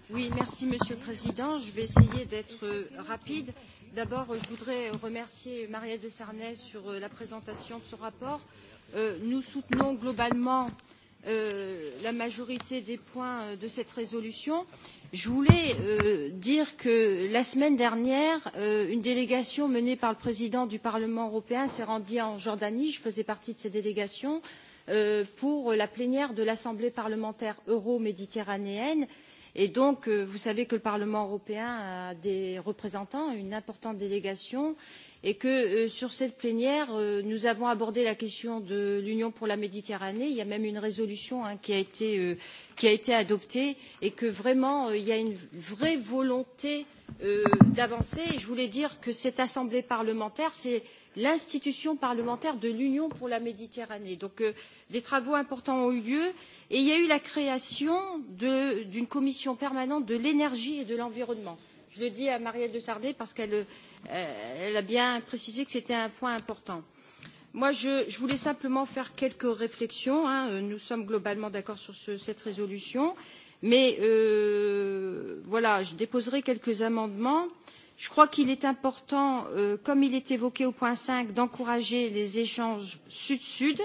Oui, merci Monsieur le Président. Je vais essayer d'être rapide. D'abord, je voudrais remercier Marielle de Sarnez sur euh, la présentation de ce rapport. Euh, nous soutenons globalement euh, Euh, la majorité des points euh, de cette résolution. Je voulais euh, dire que la semaine dernière, euh, une délégation menée par le président du Parlement européen s'est rendue en Jordanie. Je faisais partie de cette délégation euh, pour la plénière de l'Assemblée parlementaire euro-méditerranéenne. Et donc, euh, vous savez que le Parlement européen a des représentants, une importante délégation. Euh, et que euh, sur cette plénière euh, nous avons abordé la question de l'union pour la méditerranée il y a même une résolution hein, qui, a été, euh, qui a été adoptée et que vraiment euh, il y a une vraie volonté euh, d'avancer je voulais dire que cette assemblée parlementaire c'est l'institution parlementaire de l'union pour la méditerranée donc euh, des travaux importants ont eu lieu et il y a eu la création d'une commission permanente de l'énergie et de l'environnement je le dis à marielle de sarnez parce qu'elle euh, a bien précisé que c'était un point important. je, voulais simplement faire quelques réflexions euh, nous sommes globalement d'accord sur cette résolution mais euh, je déposerai quelques amendements. je crois qu'il est important comme il est évoqué au point cinq d'encourager les échanges sud sud.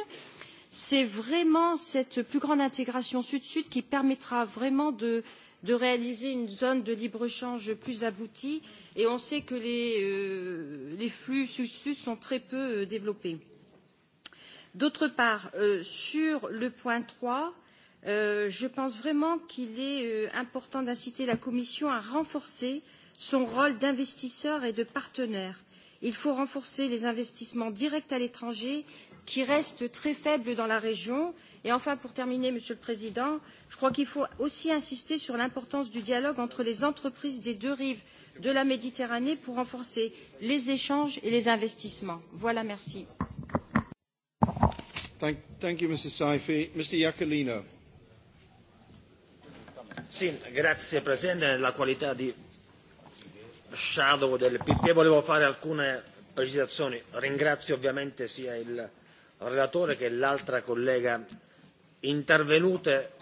c'est vraiment cette plus grande intégration sud sud qui permettra vraiment de réaliser une zone de libre échange plus aboutie et on sait que les, euh, les flux sud sud sont très peu euh, développés. d'autre part euh, sur le point trois euh, je pense vraiment qu'il est euh, important d'inciter la commission à renforcer son rôle d'investisseur et de partenaire. il faut renforcer les investissements directs à l'étranger qui restent très faibles dans la région Et enfin, pour terminer, Monsieur le Président, je crois qu'il faut aussi insister sur l'importance du dialogue entre les entreprises des deux rives de la Méditerranée pour renforcer les échanges et les investissements. Voilà, merci. Ringrazio ovviamente sia il relatore che l'altra collega intervenute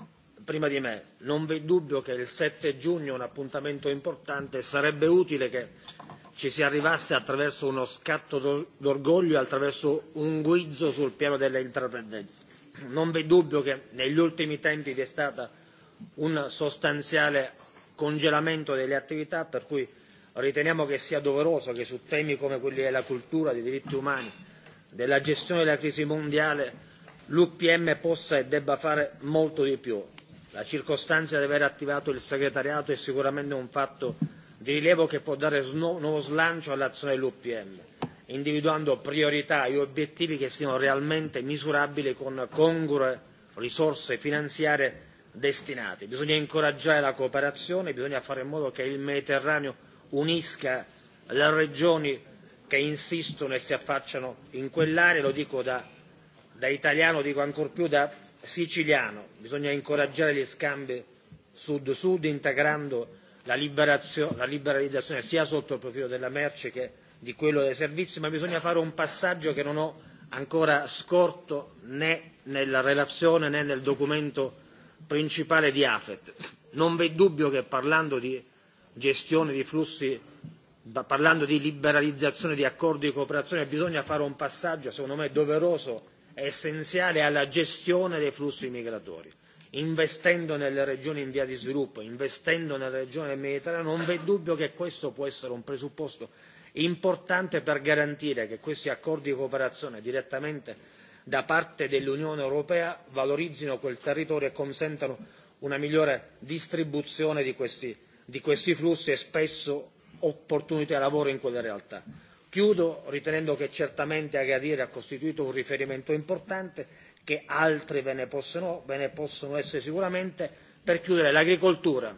prima di me non vi è dubbio che il sette giugno è un appuntamento importante e sarebbe utile che ci si arrivasse attraverso uno scatto d'orgoglio e attraverso un guizzo sul piano delle intraprendenze. non vi è dubbio che negli ultimi tempi vi è stato un sostanziale congelamento delle attività per cui riteniamo che sia doveroso che su temi come quelli della cultura dei diritti umani della gestione della crisi mondiale l'UPM possa e debba fare molto di più. La circostanza di aver attivato il segretariato è sicuramente un fatto di rilievo che può dare nuovo slancio all'azione dell'UPM, individuando priorità e obiettivi che siano realmente misurabili con congrue risorse finanziarie destinate. Bisogna incoraggiare la cooperazione, bisogna fare in modo che il Mediterraneo unisca le regioni che insistono e si affacciano in quell'area, lo dico da da italiano dico ancor più da siciliano, bisogna incoraggiare gli scambi sud-sud integrando la, la liberalizzazione sia sotto il profilo della merce che di quello dei servizi, ma bisogna fare un passaggio che non ho ancora scorto né nella relazione né nel documento principale di AFET. Non v'è dubbio che parlando di gestione di flussi, parlando di liberalizzazione di accordi di cooperazione, bisogna fare un passaggio, secondo me, doveroso è essenziale alla gestione dei flussi migratori. Investendo nelle regioni in via di sviluppo, investendo nella regione del Mediterraneo, non v'è dubbio che questo può essere un presupposto importante per garantire che questi accordi di cooperazione direttamente da parte dell'Unione Europea valorizzino quel territorio e consentano una migliore distribuzione di questi, di questi flussi e spesso opportunità di lavoro in quelle realtà. Chiudo ritenendo che certamente Agadir ha costituito un riferimento importante, che altri ve ne possono, ve ne possono essere sicuramente. Per chiudere, l'agricoltura.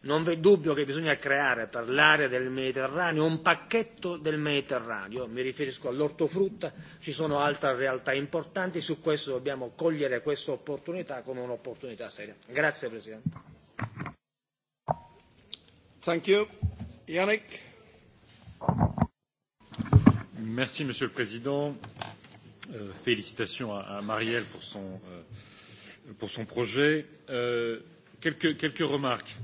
Non v'è dubbio che bisogna creare per l'area del Mediterraneo un pacchetto del Mediterraneo, mi riferisco all'ortofrutta, ci sono altre realtà importanti, su questo dobbiamo cogliere questa opportunità come un'opportunità seria. Grazie Presidente. Thank you. Yannick. Monsieur le Président. Euh, félicitations à, Marielle pour son, euh, projet. Euh, quelques, remarques.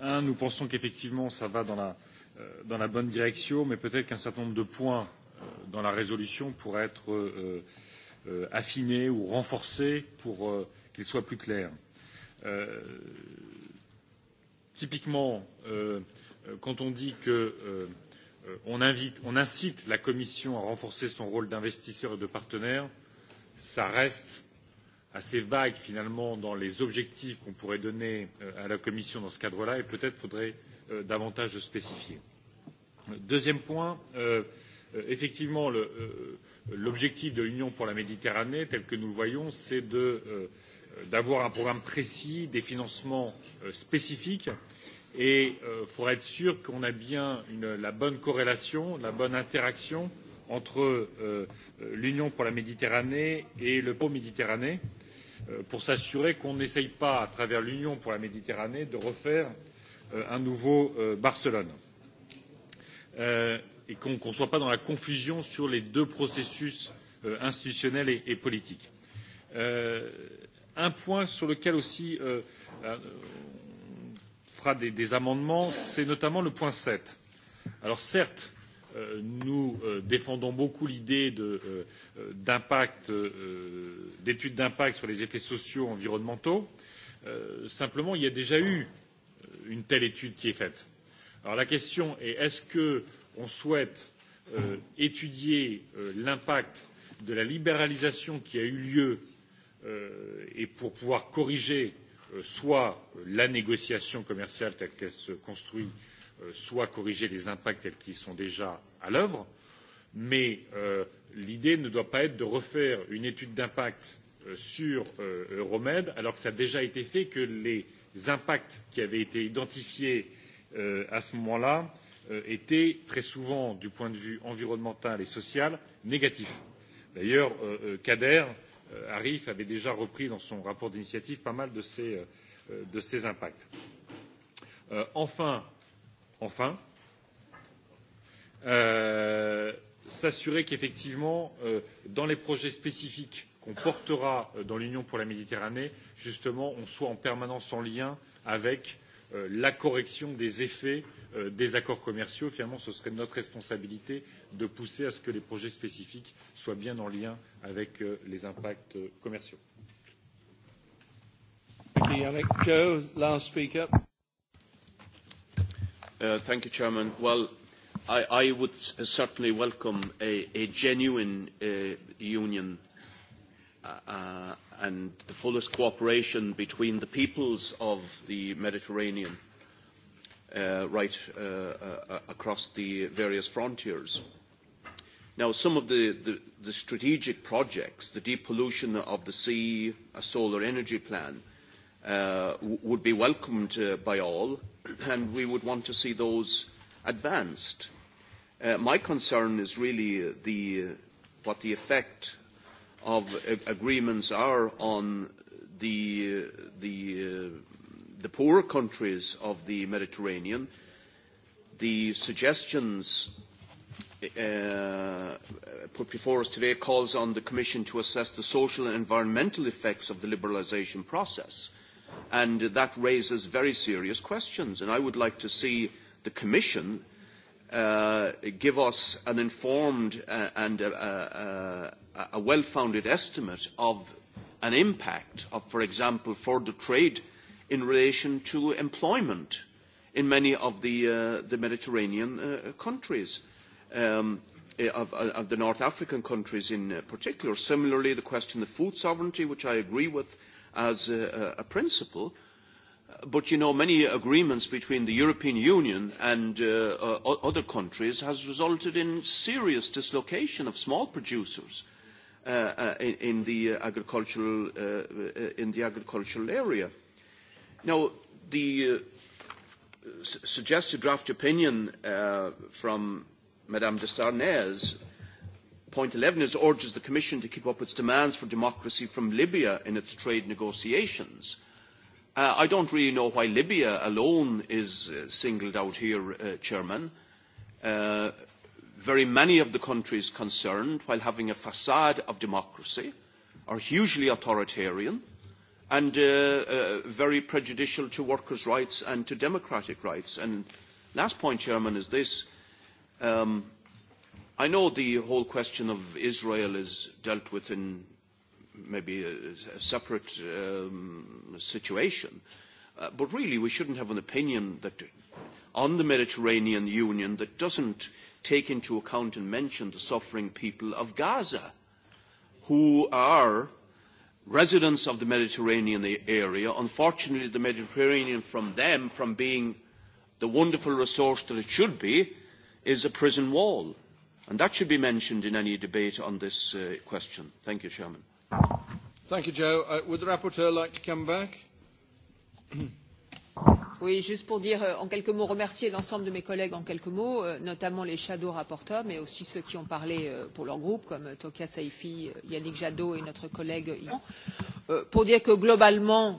un, nous pensons qu'effectivement, cela va dans la, bonne direction, mais peut-être qu'un certain nombre de points dans la résolution pourraient être affinés ou renforcés pour qu'ils soient plus clairs. typiquement, quand on dit que Euh, on, invite, on incite la Commission à renforcer son rôle d'investisseur et de partenaire, ça reste assez vague finalement dans les objectifs qu'on pourrait donner euh, à la Commission dans ce cadre-là et peut-être faudrait euh, davantage le spécifier. Deuxième point, euh, effectivement, l'objectif de l'Union pour la Méditerranée, tel que nous le voyons, c'est d'avoir euh, un programme précis, des financements spécifiques euh, et il euh, faudra être sûr qu'on a bien une, la bonne corrélation, la bonne interaction entre euh, euh l'Union pour la Méditerranée et le Pôle Méditerranée euh, pour s'assurer qu'on n'essaye pas, à travers l'Union pour la Méditerranée, de refaire euh, un nouveau euh, Barcelone euh, et qu'on qu ne soit pas dans la confusion sur les deux processus euh, institutionnels et, et politiques. Euh, un point sur lequel aussi euh, euh, fera des, des amendements, c'est notamment le point sept. Alors certes, euh, nous euh, défendons beaucoup l'idée euh, euh, d'impact, euh, d'études d'impact sur les effets sociaux environnementaux. Euh, simplement, il y a déjà eu une telle étude qui est faite. Alors la question est est-ce que on souhaite euh, étudier euh, l'impact de la libéralisation qui a eu lieu euh, et pour pouvoir corriger euh, Euh, soit la négociation commerciale telle qu'elle se construit euh, soit corriger les impacts tels qu'ils sont déjà à l'œuvre mais euh, l'idée ne doit pas être de refaire une étude d'impact euh, sur euh, euromed alors que cela a déjà été fait que les impacts qui avaient été identifiés euh, à ce moment là étaient très souvent du point de vue environnemental et social négatifs. d'ailleurs kader Euh, Arif avait déjà repris dans son rapport d'initiative pas mal de ces, euh, de ces impacts. Euh, enfin, enfin, euh, s'assurer qu'effectivement, euh, dans les projets spécifiques qu'on portera dans l'Union pour la Méditerranée, justement, on soit en permanence en lien avec euh, Euh, la correction des effets euh, des accords commerciaux. Finalement, ce serait notre responsabilité de pousser à ce que les projets spécifiques soient bien en lien avec euh, les impacts commerciaux. Yannick. Joe, last speaker. Uh, thank you, Chairman. Well, I, I would certainly welcome a, a genuine uh, union uh, uh and the fullest cooperation between the peoples of the Mediterranean uh, right uh, uh, uh, across the various frontiers. Now, some of the, the, the strategic projects, the depollution of the sea, a solar energy plan, uh, would be welcomed uh, by all, and we would want to see those advanced. Uh, my concern is really the, what the effect of agreements are on the, the, uh, the poorer countries of the Mediterranean, the suggestions uh, put before us today calls on the Commission to assess the social and environmental effects of the liberalisation process. And that raises very serious questions. And I would like to see the Commission uh, uh, give us an informed uh, and uh, uh, a well-founded estimate of an impact of, for example, for the trade in relation to employment in many of the, uh, the Mediterranean uh, countries, um, eh, of, uh, of the North African countries in uh, particular. Similarly, the question of food sovereignty, which I agree with as a, a principle, uh, but you know many agreements between the European Union and uh, uh, other countries has resulted in serious dislocation of small producers uh, uh in, in, the uh, agricultural uh, in the agricultural area. Now the suggested draft opinion from Madame de Sarnez Point 11 is urges the Commission to keep up its demands for democracy from Libya in its trade negotiations Uh, I don't really know why Libya alone is uh, singled out here, uh, Chairman. Uh, very many of the countries concerned, while having a facade of democracy, are hugely authoritarian and uh, uh, very prejudicial to workers' rights and to democratic rights. And last point, Chairman, is this. Um, I know the whole question of Israel is dealt with in maybe a, a separate um, situation. Uh, but really, we shouldn't have an opinion that on the Mediterranean Union that doesn't take into account and mention the suffering people of Gaza, who are residents of the Mediterranean area. Unfortunately, the Mediterranean from them, from being the wonderful resource that it should be, is a prison wall. And that should be mentioned in any debate on this uh, question. Thank you, Chairman. Thank you, Joe. Uh, would the rapporteur like to come back? [CLEARS THROAT] Oui, juste pour dire euh, en quelques mots, remercier l'ensemble de mes collègues en quelques mots, euh, notamment les shadow rapporteurs, mais aussi ceux qui ont parlé euh, pour leur groupe, comme Tokia Saifi, Yannick Jadot et notre collègue Yvan, pour dire que globalement,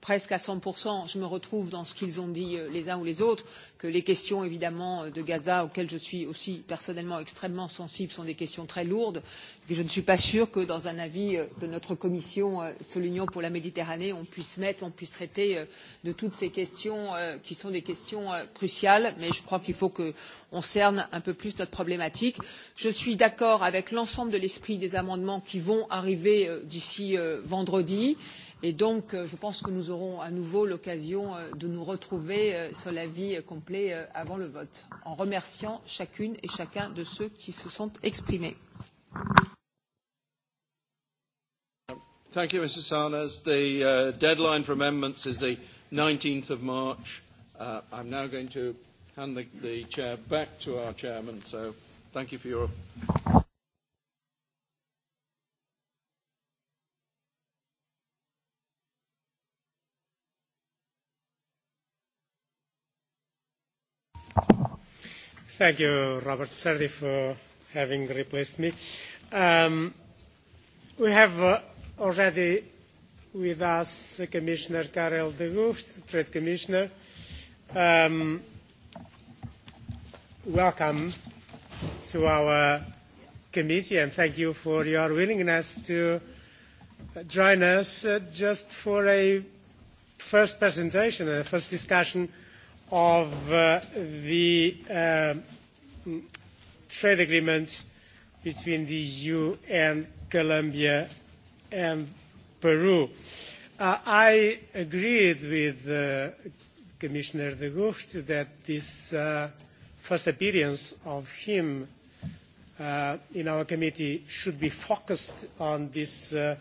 presque à 100%, je me retrouve dans ce qu'ils ont dit euh, les uns ou les autres, que les questions évidemment euh, de Gaza, auxquelles je suis aussi personnellement extrêmement sensible, sont des questions très lourdes. Et je ne suis pas sûre que dans un avis euh, de notre commission sur l'Union pour la Méditerranée, on puisse mettre, on puisse traiter de toutes ces questions qui sont des questions cruciales, mais je crois qu'il faut qu'on cerne un peu plus notre problématique. Je suis d'accord avec l'ensemble de l'esprit des amendements qui vont arriver d'ici vendredi. Et donc, euh, je pense que nous aurons à nouveau l'occasion euh, de nous retrouver euh, sur l'avis complet avant le vote, en remerciant chacune et chacun de ceux qui se sont exprimés. Thank you, The uh, deadline for amendments is the 19th of March. Uh, I'm now going to hand the, the chair back to our chairman. So thank you for your Thank you, Robert Serdi, for having replaced me. Um, we have uh, already with us Commissioner Karel de Gucht, Trade Commissioner. Um, welcome to our committee and thank you for your willingness to join us uh, just for a first presentation, a first discussion of uh, the uh, trade agreements between the EU and Colombia and Peru. Uh, I agreed with uh, Commissioner de Gucht that this uh, first appearance of him uh, in our committee should be focused on this uh,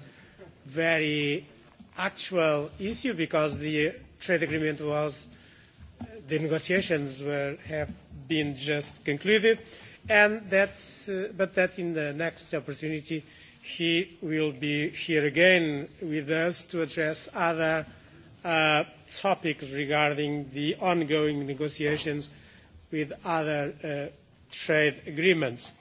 very actual issue because the trade agreement was the negotiations were, have been just concluded, and that, uh, but that in the next opportunity he will be here again with us to address other uh, topics regarding the ongoing negotiations with other uh, trade agreements.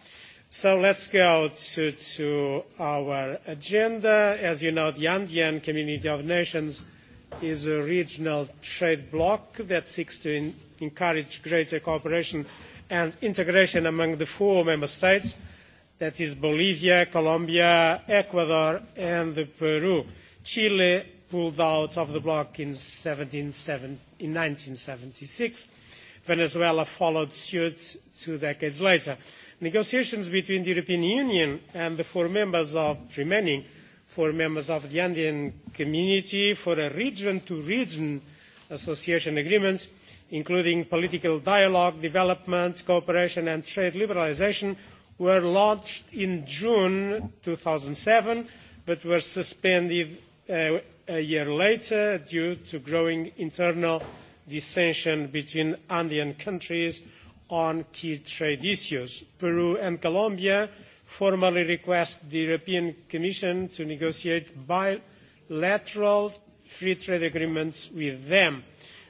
So let's go to, to our agenda. As you know, the Andean Community of Nations – is a regional trade bloc that seeks to encourage greater cooperation and integration among the four member states, that is Bolivia, Colombia, Ecuador and Peru. Chile pulled out of the bloc in, 17, 17, in 1976. Venezuela followed suit two decades later. Negotiations between the European Union and the four members of remaining for members of the Andean community for a region-to-region association agreements, including political dialogue, development, cooperation and trade liberalisation, were launched in June 2007, but were suspended uh, a year later due to growing internal dissension between Andean countries on key trade issues. Peru and Colombia formally request the European Commission to negotiate bilateral free trade agreements with them.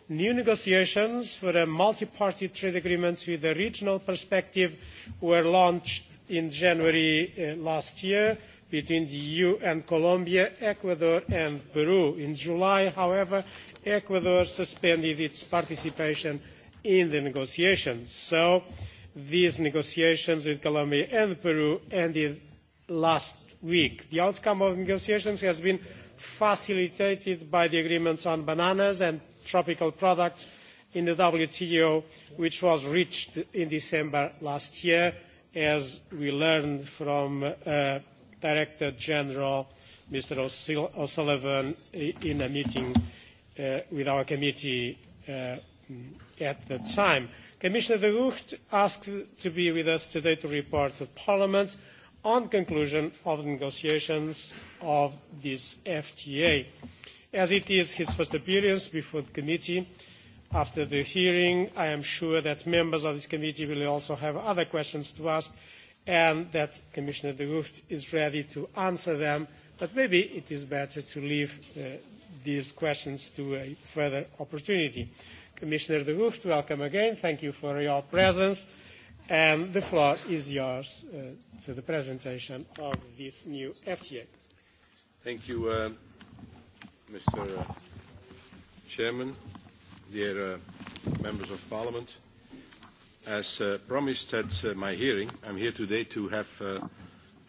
New negotiations for a multi-party trade agreement with a regional perspective were launched in January uh, last year between the EU and Colombia, Ecuador and Peru. In July, however, Ecuador suspended its participation in the negotiations. So these negotiations with Colombia and Peru ended last week. The outcome of negotiations has been facilitated by the agreements on bananas and tropical products in the WTO, which was reached in December last year, as we learned from uh, Director General Mr. O'Sullivan in a meeting uh, with our committee uh, at the time. Commissioner de Gucht asked to be with us today to report to Parliament on conclusion of the negotiations of this FTA. As it is his first appearance before the committee, after the hearing, I am sure that members of this committee will also have other questions to ask and that Commissioner de Gucht is ready to answer them, but maybe it is better to leave uh, these questions to a further opportunity. Commissioner de Gucht, welcome again. Thank you for your presence. And the floor is yours uh, to the presentation of this new FTA. Thank you, uh, Mr. Uh, Chairman, dear uh, members of parliament. As uh, promised at uh, my hearing, I'm here today to have uh,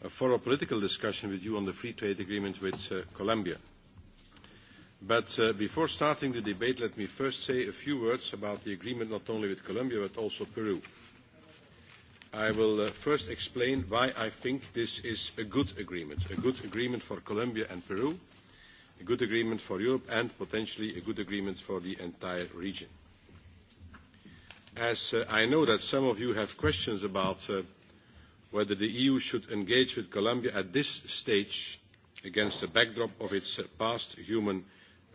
a thorough political discussion with you on the free trade agreement with uh, Colombia. But uh, before starting the debate, let me first say a few words about the agreement not only with Colombia but also Peru. I will uh, first explain why I think this is a good agreement, a good agreement for Colombia and Peru, a good agreement for Europe, and potentially a good agreement for the entire region. As uh, I know that some of you have questions about uh, whether the EU should engage with Colombia at this stage against the backdrop of its uh, past human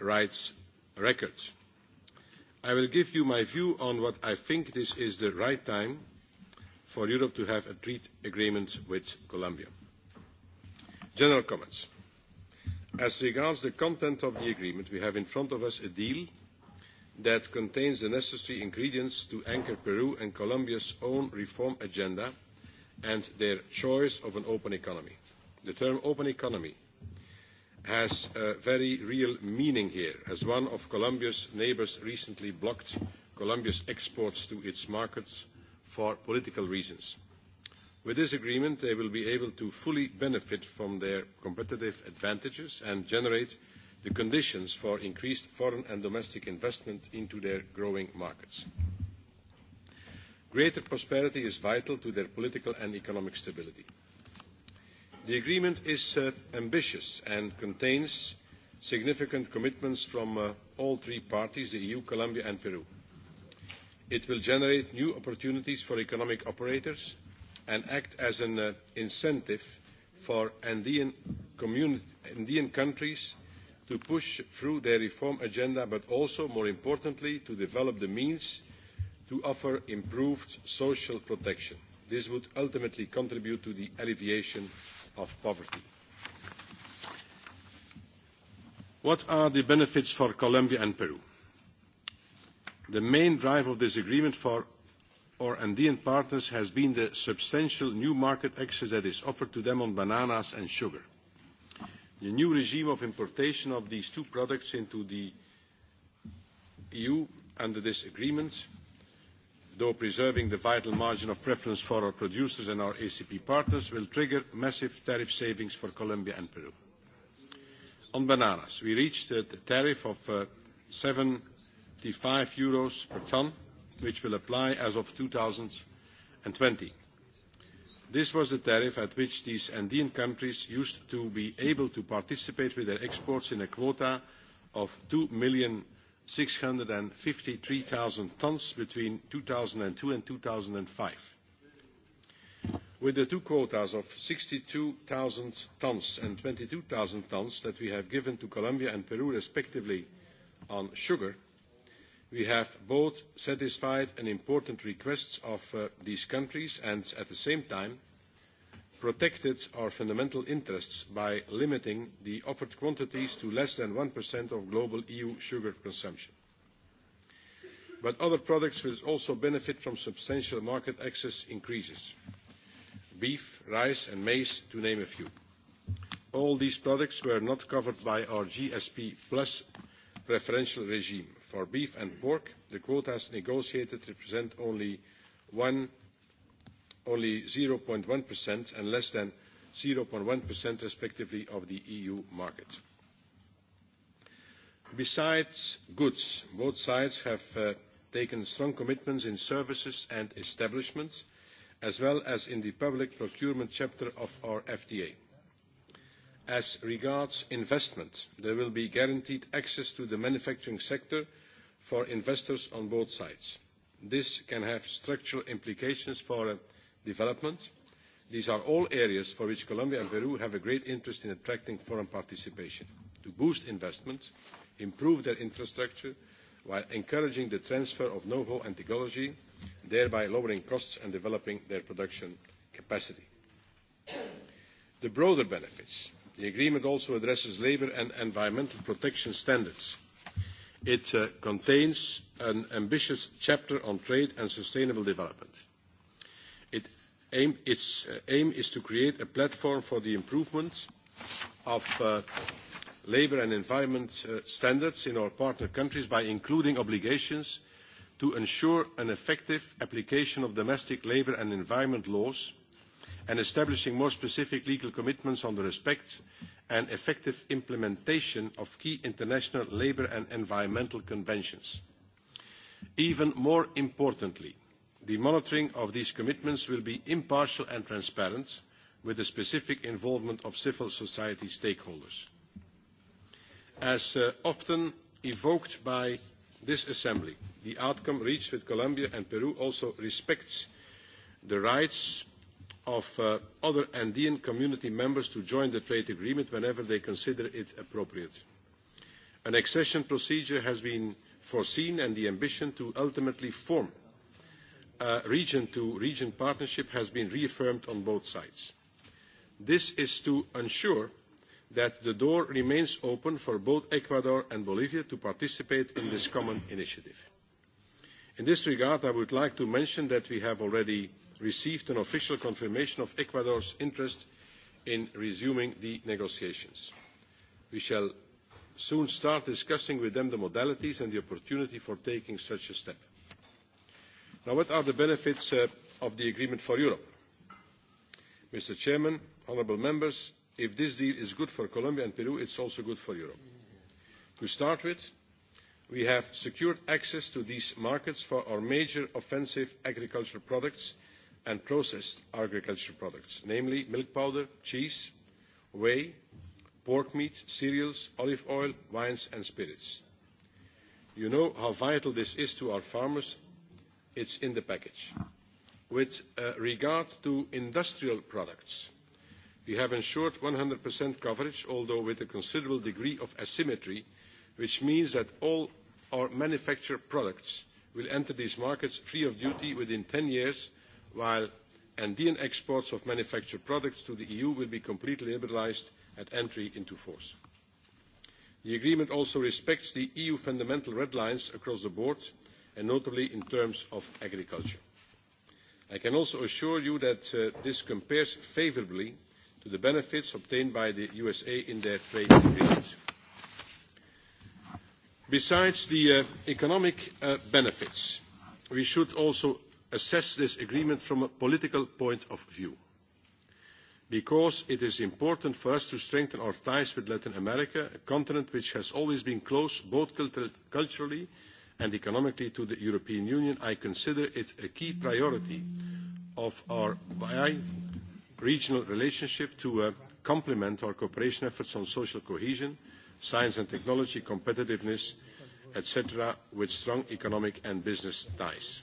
rights record. I will give you my view on what I think this is the right time for Europe to have a trade agreement with Colombia. General comments. As regards the content of the agreement, we have in front of us a deal that contains the necessary ingredients to anchor Peru and Colombia's own reform agenda and their choice of an open economy. The term open economy has a very real meaning here, as one of Colombia's neighbors recently blocked Colombia's exports to its markets for political reasons. With this agreement, they will be able to fully benefit from their competitive advantages and generate the conditions for increased foreign and domestic investment into their growing markets. Greater prosperity is vital to their political and economic stability. The agreement is uh, ambitious and contains significant commitments from uh, all three parties, the EU, Colombia and Peru. It will generate new opportunities for economic operators and act as an uh, incentive for Andean countries to push through their reform agenda, but also, more importantly, to develop the means to offer improved social protection. This would ultimately contribute to the alleviation of poverty. What are the benefits for Colombia and Peru? The main drive of this agreement for our Andean partners has been the substantial new market access that is offered to them on bananas and sugar. The new regime of importation of these two products into the EU under this agreement though preserving the vital margin of preference for our producers and our acp partners will trigger massive tariff savings for colombia and peru. on bananas we reached a tariff of eur uh, seventy five per tonne which will apply as of. two thousand and twenty this was the tariff at which these andean countries used to be able to participate with their exports in a quota of two million 653,000 tons between 2002 and 2005. With the two quotas of 62,000 tons and 22,000 tons that we have given to Colombia and Peru respectively on sugar, we have both satisfied an important request of uh, these countries and at the same time protected our fundamental interests by limiting the offered quantities to less than 1% of global EU sugar consumption. But other products will also benefit from substantial market access increases. Beef, rice and maize, to name a few. All these products were not covered by our GSP Plus preferential regime. For beef and pork, the quotas negotiated represent only one only 0.1% and less than 0.1% respectively of the EU market. Besides goods, both sides have uh, taken strong commitments in services and establishments, as well as in the public procurement chapter of our FTA. As regards investment, there will be guaranteed access to the manufacturing sector for investors on both sides. This can have structural implications for development. These are all areas for which Colombia and Peru have a great interest in attracting foreign participation, to boost investment, improve their infrastructure, while encouraging the transfer of know-how and technology, thereby lowering costs and developing their production capacity. The broader benefits. The agreement also addresses labour and environmental protection standards. It uh, contains an ambitious chapter on trade and sustainable development its uh, aim is to create a platform for the improvement of uh, labour and environment uh, standards in our partner countries by including obligations to ensure an effective application of domestic labour and environment laws and establishing more specific legal commitments on the respect and effective implementation of key international labour and environmental conventions. Even more importantly, the monitoring of these commitments will be impartial and transparent with the specific involvement of civil society stakeholders. as uh, often evoked by this assembly the outcome reached with colombia and peru also respects the rights of uh, other andean community members to join the trade agreement whenever they consider it appropriate. an accession procedure has been foreseen and the ambition to ultimately form region-to-region uh, -region partnership has been reaffirmed on both sides. This is to ensure that the door remains open for both Ecuador and Bolivia to participate in this common initiative. In this regard, I would like to mention that we have already received an official confirmation of Ecuador's interest in resuming the negotiations. We shall soon start discussing with them the modalities and the opportunity for taking such a step. Now, what are the benefits uh, of the agreement for Europe? Mr. Chairman, honourable members, if this deal is good for Colombia and Peru, it's also good for Europe. To start with, we have secured access to these markets for our major offensive agricultural products and processed agricultural products, namely milk powder, cheese, whey, pork meat, cereals, olive oil, wines and spirits. You know how vital this is to our farmers It's in the package. With uh, regard to industrial products, we have ensured 100% coverage, although with a considerable degree of asymmetry, which means that all our manufactured products will enter these markets free of duty within 10 years, while Andean exports of manufactured products to the EU will be completely liberalised at entry into force. The agreement also respects the EU fundamental red lines across the board and notably in terms of agriculture. I can also assure you that uh, this compares favourably to the benefits obtained by the USA in their trade agreement. Besides the uh, economic uh, benefits, we should also assess this agreement from a political point of view because it is important for us to strengthen our ties with Latin America, a continent which has always been close both culturally and economically to the European Union, I consider it a key priority of our bi-regional relationship to uh, complement our cooperation efforts on social cohesion, science and technology, competitiveness, etc., with strong economic and business ties.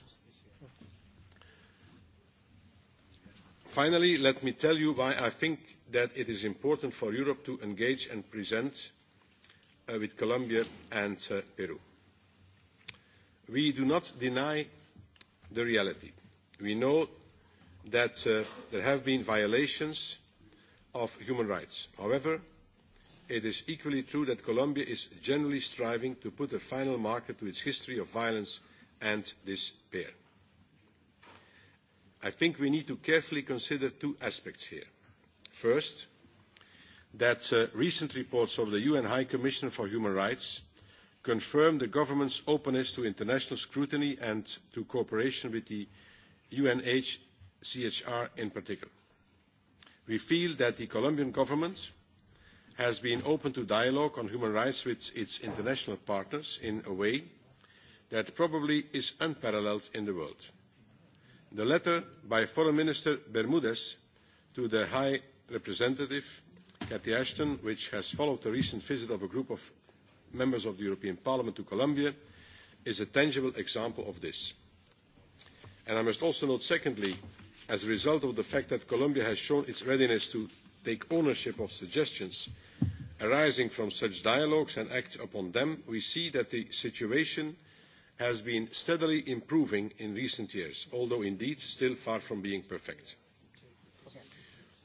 Finally, let me tell you why I think that it is important for Europe to engage and present uh, with Colombia and uh, Peru we do not deny the reality. We know that uh, there have been violations of human rights. However, it is equally true that Colombia is generally striving to put a final marker to its history of violence and despair. I think we need to carefully consider two aspects here. First, that uh, recent reports of the UN High Commissioner for Human Rights confirm the government's openness to international scrutiny and to cooperation with the unhcr in particular. We feel that the Colombian government has been open to dialogue on human rights with its international partners in a way that probably is unparalleled in the world. The letter by Foreign Minister Bermudez to the High Representative catherine Ashton, which has followed the recent visit of a group members of the European Parliament to Colombia is a tangible example of this. I must also note, secondly, as a result of the fact that Colombia has shown its readiness to take ownership of suggestions arising from such dialogues and act upon them, we see that the situation has been steadily improving in recent years, although indeed still far from being perfect.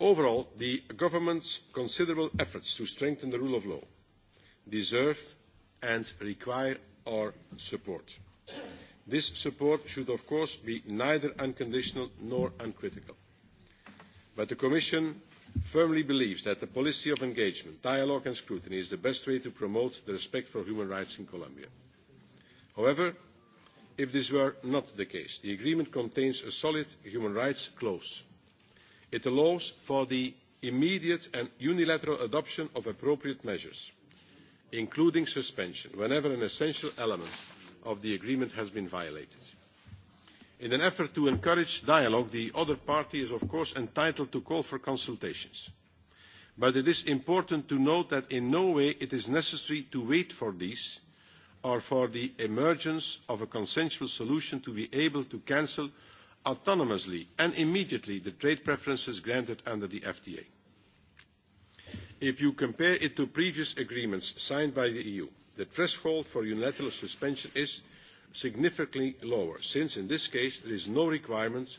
Overall, the government's considerable efforts to strengthen the rule of law deserve and require our support. This support should, of course, be neither unconditional nor uncritical. But the Commission firmly believes that the policy of engagement, dialogue and scrutiny is the best way to promote the respect for human rights in Colombia. However, if this were not the case, the agreement contains a solid human rights clause. It allows for the immediate and unilateral adoption of appropriate measures including suspension, whenever an essential element of the agreement has been violated. In an effort to encourage dialogue, the other party is of course entitled to call for consultations. But it is important to note that in no way is it necessary to wait for these or for the emergence of a consensual solution to be able to cancel autonomously and immediately the trade preferences granted under the FTA. If you compare it to previous agreements signed by the EU, the threshold for unilateral suspension is significantly lower, since in this case there is no requirement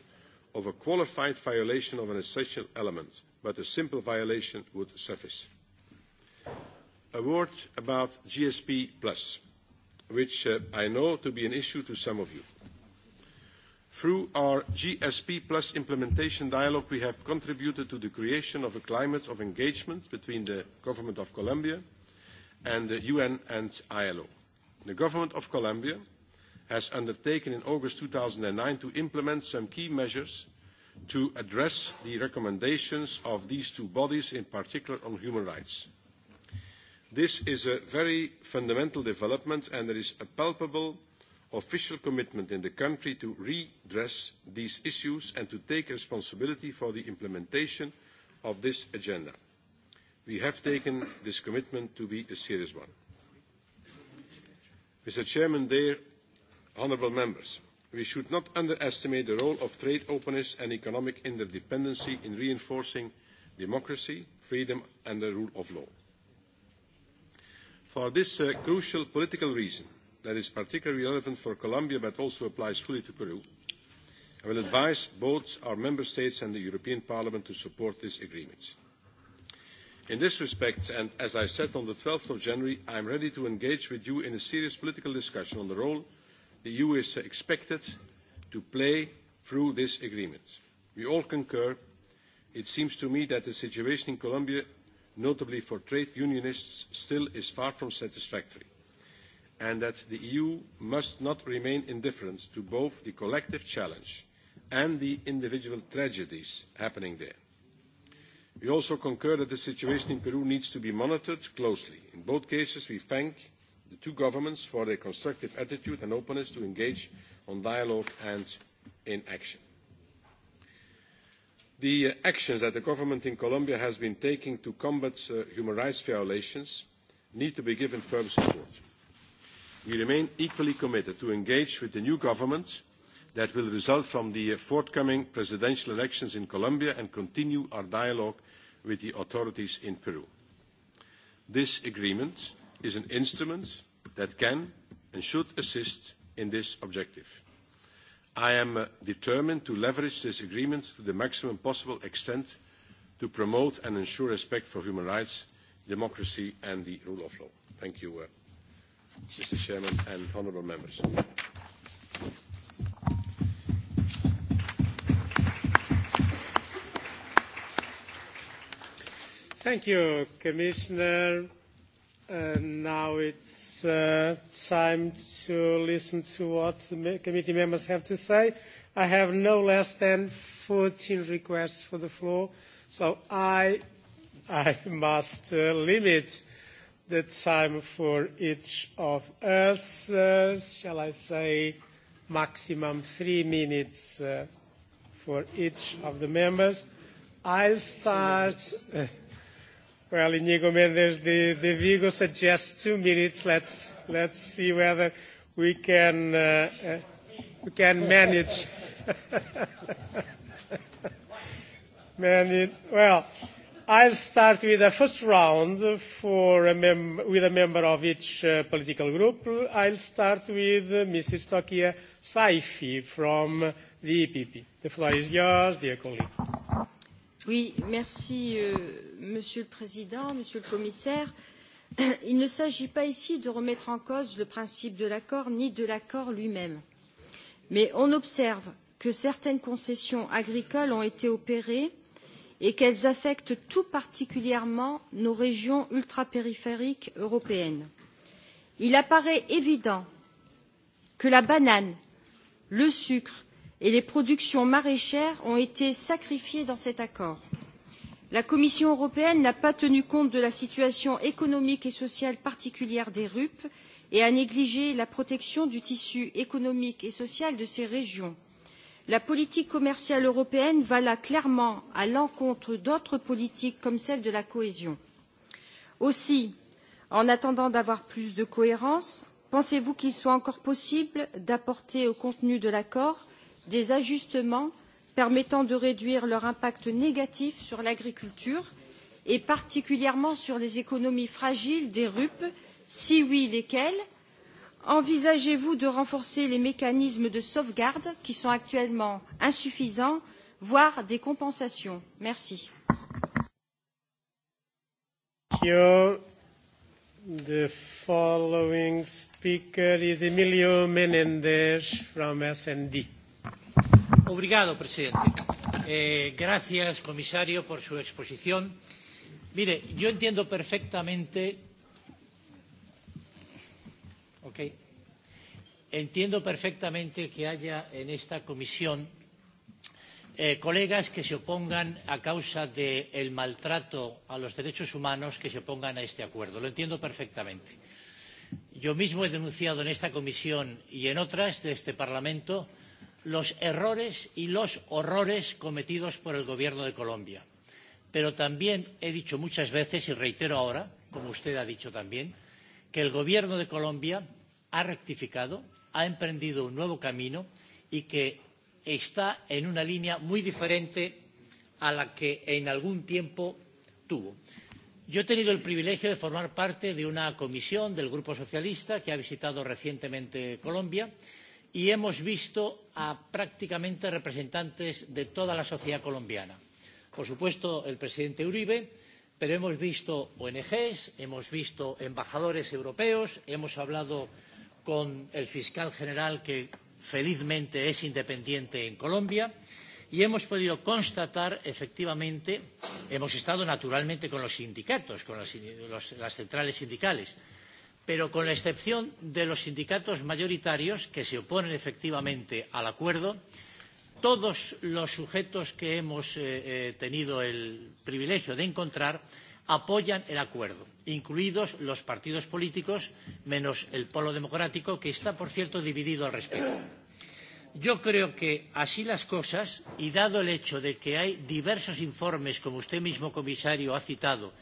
of a qualified violation of an essential element, but a simple violation would suffice. A word about GSP, which uh, I know to be an issue to some of you. Through our GSP Plus implementation dialogue, we have contributed to the creation of a climate of engagement between the Government of Colombia and the UN and ILO. The Government of Colombia has undertaken in August 2009 to implement some key measures to address the recommendations of these two bodies, in particular on human rights. This is a very fundamental development and there is a palpable official commitment in the country to redress these issues and to take responsibility for the implementation of this agenda. We have taken this commitment to be a serious one. Mr. Chairman, dear honourable members, we should not underestimate the role of trade openness and economic interdependency in reinforcing democracy, freedom and the rule of law. For this uh, crucial political reason, that is particularly relevant for Colombia but also applies fully to Peru. I will advise both our member states and the European Parliament to support this agreement. In this respect, and as I said on twelve January, I am ready to engage with you in a serious political discussion on the role the EU is expected to play through this agreement. We all concur. It seems to me that the situation in Colombia, notably for trade unionists, still is far from satisfactory and that the EU must not remain indifferent to both the collective challenge and the individual tragedies happening there. We also concur that the situation in Peru needs to be monitored closely. In both cases, we thank the two governments for their constructive attitude and openness to engage on dialogue and in action. The uh, actions that the government in Colombia has been taking to combat uh, human rights violations need to be given firm support we remain equally committed to engage with the new government that will result from the forthcoming presidential elections in Colombia and continue our dialogue with the authorities in Peru. This agreement is an instrument that can and should assist in this objective. I am uh, determined to leverage this agreement to the maximum possible extent to promote and ensure respect for human rights, democracy and the rule of law. Thank you, uh, Mr. Chairman and honourable members. Thank you, Commissioner. Uh, now it's uh, time to listen to what the committee members have to say. I have no less than 14 requests for the floor, so I, I must uh, limit the time for each of us, uh, shall I say, maximum three minutes uh, for each of the members. I'll start. Uh, well, Inigo Mendes de, de Vigo suggests two minutes. Let's, let's see whether we can, uh, uh, we can manage. [LAUGHS] manage. Well, I'll start with the first round for a mem- with a member of each uh, political group. I'll start with uh, Mrs. Tokia Saifi from the EPP. The floor is yours, dear colleague. Oui, merci, euh, Monsieur le Président, Monsieur le Commissaire. [CLEARS THROAT] Il ne s'agit pas ici de remettre en cause le principe de l'accord ni de l'accord lui-même. Mais on observe que certaines concessions agricoles ont été opérées et qu'elles affectent tout particulièrement nos régions ultrapériphériques européennes. Il apparaît évident que la banane, le sucre et les productions maraîchères ont été sacrifiées dans cet accord. La Commission européenne n'a pas tenu compte de la situation économique et sociale particulière des RUP et a négligé la protection du tissu économique et social de ces régions la politique commerciale européenne va là clairement à l'encontre d'autres politiques comme celle de la cohésion. aussi en attendant d'avoir plus de cohérence pensez vous qu'il soit encore possible d'apporter au contenu de l'accord des ajustements permettant de réduire leur impact négatif sur l'agriculture et particulièrement sur les économies fragiles des rup si oui lesquelles? envisagez vous de renforcer les mécanismes de sauvegarde qui sont actuellement insuffisants voire des compensations? merci. The following speaker is Emilio from Obrigado, presidente. Eh, gracias, comisario, por su exposición. Mire, yo entiendo perfectamente Okay. Entiendo perfectamente que haya en esta comisión eh, colegas que se opongan a causa del de maltrato a los derechos humanos que se opongan a este acuerdo. Lo entiendo perfectamente. Yo mismo he denunciado en esta comisión y en otras de este Parlamento los errores y los horrores cometidos por el gobierno de Colombia. Pero también he dicho muchas veces y reitero ahora, como usted ha dicho también, que el gobierno de Colombia ha rectificado, ha emprendido un nuevo camino y que está en una línea muy diferente a la que en algún tiempo tuvo. Yo he tenido el privilegio de formar parte de una comisión del Grupo Socialista que ha visitado recientemente Colombia y hemos visto a prácticamente representantes de toda la sociedad colombiana. Por supuesto, el presidente Uribe, pero hemos visto ONGs, hemos visto embajadores europeos, hemos hablado con el fiscal general, que felizmente es independiente en Colombia, y hemos podido constatar efectivamente, hemos estado naturalmente con los sindicatos, con las, los, las centrales sindicales, pero con la excepción de los sindicatos mayoritarios que se oponen efectivamente al acuerdo, todos los sujetos que hemos eh, eh, tenido el privilegio de encontrar apoyan el acuerdo, incluidos los partidos políticos, menos el Polo Democrático, que está, por cierto, dividido al respecto. Yo creo que así las cosas, y dado el hecho de que hay diversos informes, como usted mismo, comisario, ha citado,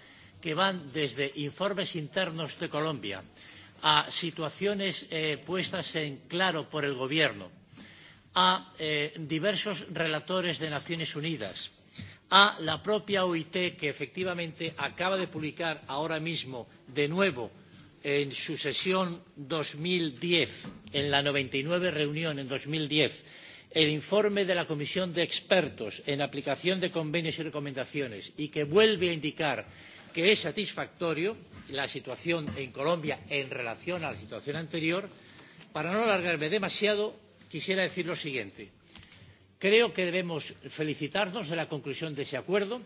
que van desde informes internos de Colombia a situaciones eh, puestas en claro por el Gobierno, a eh, diversos relatores de Naciones Unidas, a la propia OIT, que efectivamente acaba de publicar ahora mismo, de nuevo, en su sesión 2010, en la 99 reunión en 2010, el informe de la Comisión de Expertos en aplicación de convenios y recomendaciones y que vuelve a indicar que es satisfactorio la situación en Colombia en relación a la situación anterior, para no alargarme demasiado, quisiera decir lo siguiente. Creo que debemos felicitarnos de la conclusión de ese acuerdo.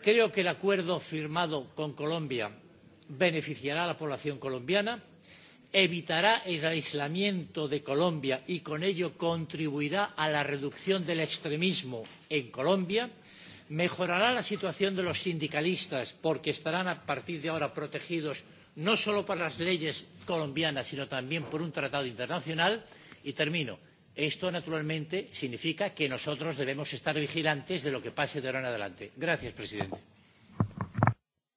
Creo que el acuerdo firmado con Colombia beneficiará a la población colombiana, evitará el aislamiento de Colombia y con ello contribuirá a la reducción del extremismo en Colombia, mejorará la situación de los sindicalistas porque estarán a partir de ahora protegidos no solo por las leyes colombianas, sino también por un tratado internacional. Y termino Esto, naturalmente, significa que nosotros debemos estar vigilantes de lo que pase de ahora en adelante. Gracias, presidente.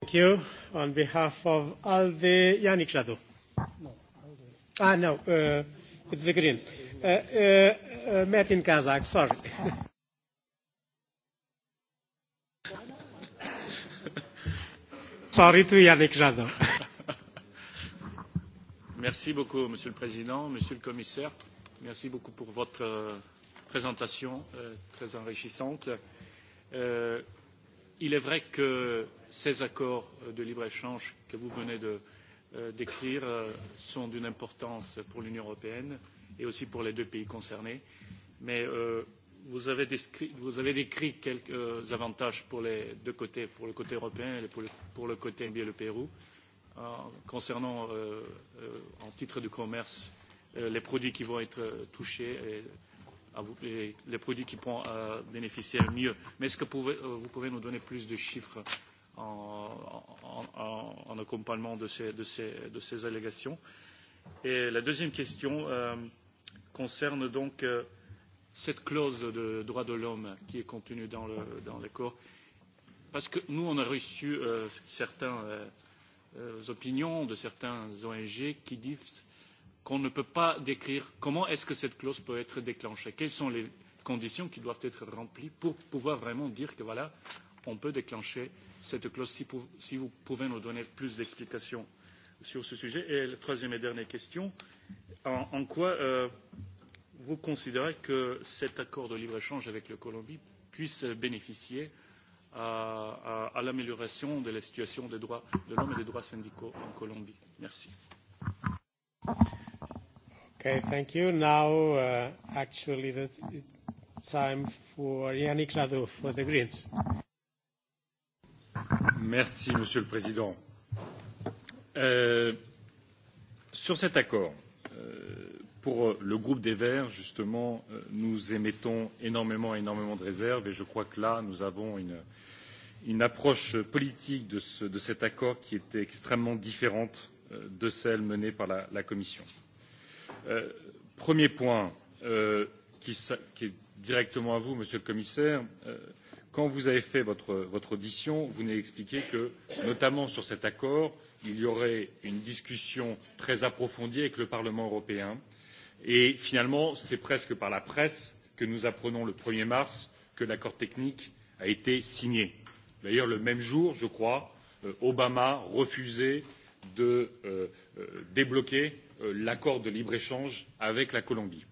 Thank you. On behalf of ALDE, Yannick Jadot. No, ALDE. Ah, no, uh, it's the Greens. Uh, uh, uh, met in Kazakh, sorry. sorry to Yannick Jadot. Merci beaucoup, Monsieur le Président, Monsieur le Commissaire. Merci beaucoup pour votre euh, présentation euh, très enrichissante. Euh, il est vrai que ces accords de libre-échange que vous venez de décrire sont d'une importance pour l'Union européenne et aussi pour les deux pays concernés. Mais vous avez, décrit, vous avez décrit quelques avantages pour les deux côtés, pour le côté européen et pour le, pour le côté bien le Pérou. En, concernant, en titre de commerce, Euh, les produits qui vont être euh, touchés et, et les produits qui pourront euh, bénéficier mieux. Mais est-ce que pouvez, euh, vous pouvez nous donner plus de chiffres en, en, en, en accompagnement de ces, de, ces, de ces allégations Et la deuxième question euh, concerne donc euh, cette clause de droit de l'homme qui est contenue dans le dans l'accord parce que nous on a reçu euh, certaines euh, opinions de certains ONG qui disent qu'on ne peut pas décrire comment est-ce que cette clause peut être déclenchée, quelles sont les conditions qui doivent être remplies pour pouvoir vraiment dire que voilà, on peut déclencher cette clause si, vous pouvez nous donner plus d'explications sur ce sujet. Et la troisième et dernière question, en, en quoi euh, vous considérez que cet accord de libre-échange avec la Colombie puisse bénéficier à, à, à l'amélioration de la situation des droits de l'homme et des droits syndicaux en Colombie Merci. Okay, thank you. Now, uh, actually, that's time for Yannick Ladeau for the Greens. Merci, Monsieur le Président. Euh, sur cet accord, euh, pour le groupe des Verts, justement, euh, nous émettons énormément, énormément de réserves et je crois que là, nous avons une, approche politique de, cet accord qui est extrêmement différente de celle menée par la, Commission. Euh, premier point euh, qui, qui est directement à vous, Monsieur le Commissaire. Euh, quand vous avez fait votre, audition, vous nous avez expliqué que, notamment sur cet accord, il y aurait une discussion très approfondie avec le Parlement européen. Et finalement, c'est presque par la presse que nous apprenons le un er mars que l'accord technique a été signé. D'ailleurs, le même jour, je crois, Obama refusait de euh, euh, débloquer euh, l'accord de libre échange avec la Colombie.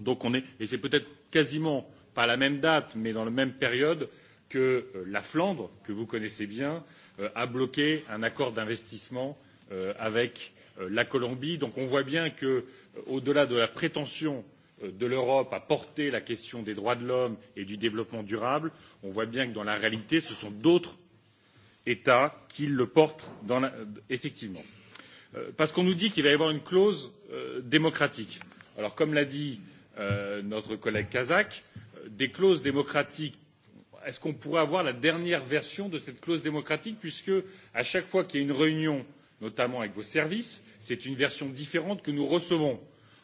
Donc on est et c'est peut être quasiment pas à la même date mais dans la même période que euh, la Flandre, que vous connaissez bien, euh, a bloqué un accord d'investissement euh, avec euh, la Colombie. Donc on voit bien que, euh, au delà de la prétention euh, de l'europe à porter la question des droits de l'homme et du développement durable on voit bien que dans la réalité ce sont d'autres état qui le porte dans la... effectivement euh, parce qu'on nous dit qu'il va y avoir une clause euh, démocratique. alors comme l'a dit euh, notre collègue kazak euh, des clauses démocratiques est ce qu'on pourrait avoir la dernière version de cette clause démocratique puisque à chaque fois qu'il y a une réunion notamment avec vos services c'est une version différente que nous recevons.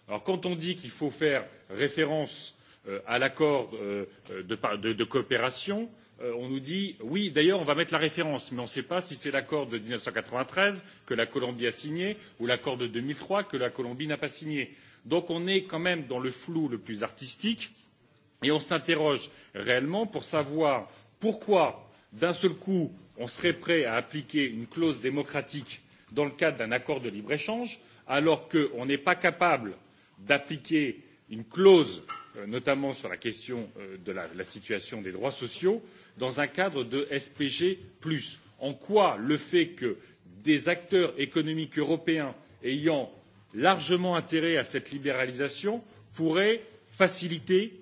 alors quand on dit qu'il faut faire référence euh, à l'accord euh, de, de, de coopération Euh, on nous dit oui, d'ailleurs, on va mettre la référence, mais on ne sait pas si c'est l'accord de mille neuf cent quatre vingt treize que la Colombie a signé ou l'accord de deux mille trois que la Colombie n'a pas signé. Donc on est quand même dans le flou le plus artistique et on s'interroge réellement pour savoir pourquoi, d'un seul coup, on serait prêt à appliquer une clause démocratique dans le cadre d'un accord de libre échange alors qu'on n'est pas capable d'appliquer une clause euh, notamment sur la question euh, de la, situation des droits sociaux dans dans un cadre de spg? en quoi le fait que des acteurs économiques européens ayant largement intérêt à cette libéralisation pourrait faciliter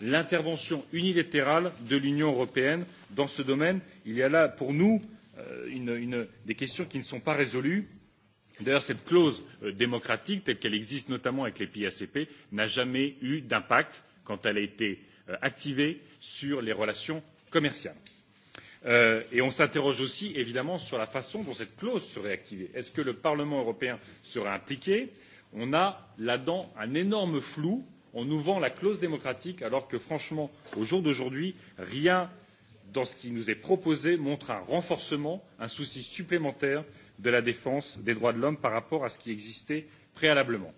l'intervention unilatérale de l'union européenne dans ce domaine? il y a là pour nous euh, une, une, des questions qui ne sont pas résolues. D'ailleurs, cette clause euh, démocratique, telle qu'elle existe notamment avec les pays ACP, n'a jamais eu d'impact quand elle a été euh, activée sur les relations commerciale. Euh, et on s'interroge aussi évidemment sur la façon dont cette clause serait activée. Est-ce que le Parlement européen serait impliqué On a là-dedans un énorme flou. On nous vend la clause démocratique alors que franchement, au jour d'aujourd'hui, rien dans ce qui nous est proposé montre un renforcement, un souci supplémentaire de la défense des droits de l'homme par rapport à ce qui existait préalablement.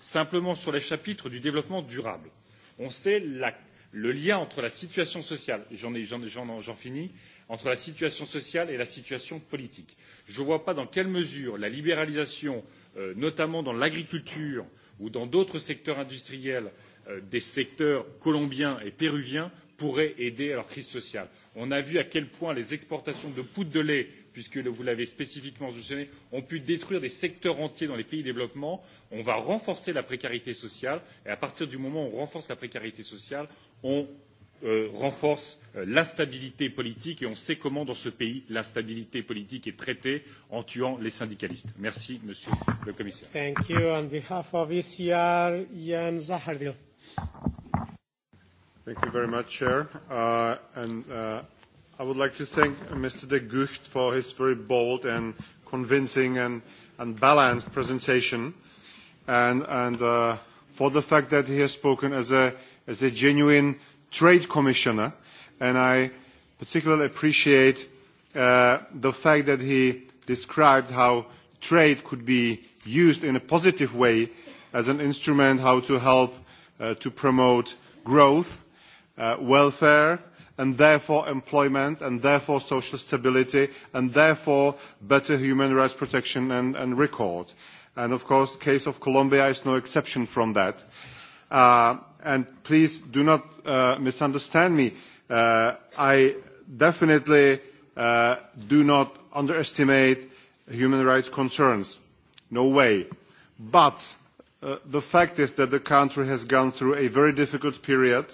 Simplement sur les chapitres du développement durable, on sait la le lien entre la situation sociale j'en finis entre la situation sociale et la situation politique. je ne vois pas dans quelle mesure la libéralisation euh, notamment dans l'agriculture ou dans d'autres secteurs industriels euh, des secteurs colombiens et péruviens pourrait aider à leur crise sociale. on a vu à quel point les exportations de poudre de lait puisque vous l'avez spécifiquement mentionné ont pu détruire des secteurs entiers dans les pays en développement. on va renforcer la précarité sociale et à partir du moment où on renforce la précarité sociale on euh, renforce euh, la stabilité politique et on sait comment dans ce pays la stabilité politique est traitée en tuant les syndicalistes. Merci Monsieur le Commissaire. Thank you. On behalf of ECR, Jan Zahardil. Thank you very much, Chair. Uh, and uh, I would like to thank Mr. de Gucht for his very bold and convincing and, and balanced presentation and, and uh, for the fact that he has spoken as a as a genuine trade commissioner, and I particularly appreciate uh, the fact that he described how trade could be used in a positive way as an instrument how to help uh, to promote growth, uh, welfare, and therefore employment, and therefore social stability, and therefore better human rights protection and, and record. And of course, case of Colombia is no exception from that. Uh, and please do not uh, misunderstand me. Uh, I definitely uh, do not underestimate human rights concerns. No way. But uh, the fact is that the country has gone through a very difficult period.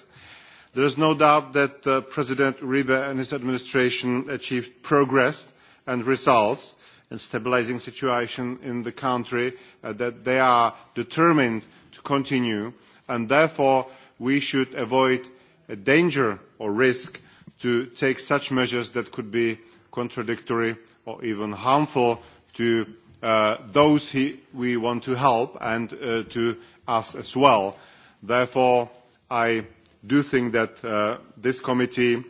There is no doubt that uh, President Uribe and his administration achieved progress and results in stabilizing situation in the country uh, that they are determined to continue. Uh, and therefore we should avoid a danger or risk to take such measures that could be contradictory or even harmful to uh, those he, we want to help and uh, to us as well. Therefore, I do think that uh, this committee,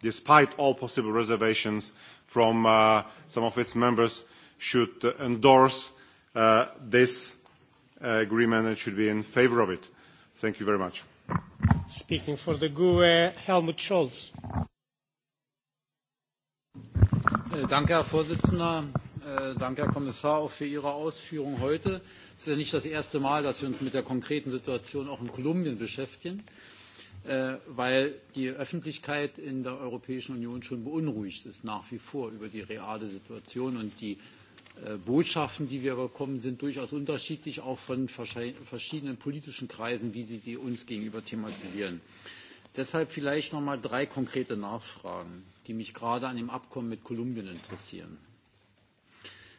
despite all possible reservations from uh, some of its members, should endorse uh, this agreement and should be in favour of it. Thank you very much. Speaking for the GUE, Helmut Scholz. Äh, danke, Herr Vorsitzender. Äh, danke, Herr Kommissar, auch für Ihre Ausführungen heute. Es ist ja nicht das erste Mal, dass wir uns mit der konkreten Situation auch in Kolumbien beschäftigen, äh, weil die Öffentlichkeit in der Europäischen Union schon beunruhigt ist nach wie vor über die reale Situation und die Äh, Botschaften, die wir bekommen, sind durchaus unterschiedlich, auch von verschiedenen politischen Kreisen, wie sie sie uns gegenüber thematisieren. Deshalb vielleicht noch mal drei konkrete Nachfragen, die mich gerade an dem Abkommen mit Kolumbien interessieren.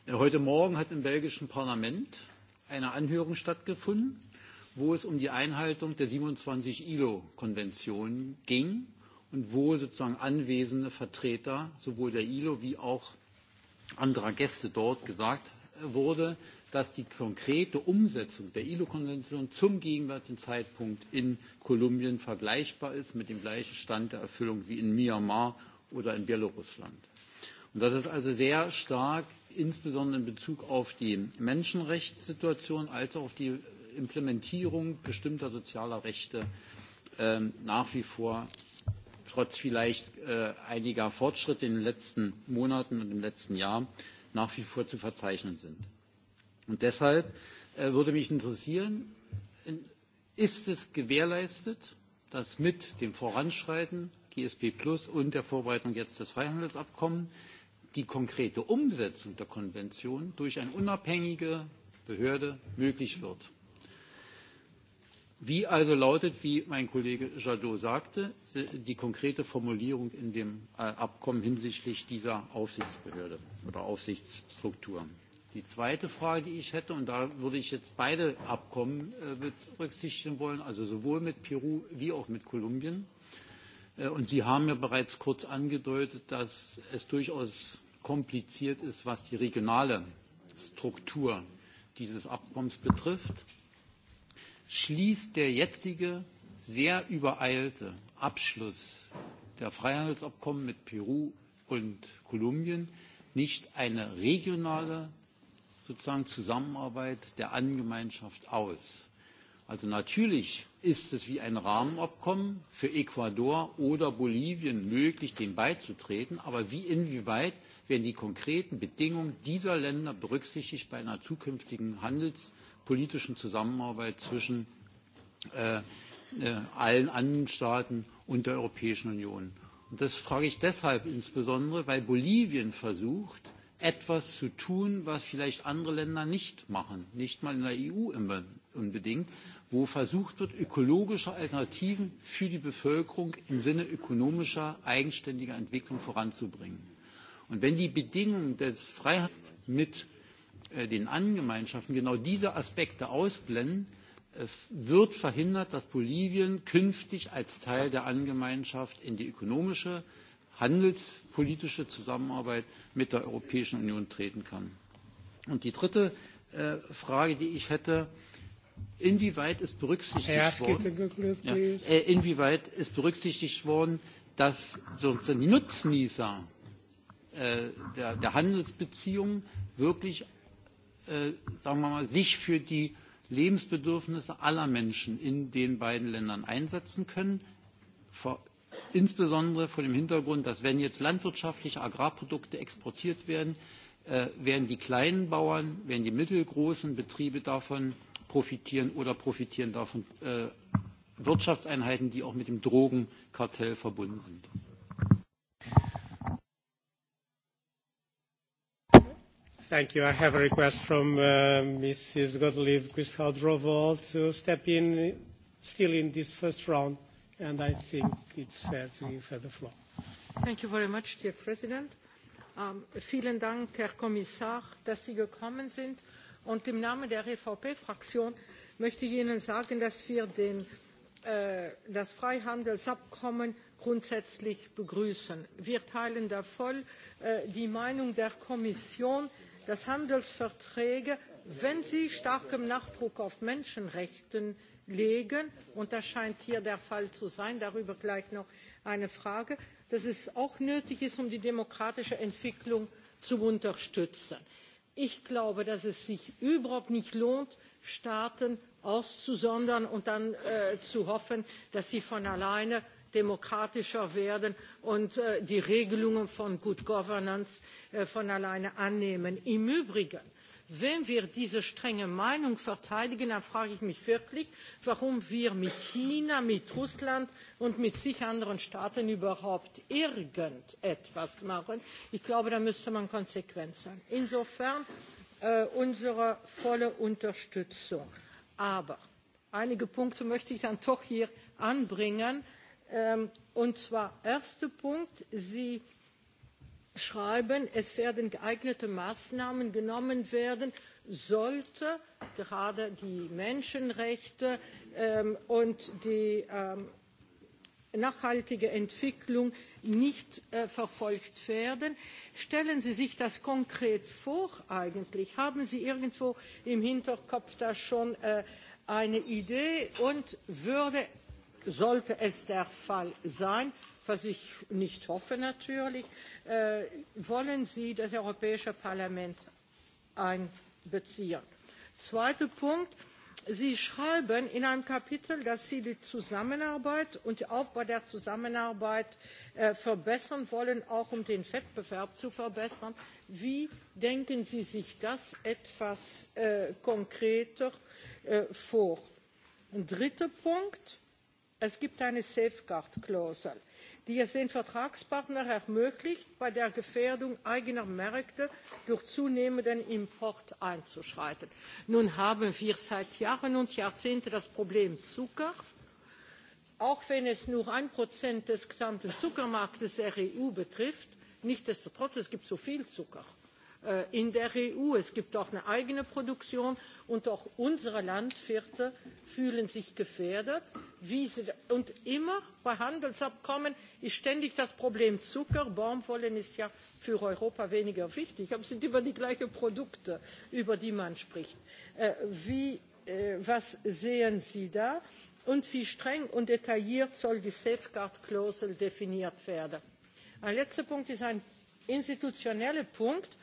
Äh, heute Morgen hat im belgischen Parlament eine Anhörung stattgefunden, wo es um die Einhaltung der 27 ILO-Konventionen ging und wo sozusagen anwesende Vertreter sowohl der ILO wie auch anderer Gäste dort gesagt wurde, dass die konkrete Umsetzung der ILO-Konvention zum gegenwärtigen Zeitpunkt in Kolumbien vergleichbar ist mit dem gleichen Stand der Erfüllung wie in Myanmar oder in Belarusland. Und dass es also sehr stark insbesondere in Bezug auf die Menschenrechtssituation als auch die Implementierung bestimmter sozialer Rechte ähm, nach wie vor trotz vielleicht äh, einiger fortschritte in den letzten monaten und im letzten jahr nach wie vor zu verzeichnen sind. deshalb äh, würde mich interessieren ist es gewährleistet dass mit dem voranschreiten gsp und der vorbereitung jetzt des freihandelsabkommens die konkrete umsetzung der konvention durch eine unabhängige behörde möglich wird? Wie also lautet, wie mein Kollege Jadot sagte, die konkrete Formulierung in dem äh, Abkommen hinsichtlich dieser Aufsichtsbehörde oder Aufsichtsstruktur? Die zweite Frage, die ich hätte, und da würde ich jetzt beide Abkommen äh, berücksichtigen wollen, also sowohl mit Peru wie auch mit Kolumbien. Äh, und Sie haben ja bereits kurz angedeutet, dass es durchaus kompliziert ist, was die regionale Struktur dieses Abkommens betrifft schließt der jetzige sehr übereilte Abschluss der Freihandelsabkommen mit Peru und Kolumbien nicht eine regionale Zusammenarbeit der Angemeinschaft aus. natürlich ist es wie ein Rahmenabkommen für Ecuador oder Bolivien möglich, dem beizutreten, aber inwieweit werden die konkreten Bedingungen dieser Länder berücksichtigt bei einer zukünftigen Handels politischen Zusammenarbeit zwischen äh, äh allen anderen Staaten und der Europäischen Union. Und das frage ich deshalb insbesondere, weil Bolivien versucht, etwas zu tun, was vielleicht andere Länder nicht machen, nicht mal in der EU unbedingt, wo versucht wird, ökologische Alternativen für die Bevölkerung im Sinne ökonomischer, eigenständiger Entwicklung voranzubringen. Und wenn die Bedingungen des Freiheits mit Äh, den Angemeinschaften genau diese Aspekte ausblenden, äh, wird verhindert, dass Bolivien künftig als Teil der Angemeinschaft in die ökonomische, handelspolitische Zusammenarbeit mit der Europäischen Union treten kann. Und die dritte äh, Frage, die ich hätte, inwieweit ist berücksichtigt worden, ja, inwieweit ist berücksichtigt worden, dass sozusagen die Nutznießer der, der Handelsbeziehungen wirklich Äh, sagen wir mal, sich für die Lebensbedürfnisse aller Menschen in den beiden Ländern einsetzen können. Vor, insbesondere vor dem Hintergrund, dass wenn jetzt landwirtschaftliche Agrarprodukte exportiert werden, äh, werden die kleinen Bauern, werden die mittelgroßen Betriebe davon profitieren oder profitieren davon äh, Wirtschaftseinheiten, die auch mit dem Drogenkartell verbunden sind. Thank you. I have a request from uh, Mrs. Gottlieb quisthoudt to step in still in this first round, and I think it's fair to give her the floor. Thank you very much, dear President. Um, vielen Dank, Herr Kommissar, dass Sie gekommen sind. Und im Namen der EVP-Fraktion möchte ich Ihnen sagen, dass wir den, äh, das Freihandelsabkommen grundsätzlich begrüßen. Wir teilen da voll äh, die Meinung der Kommission, dass handelsverträge wenn sie starken nachdruck auf menschenrechte legen und das scheint hier der fall zu sein darüber gleich noch eine frage dass es auch nötig ist um die demokratische entwicklung zu unterstützen. ich glaube dass es sich überhaupt nicht lohnt staaten auszusondern und dann äh, zu hoffen dass sie von alleine demokratischer werden und äh, die regelungen von good governance äh, von alleine annehmen. im übrigen wenn wir diese strenge meinung verteidigen dann frage ich mich wirklich warum wir mit china mit russland und mit zig anderen staaten überhaupt irgendetwas machen. ich glaube da müsste man konsequent sein. insofern äh, unsere volle unterstützung. aber einige punkte möchte ich dann doch hier anbringen Ähm, und zwar erster Punkt, Sie schreiben, es werden geeignete Maßnahmen genommen werden, sollte gerade die Menschenrechte ähm, und die ähm, nachhaltige Entwicklung nicht äh, verfolgt werden. Stellen Sie sich das konkret vor eigentlich? Haben Sie irgendwo im Hinterkopf da schon äh, eine Idee und würde sollte es der Fall sein, was ich nicht hoffe natürlich, äh, wollen Sie das Europäische Parlament einbeziehen. Zweiter Punkt. Sie schreiben in einem Kapitel, dass Sie die Zusammenarbeit und den Aufbau der Zusammenarbeit äh, verbessern wollen, auch um den Wettbewerb zu verbessern. Wie denken Sie sich das etwas äh, konkreter äh, vor? Ein dritter Punkt es gibt eine safeguard klausel die es den vertragspartnern ermöglicht bei der gefährdung eigener märkte durch zunehmenden import einzuschreiten. nun haben wir seit jahren und jahrzehnten das problem zucker. auch wenn es nur ein prozent des gesamten zuckermarktes der eu betrifft nichtsdestotrotz es gibt zu viel zucker. Äh, in der eu es gibt auch eine eigene produktion und auch unsere landwirte fühlen sich gefährdet und immer bei handelsabkommen ist ständig das problem zucker baumwolle ist ja für europa weniger wichtig aber es sind immer die gleichen produkte über die man spricht. Äh, äh, was sehen sie da und wie streng und detailliert soll die safeguard klausel definiert werden? ein letzter punkt ist ein institutioneller punkt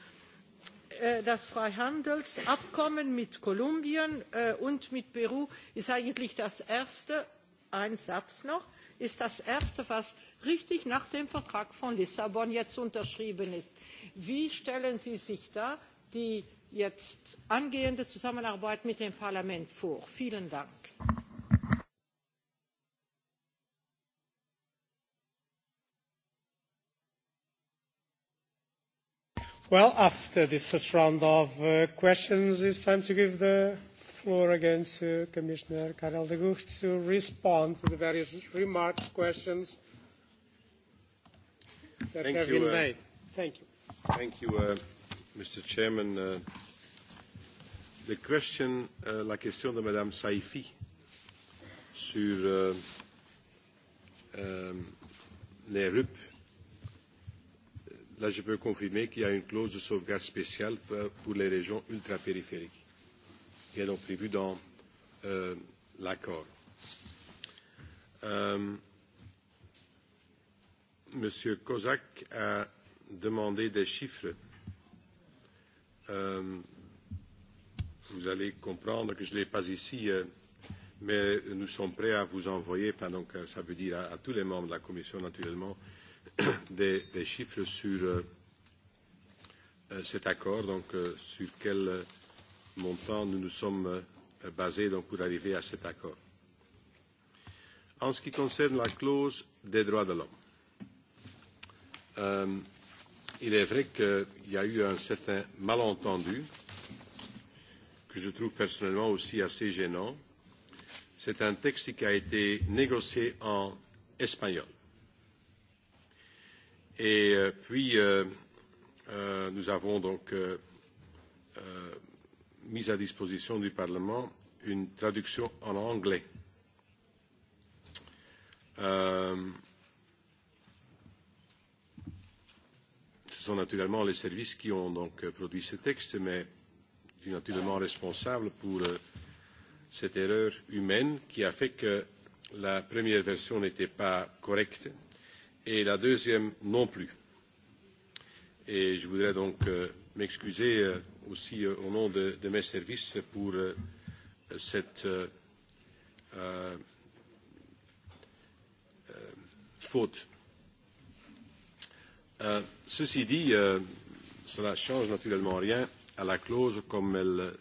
Äh, das freihandelsabkommen mit kolumbien äh, und mit peru ist eigentlich das erste ein satz noch ist das erste was richtig nach dem vertrag von lissabon jetzt unterschrieben ist. wie stellen sie sich da die jetzt angehende zusammenarbeit mit dem parlament vor? vielen dank. Well, after this first round of uh, questions, it's time to give the floor again to Commissioner Karel de Gucht to respond to the various remarks, questions that have been uh, made. Thank you. Thank you, uh, Mr. Chairman. the question, la question de Madame Saïfi sur um, les RUP Là, je peux confirmer qu'il y a une clause de sauvegarde spéciale pour les régions ultrapériphériques, qui est donc prévue dans euh, l'accord. Euh, Monsieur Kozak a demandé des chiffres. Euh, vous allez comprendre que je ne l'ai pas ici, euh, mais nous sommes prêts à vous envoyer, enfin, donc, euh, ça veut dire à, à tous les membres de la Commission naturellement, euh, des, des chiffres sur euh, cet accord, donc euh, sur quel montant nous nous sommes euh, basés donc, pour arriver à cet accord. En ce qui concerne la clause des droits de l'homme, euh, il est vrai qu'il y a eu un certain malentendu que je trouve personnellement aussi assez gênant. C'est un texte qui a été négocié en espagnol Et euh, puis, euh, euh, nous avons donc euh, euh, mis à disposition du Parlement une traduction en anglais. Euh, ce sont naturellement les services qui ont donc euh, produit ce texte, mais je suis naturellement responsable pour euh, cette erreur humaine qui a fait que la première version n'était pas correcte et la deuxième non plus. Et je voudrais donc euh, m'excuser euh, aussi euh, au nom de, de mes services pour cette euh, euh, faute. Euh, ceci dit, euh, cela ne change naturellement rien à la clause comme elle,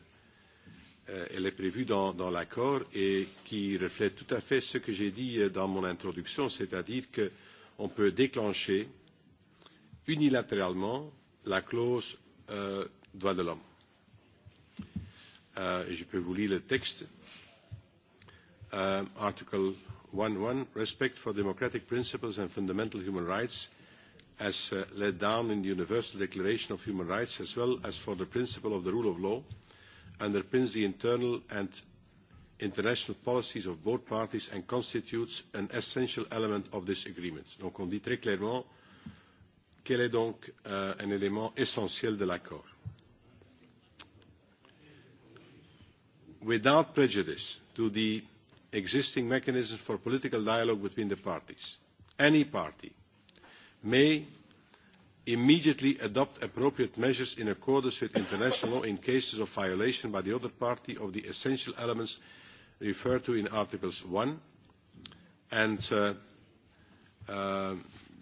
euh, elle est prévue dans, dans l'accord et qui reflète tout à fait ce que j'ai dit dans mon introduction, c'est-à-dire que euh, on peut déclencher unilatéralement la clause euh, droits de l'homme. Uh, je peux vous lire le texte. Uh, article 1.1 Respect for democratic principles and fundamental human rights as uh, laid down in the Universal Declaration of Human Rights as well as for the principle of the rule of law underpins the internal and international policies of both parties and constitutes an essential element of this agreement. Donc on dit très clairement quel est donc euh, un élément essentiel de l'accord. Without prejudice to the existing mechanisms for political dialogue between the parties, any party may immediately adopt appropriate measures in accordance with international law in cases of violation by the other party of the essential elements referred to in Articles 1, and uh, uh,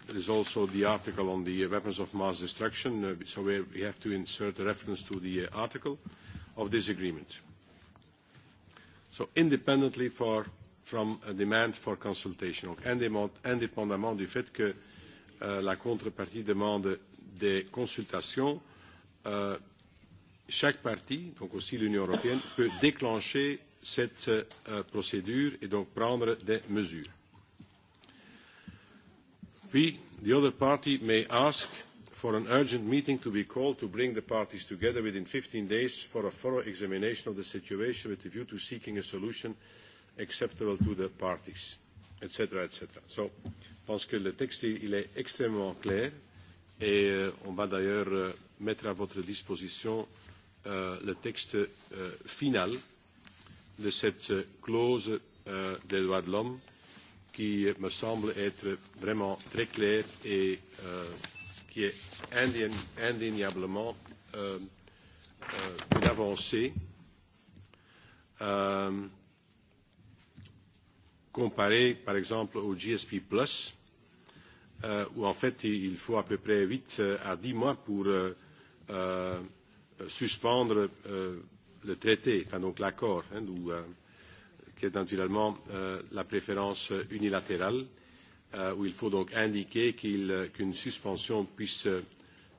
there is also the article on the weapons of mass destruction, uh, so we have to insert a reference to the uh, article of this agreement. So independently for, from a demand for consultation, indépendamment du fait que uh, la contrepartie demande des consultations, uh, chaque partie, donc aussi l'Union européenne, peut déclencher cette euh, procédure et donc prendre des mesures. Puis, the other party may ask for an urgent meeting to be called to bring the parties together within 15 days for a thorough examination of the situation with a view to seeking a solution acceptable to the parties, etc. etc. So, je pense que le texte il est extrêmement clair et euh, on va d'ailleurs euh, mettre à votre disposition euh, le texte euh, final euh, de cette clause euh, des droits de l'homme qui me semble être vraiment très claire et euh, qui est indéniablement euh, euh, une avancée euh, comparée par exemple au GSP Plus euh, où en fait il faut à peu près 8 à 10 mois pour euh, euh, suspendre euh, le traité, enfin donc l'accord, hein, euh, qui est naturellement euh, la préférence unilatérale, euh, où il faut donc indiquer qu'il, euh, qu'une suspension puisse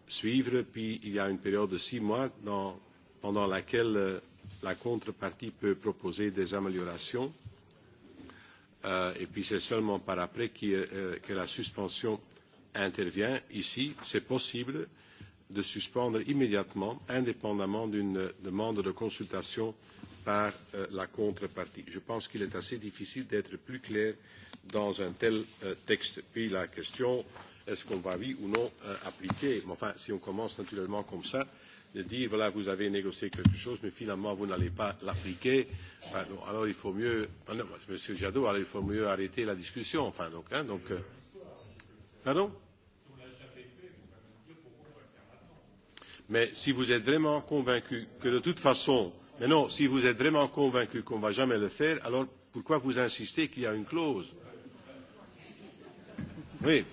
suivre, puis il y a une période de six mois dans, pendant laquelle euh, la contrepartie peut proposer des améliorations, euh, et puis c'est seulement par après qui, euh, que la suspension intervient. Ici, c'est possible, euh, de suspendre immédiatement, indépendamment d'une demande de consultation par euh, la contrepartie. Je pense qu'il est assez difficile d'être plus clair dans un tel euh, texte. Puis la question est-ce qu'on va oui ou non euh, appliquer Mais enfin, si on commence naturellement comme ça, de dire voilà, vous avez négocié quelque chose, mais finalement vous n'allez pas l'appliquer, ben, non, alors il faut mieux, ben, ah non, Monsieur Jadot, alors il faut mieux arrêter la discussion. Enfin, donc, hein, donc, euh, pardon mais si vous êtes vraiment convaincu que de toute façon mais non si vous êtes vraiment convaincu qu'on ne va jamais le faire alors pourquoi vous insistez qu'il y a une clause? oui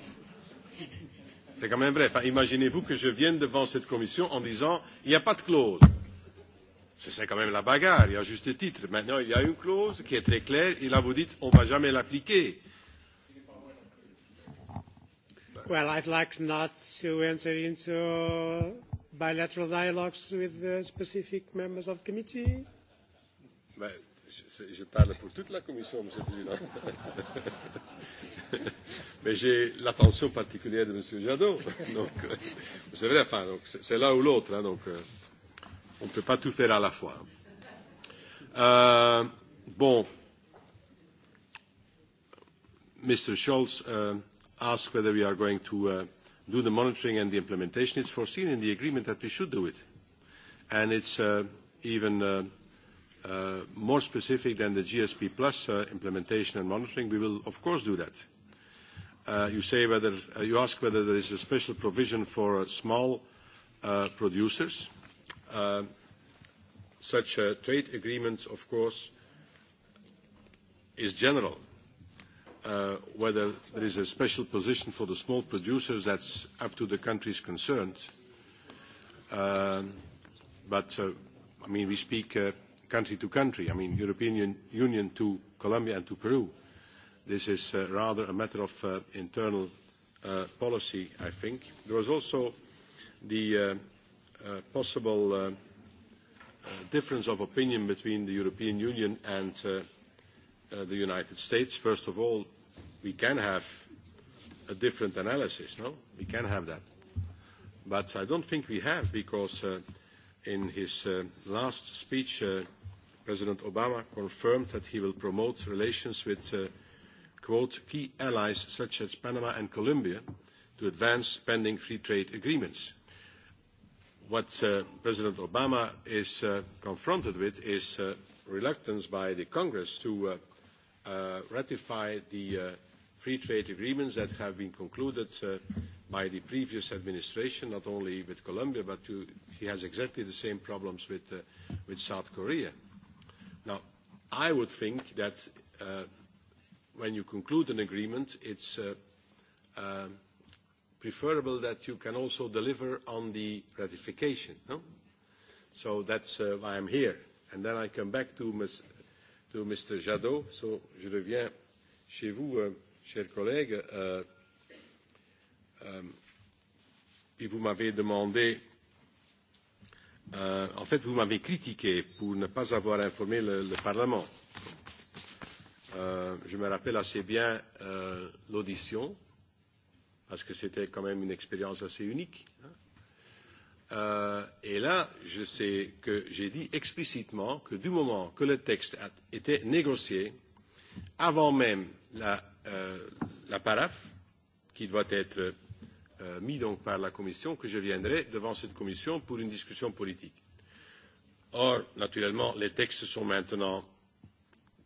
c'est quand même vrai. Enfin, imaginez vous que je vienne devant cette commission en disant il n'y a pas de clause. C'est quand même la bagarre, il y a juste le titre. Maintenant, il y a une clause qui est très claire, et là vous dites on ne va jamais l'appliquer. Well, I'd like not to enter into bilateral dialogues with the specific members of the committee? Bah, je, je parle pour toute la Commission, Monsieur le Président. [LAUGHS] Mais j'ai l'attention particulière de Monsieur Jadot. [LAUGHS] Donc, euh, vous savez, enfin, donc, c'est l'un ou l'autre. Hein, donc, euh, on ne peut pas tout faire à la fois. Euh, bon. Mr. Scholz uh, asked whether we are going to uh, do the monitoring and the implementation. It's foreseen in the agreement that we should do it. And it's uh, even uh, uh, more specific than the GSP Plus uh, implementation and monitoring. We will, of course, do that. Uh, you, say whether, uh, you ask whether there is a special provision for uh, small uh, producers. Uh, such uh, trade agreements, of course, is general Uh, whether there is a special position for the small producers, that's up to the countries concerned. Uh, but, uh, I mean, we speak uh, country to country. I mean, European Union to Colombia and to Peru. This is uh, rather a matter of uh, internal uh, policy, I think. There was also the uh, uh, possible difference of opinion between the European Union and the United States. First of all, we can have a different analysis, no? We can have that. But I don't think we have, because uh, in his uh, last speech, uh, President Obama confirmed that he will promote relations with, uh, quote, key allies such as Panama and Colombia to advance pending free trade agreements. What uh, President Obama is uh, confronted with is uh, reluctance by the Congress to uh, uh, ratify the uh, free trade agreements that have been concluded uh, by the previous administration, not only with Colombia, but to, he has exactly the same problems with, uh, with South Korea. Now, I would think that uh, when you conclude an agreement, it's uh, uh, preferable that you can also deliver on the ratification. No? So that's uh, why I'm here. And then I come back to, to Mr. Jadot. So je reviens chez vous. Uh, chers collègues, euh, euh, puis vous m'avez demandé, euh, en fait, vous m'avez critiqué pour ne pas avoir informé le, le Parlement. Euh, je me rappelle assez bien euh, l'audition, parce que c'était quand même une expérience assez unique. Hein. Euh, et là, je sais que j'ai dit explicitement que du moment que le texte a été négocié, avant même la Euh, la paraf qui doit être euh, mis donc par la Commission, que je viendrai devant cette Commission pour une discussion politique. Or, naturellement, les textes sont maintenant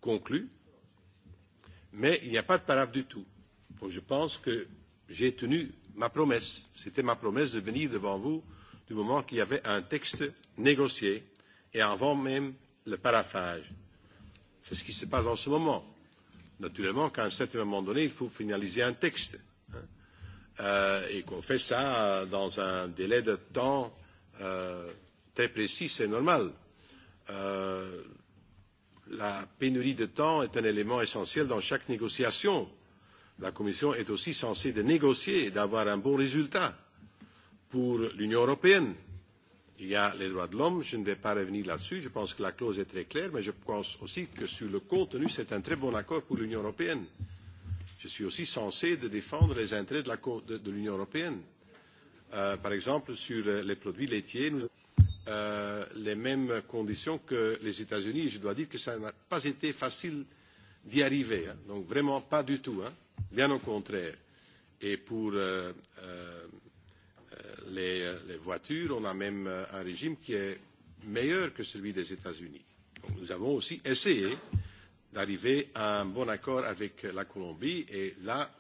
conclus, mais il n'y a pas de paraf du tout. Donc je pense que j'ai tenu ma promesse. C'était ma promesse de venir devant vous du moment qu'il y avait un texte négocié et avant même le paraphage. C'est ce qui se passe en ce moment naturellement qu'à un certain moment donné, il faut finaliser un texte. euh, et qu'on fait ça dans un délai de temps euh, très précis, c'est normal. Euh, la pénurie de temps est un élément essentiel dans chaque négociation. La Commission est aussi censée de négocier et d'avoir un bon résultat pour l'Union européenne il y a les droits de l'homme, je ne vais pas revenir là-dessus, je pense que la clause est très claire, mais je pense aussi que sur le contenu, c'est un très bon accord pour l'Union européenne. Je suis aussi censé défendre les intérêts de l'Union de, de européenne. Euh, par exemple, sur euh, les produits laitiers, nous euh, les mêmes conditions que les États-Unis. et Je dois dire que ça n'a pas été facile d'y arriver. Hein. Donc vraiment pas du tout. Hein. Bien au contraire. Et pour euh, euh, les, euh, les voitures. On a même euh, un régime qui est meilleur que celui des États-Unis. Nous avons aussi essayé d'arriver à un bon accord avec la Colombie et là,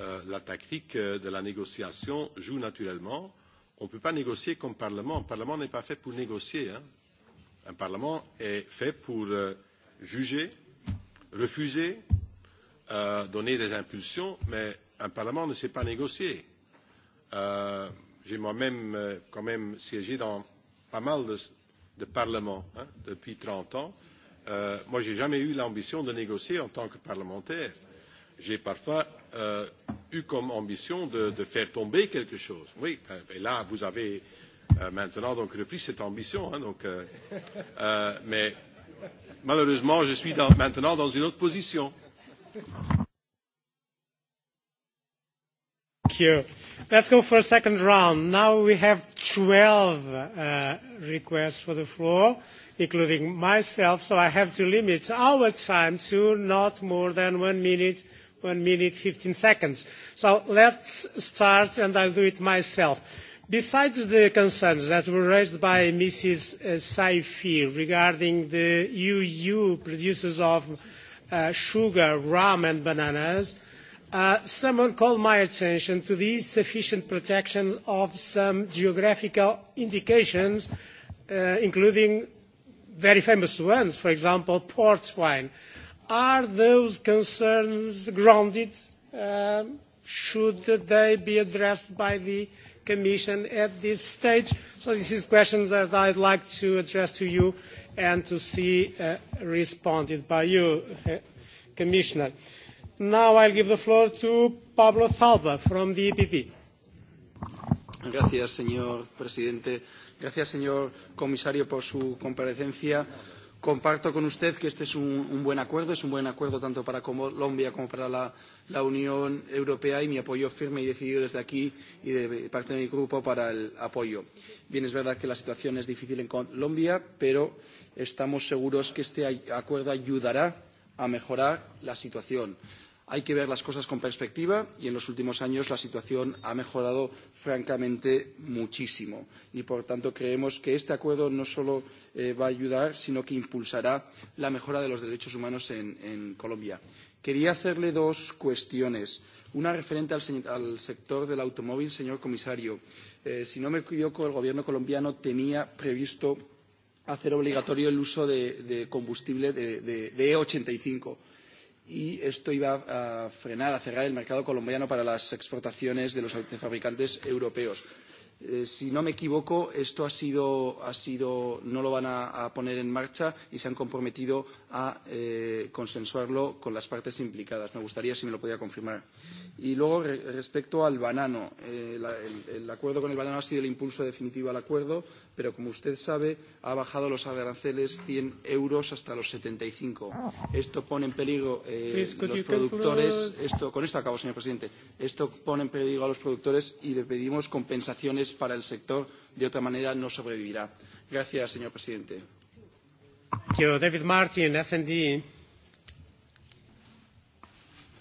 euh, la tactique euh, de la négociation joue naturellement. On ne peut pas négocier comme Parlement. Un Parlement n'est pas fait pour négocier. Hein. Un Parlement est fait pour juger, refuser, euh, donner des impulsions, mais un Parlement ne sait pas négocier. Euh, J'ai moi-même euh, quand même siégé dans pas mal de, de parlements hein, depuis 30 ans. Euh, moi, j'ai jamais eu l'ambition de négocier en tant que parlementaire. J'ai parfois euh, eu comme ambition de, de faire tomber quelque chose. Oui, et là, vous avez euh, maintenant donc repris cette ambition. Hein, donc, euh, euh, mais malheureusement, je suis dans, maintenant dans une autre position. Thank you. Let's go for a second round. Now we have 12 uh, requests for the floor, including myself, so I have to limit our time to not more than one minute, one minute 15 seconds. So let's start, and I'll do it myself. Besides the concerns that were raised by Mrs. Uh, Saifi regarding the EU producers of uh, sugar, rum, and bananas, Uh, someone called my attention to the insufficient protection of some geographical indications, uh, including very famous ones, for example, port wine. Are those concerns grounded? Um, should they be addressed by the Commission at this stage? So this is questions that I'd like to address to you and to see uh, responded by you, uh, Commissioner. Now I'll give the floor to Pablo Zalba from the EPP. Gracias, señor presidente. Gracias, señor comisario, por su comparecencia. Comparto con usted que este es un, un buen acuerdo, es un buen acuerdo tanto para Colombia como para la, la Unión Europea y mi apoyo firme y decidido desde aquí y de parte de mi grupo para el apoyo. Bien, es verdad que la situación es difícil en Colombia, pero estamos seguros que este acuerdo ayudará a mejorar la situación. Hay que ver las cosas con perspectiva y en los últimos años la situación ha mejorado francamente muchísimo. Y por tanto creemos que este acuerdo no solo eh, va a ayudar, sino que impulsará la mejora de los derechos humanos en, en Colombia. Quería hacerle dos cuestiones. Una referente al, al sector del automóvil, señor comisario. Eh, si no me equivoco, el gobierno colombiano tenía previsto hacer obligatorio el uso de, de combustible de, de, de E85 y esto iba a frenar, a cerrar el mercado colombiano para las exportaciones de los fabricantes europeos Eh, si no me equivoco, esto ha sido, ha sido, no lo van a, a poner en marcha y se han comprometido a eh, consensuarlo con las partes implicadas. Me gustaría si me lo podía confirmar. Y luego, re, respecto al banano, eh, la, el, el acuerdo con el banano ha sido el impulso definitivo al acuerdo, pero como usted sabe, ha bajado los aranceles 100 euros hasta los 75. Esto pone en peligro eh, los productores. Esto, con esto acabo, señor presidente. Esto pone en peligro a los productores y le pedimos compensaciones para el sector. De otra manera, no sobrevivirá. Gracias, señor presidente. Thank you. David Martin, S&D.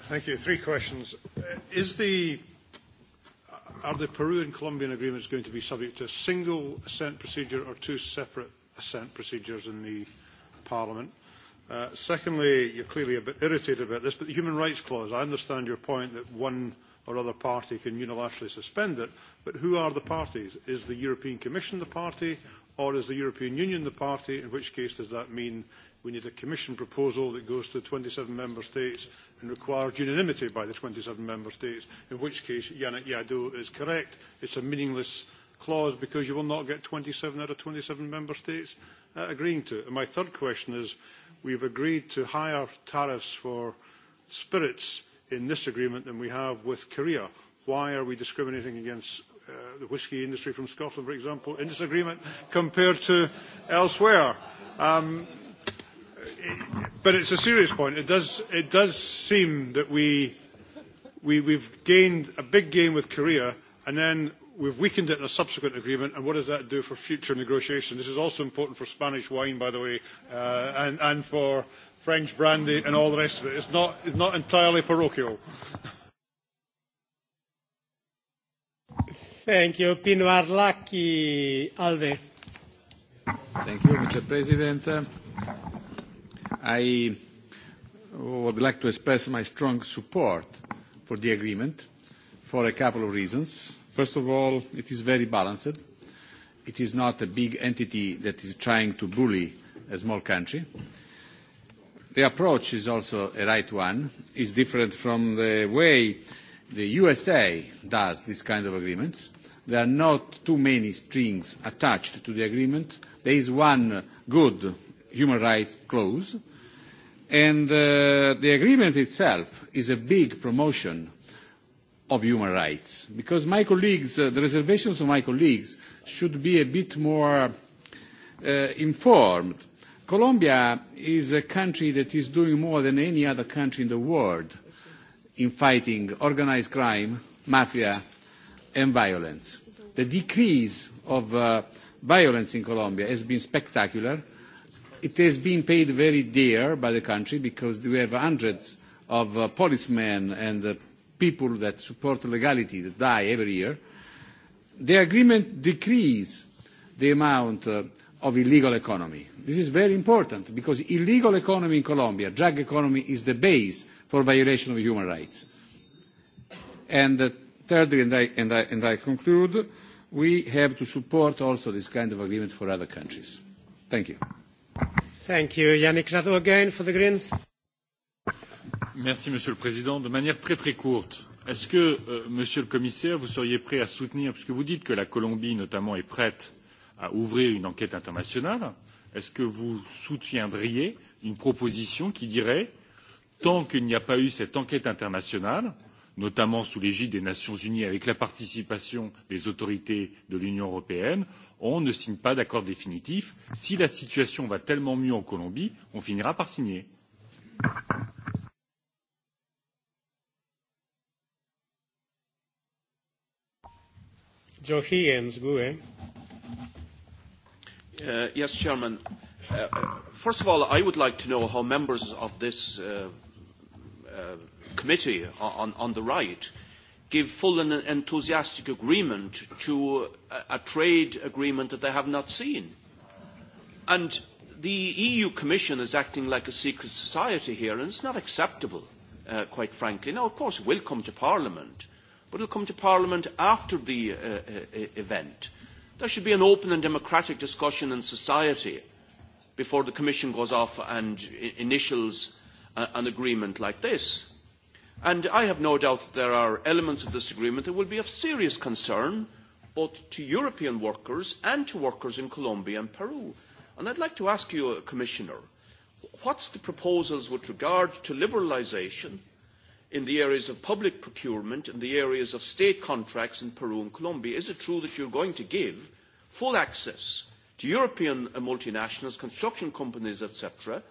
Thank you. Three questions. Uh, is the uh, are the Peru and Colombian agreements going to be subject to a single assent procedure or two separate assent procedures in the Parliament? Uh, secondly, you're clearly a bit irritated about this, but the Human Rights Clause, I understand your point that one or other party can unilaterally suspend it, but who are the parties? Is the European Commission the party, or is the European Union the party, in which case does that mean we need a Commission proposal that goes to 27 Member States and requires unanimity by the 27 Member States, in which case Yannick Jadot is correct. It's a meaningless clause because you will not get 27 out of 27 Member States uh, agreeing to it. And my third question is, we've agreed to higher tariffs for spirits in this agreement than we have with Korea. Why are we discriminating against uh, the whisky industry from Scotland, for example, in this agreement compared to elsewhere? Um, it, but it's a serious point. It does, it does seem that we, we, we've gained a big gain with Korea, and then we've weakened it in a subsequent agreement, and what does that do for future negotiation? This is also important for Spanish wine, by the way, uh, and, and for French brandy and all the rest of it. It's not, it's not entirely parochial. Thank you. Pino Arlacchi, Alde. Thank you, Mr. President. I would like to express my strong support for the agreement for a couple of reasons. First of all, it is very balanced. It is not a big entity that is trying to bully a small country the approach is also a right one. It's different from the way the USA does these kind of agreements. There are not too many strings attached to the agreement. There is one good human rights clause. And uh, the agreement itself is a big promotion of human rights. Because my colleagues, uh, the reservations of my colleagues should be a bit more uh, informed Colombia is a country that is doing more than any other country in the world in fighting organized crime, mafia, and violence. The decrease of uh, violence in Colombia has been spectacular. It has been paid very dear by the country because we have hundreds of uh, policemen and uh, people that support legality that die every year. The agreement decreases the amount uh, of illegal economy. This is very important because illegal economy in Colombia, drug economy, is the base for violation of human rights. And uh, thirdly, and I, and, I, and I conclude, we have to support also this kind of agreement for other countries. Thank you. Thank you. Yannick Jadot again for the Greens. Merci, Monsieur le Président. De manière très très courte, est-ce que, euh, Monsieur le Commissaire, vous seriez prêt à soutenir, puisque vous dites que la Colombie notamment est prête à ouvrir une enquête internationale, est-ce que vous soutiendriez une proposition qui dirait tant qu'il n'y a pas eu cette enquête internationale, notamment sous l'égide des Nations Unies avec la participation des autorités de l'Union européenne, on ne signe pas d'accord définitif. Si la situation va tellement mieux en Colombie, on finira par signer. Joe Higgins, GUE. Uh, yes, Chairman. Uh, first of all, I would like to know how members of this uh, uh, committee on, on the right give full and enthusiastic agreement to a, a trade agreement that they have not seen. And the EU Commission is acting like a secret society here, and it's not acceptable, uh, quite frankly. Now, of course, it will come to Parliament, but it will come to Parliament after the uh, uh, event. There should be an open and democratic discussion in society before the Commission goes off and initials an agreement like this. And I have no doubt that there are elements of this agreement that will be of serious concern both to European workers and to workers in Colombia and Peru. And I'd like to ask you, Commissioner, what's the proposals with regard to liberalisation in the areas of public procurement, and the areas of state contracts in Peru and Colombia, is it true that you are going to give full access to European uh, multinationals, construction companies, etc.,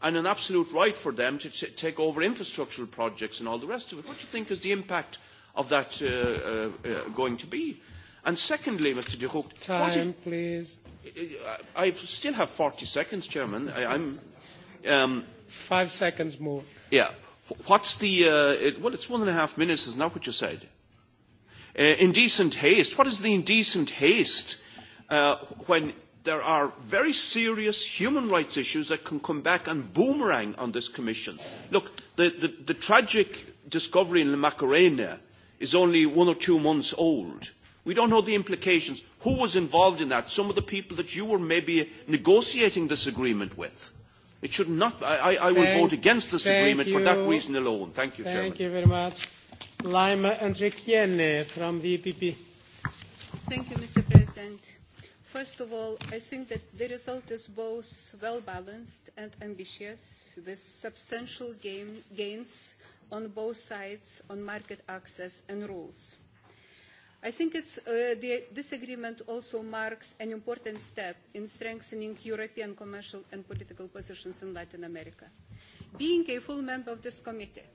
and an absolute right for them to take over infrastructural projects and all the rest of it? What do you think is the impact of that uh, uh, uh, going to be? And secondly, Mr. de Hoek, Time, what, please. I still have 40 seconds, Chairman. I, I'm. Um, Five seconds more. Yeah. What's the, uh, it, well, it's one and a half minutes, is not what you said. Uh, indecent haste. What is the indecent haste uh, when there are very serious human rights issues that can come back and boomerang on this commission? Look, the, the, the tragic discovery in La Macarena is only one or two months old. We don't know the implications. Who was involved in that? Some of the people that you were maybe negotiating this agreement with. It should not. I, I will vote against this agreement you. for that reason alone. Thank you, thank Chairman. Thank you very much. Lima Andrikiene from the EPP. Thank you, Mr. President. First of all, I think that the result is both well-balanced and ambitious, with substantial gain, gains on both sides on market access and rules. I think it's, uh, the, this agreement also marks an important step in strengthening European commercial and political positions in Latin America. Being a full member of this committee,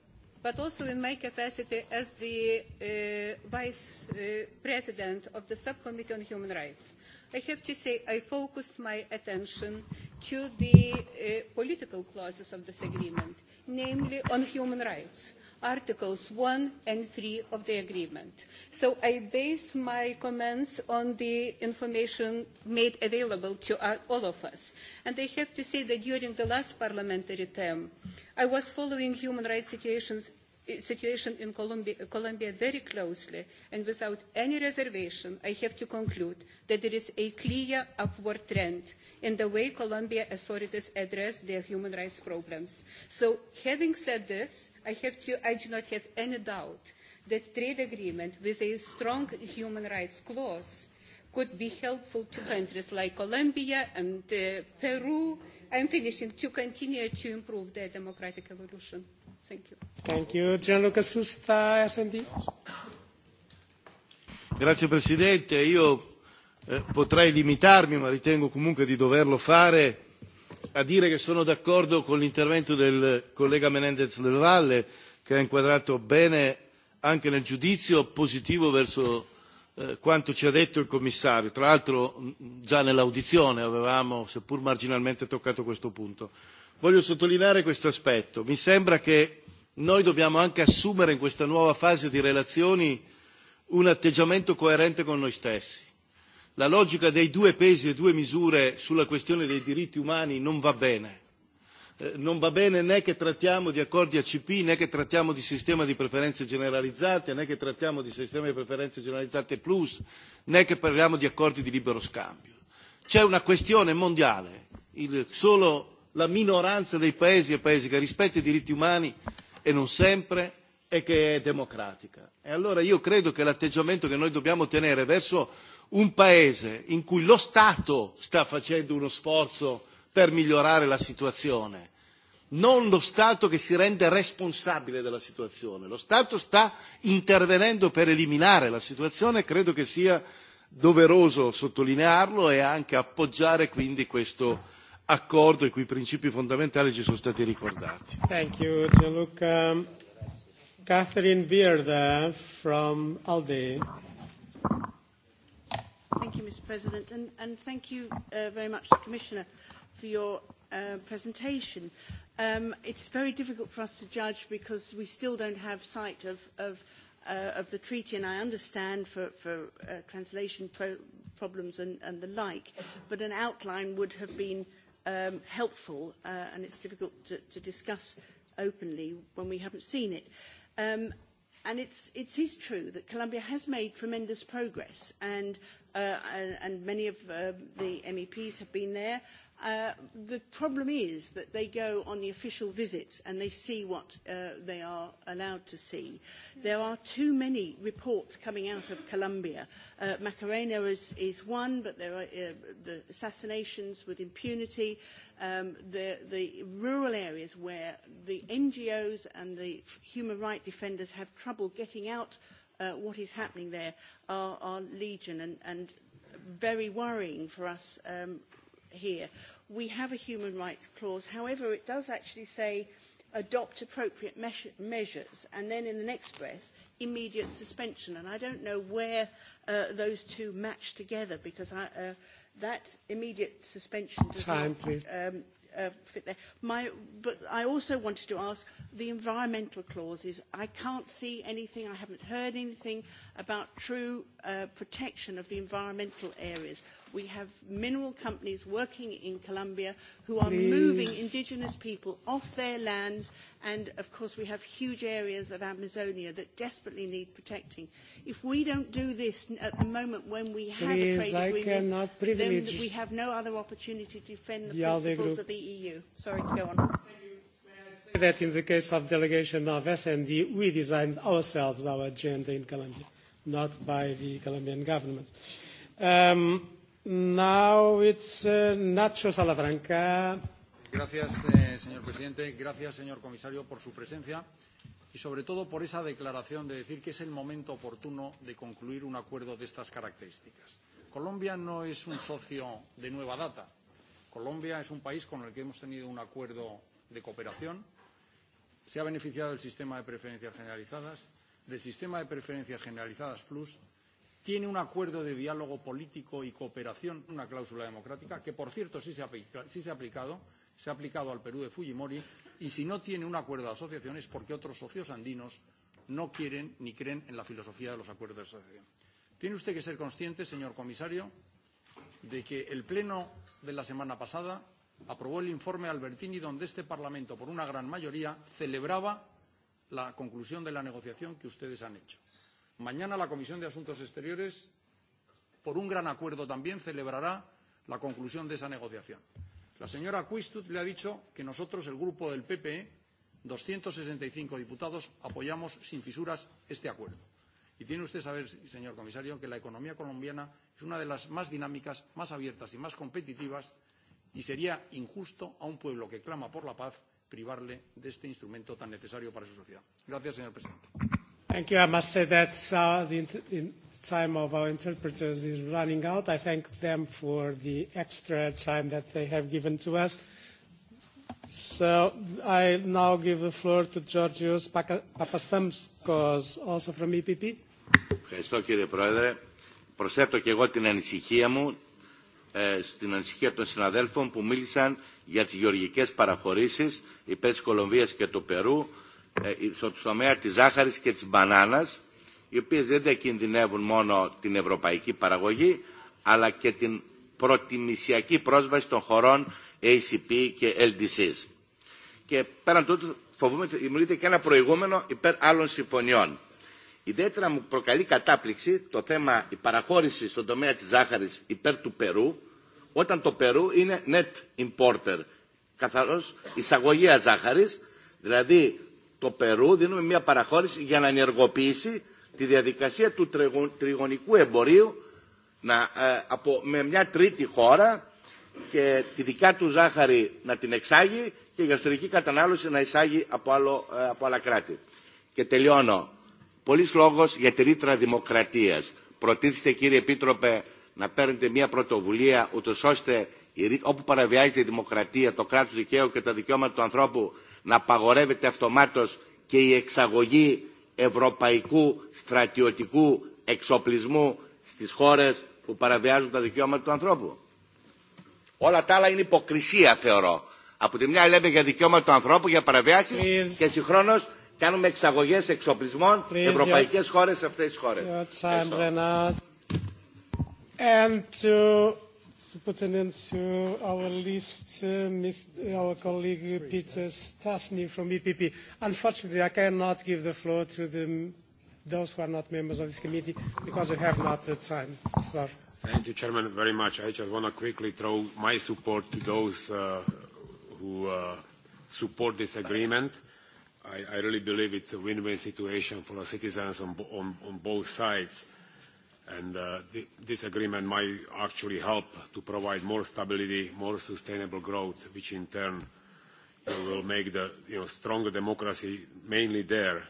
but also in my capacity as the uh, Vice uh, President of the Subcommittee on Human Rights, I have to say I focused my attention to the uh, political clauses of this agreement, namely on human rights Articles 1 and 3 of the agreement. So I base my comments on the information made available to all of us. And I have to say that during the last parliamentary term, I was following human rights situations situation in Colombia, Colombia very closely, and without any reservation, I have to conclude that there is a clear upward trend in the way Colombia authorities address their human rights problems. So having said this, I, have to, I do not have any doubt that trade agreement with a strong human rights clause could be helpful to countries like Colombia and uh, Peru I'm finishing to continue to improve the democratic evolution. Thank you. Thank you. Gianluca Susta, SD. Grazie Presidente, io eh, potrei limitarmi, ma ritengo comunque di doverlo fare, a dire che sono d'accordo con l'intervento del collega Menendez del Valle, che ha inquadrato bene anche nel giudizio positivo verso Eh, quanto ci ha detto il commissario tra l'altro mm, già nell'audizione avevamo seppur marginalmente toccato questo punto voglio sottolineare questo aspetto mi sembra che noi dobbiamo anche assumere in questa nuova fase di relazioni un atteggiamento coerente con noi stessi la logica dei due pesi e due misure sulla questione dei diritti umani non va bene Eh, non va bene né che trattiamo di accordi acp né che trattiamo di sistema di preferenze generalizzate né che trattiamo di sistema di preferenze generalizzate plus né che parliamo di accordi di libero scambio. c'è una questione mondiale il, solo la minoranza dei paesi è e paesi che rispetta i diritti umani e non sempre e che è democratica. E allora io credo che l'atteggiamento che noi dobbiamo tenere verso un paese in cui lo Stato sta facendo uno sforzo per migliorare la situazione non lo Stato che si rende responsabile della situazione. Lo Stato sta intervenendo per eliminare la situazione e credo che sia doveroso sottolinearlo e anche appoggiare quindi questo accordo i cui principi fondamentali ci sono stati ricordati. Thank you, Gianluca. Catherine Bearda from ALDE. Thank you, Mr. President, and, and thank you uh, very much, Commissioner, for your uh, presentation. Um, it's very difficult for us to judge because we still don't have sight of, of, uh, of the treaty, and I understand for, for uh, translation pro problems and, and the like, but an outline would have been um, helpful, uh, and it's difficult to, to discuss openly when we haven't seen it. Um, and it's, it is true that Colombia has made tremendous progress, and, uh, and, and many of uh, the MEPs have been there Uh, the problem is that they go on the official visits and they see what uh, they are allowed to see. There are too many reports coming out of Colombia. Uh, Macarena is, is one, but there are uh, the assassinations with impunity. Um, the, the rural areas where the NGOs and the human rights defenders have trouble getting out uh, what is happening there are, are legion and, and very worrying for us um, here. We have a human rights clause. However, it does actually say adopt appropriate measure, measures, and then in the next breath, immediate suspension. And I don't know where uh, those two match together because I, uh, that immediate suspension does Time, not, please. Um, uh, fit there. My, but I also wanted to ask the environmental clauses. I can't see anything, I haven't heard anything about true uh, protection of the environmental areas. We have mineral companies working in Colombia who are Please. moving indigenous people off their lands. And of course, we have huge areas of Amazonia that desperately need protecting. If we don't do this at the moment when we have Please, a trade agreement, then we have no other opportunity to defend the, the principles of the EU. Sorry to go on that in the case of delegation of SND, we designed ourselves our agenda in Colombia, not by the Colombian government. Um, Now it's uh, Nacho Salafranca. Gracias, eh, señor presidente. Gracias, señor comisario, por su presencia y sobre todo por esa declaración de decir que es el momento oportuno de concluir un acuerdo de estas características. Colombia no es un socio de nueva data. Colombia es un país con el que hemos tenido un acuerdo de cooperación. Se ha beneficiado del sistema de preferencias generalizadas, del sistema de preferencias generalizadas plus tiene un acuerdo de diálogo político y cooperación, una cláusula democrática, que por cierto sí se, aplica, sí se ha aplicado, se ha aplicado al Perú de Fujimori, y si no tiene un acuerdo de asociación es porque otros socios andinos no quieren ni creen en la filosofía de los acuerdos de asociación. Tiene usted que ser consciente, señor comisario, de que el Pleno de la semana pasada aprobó el informe Albertini, donde este Parlamento, por una gran mayoría, celebraba la conclusión de la negociación que ustedes han hecho Mañana la Comisión de Asuntos Exteriores, por un gran acuerdo también, celebrará la conclusión de esa negociación. La señora Quistut le ha dicho que nosotros, el grupo del PPE, 265 diputados, apoyamos sin fisuras este acuerdo. Y tiene usted saber, señor comisario, que la economía colombiana es una de las más dinámicas, más abiertas y más competitivas y sería injusto a un pueblo que clama por la paz privarle de este instrumento tan necesario para su sociedad. Gracias, señor presidente. Thank you. I must say that uh, the, in time of our interpreters is running out. I thank them for the extra time that they have given to us. So I now give the floor to Georgios Papastamskos, also from EPP. Ευχαριστώ κύριε Πρόεδρε. Προσθέτω και εγώ την ανησυχία μου ε, στην ανησυχία των συναδέλφων που μίλησαν για τις γεωργικές παραχωρήσεις υπέρ της Κολομβίας και του Περού στο τομέα της ζάχαρης και της μπανάνας, οι οποίες δεν διακινδυνεύουν μόνο την ευρωπαϊκή παραγωγή, αλλά και την προτιμησιακή πρόσβαση των χωρών ACP και LDCs. Και πέραν τούτου φοβούμαι ότι δημιουργείται και ένα προηγούμενο υπέρ άλλων συμφωνιών. Ιδιαίτερα μου προκαλεί κατάπληξη το θέμα η παραχώρηση στον τομέα της ζάχαρης υπέρ του Περού, όταν το Περού είναι net importer, καθαρός εισαγωγέα ζάχαρης, δηλαδή το Περού δίνουμε μια παραχώρηση για να ενεργοποιήσει τη διαδικασία του τριγωνικού εμπορίου να, ε, από, με μια τρίτη χώρα και τη δικιά του ζάχαρη να την εξάγει και η ιστορική κατανάλωση να εισάγει από, άλλο, ε, από άλλα κράτη. Και τελειώνω. Πολλής λόγο για τη ρήτρα δημοκρατία. Προτίθεστε κύριε Επίτροπε να παίρνετε μια πρωτοβουλία ούτω ώστε όπου παραβιάζεται η δημοκρατία, το κράτο δικαίου και τα δικαιώματα του ανθρώπου να απαγορεύεται αυτομάτως και η εξαγωγή ευρωπαϊκού στρατιωτικού εξοπλισμού στις χώρες που παραβιάζουν τα δικαιώματα του ανθρώπου. Όλα τα άλλα είναι υποκρισία θεωρώ. Από τη μια λέμε για δικαιώματα του ανθρώπου, για παραβιάσεις Please. και συγχρόνως κάνουμε εξαγωγές εξοπλισμών Please, ευρωπαϊκές your... χώρες σε αυτές τις χώρες. Your time, Superintendent, to uh, our list, uh, Mr. Uh, our colleague uh, Peter Stasny from EPP. Unfortunately, I cannot give the floor to the, those who are not members of this committee because we have not the time. Sir. Thank you, Chairman, very much. I just want to quickly throw my support to those uh, who uh, support this agreement. I, I really believe it's a win-win situation for the citizens on, on, on both sides. Uh, And uh, this agreement might actually help to provide more stability, more sustainable growth, which in turn you know, will make the you know, stronger democracy mainly there,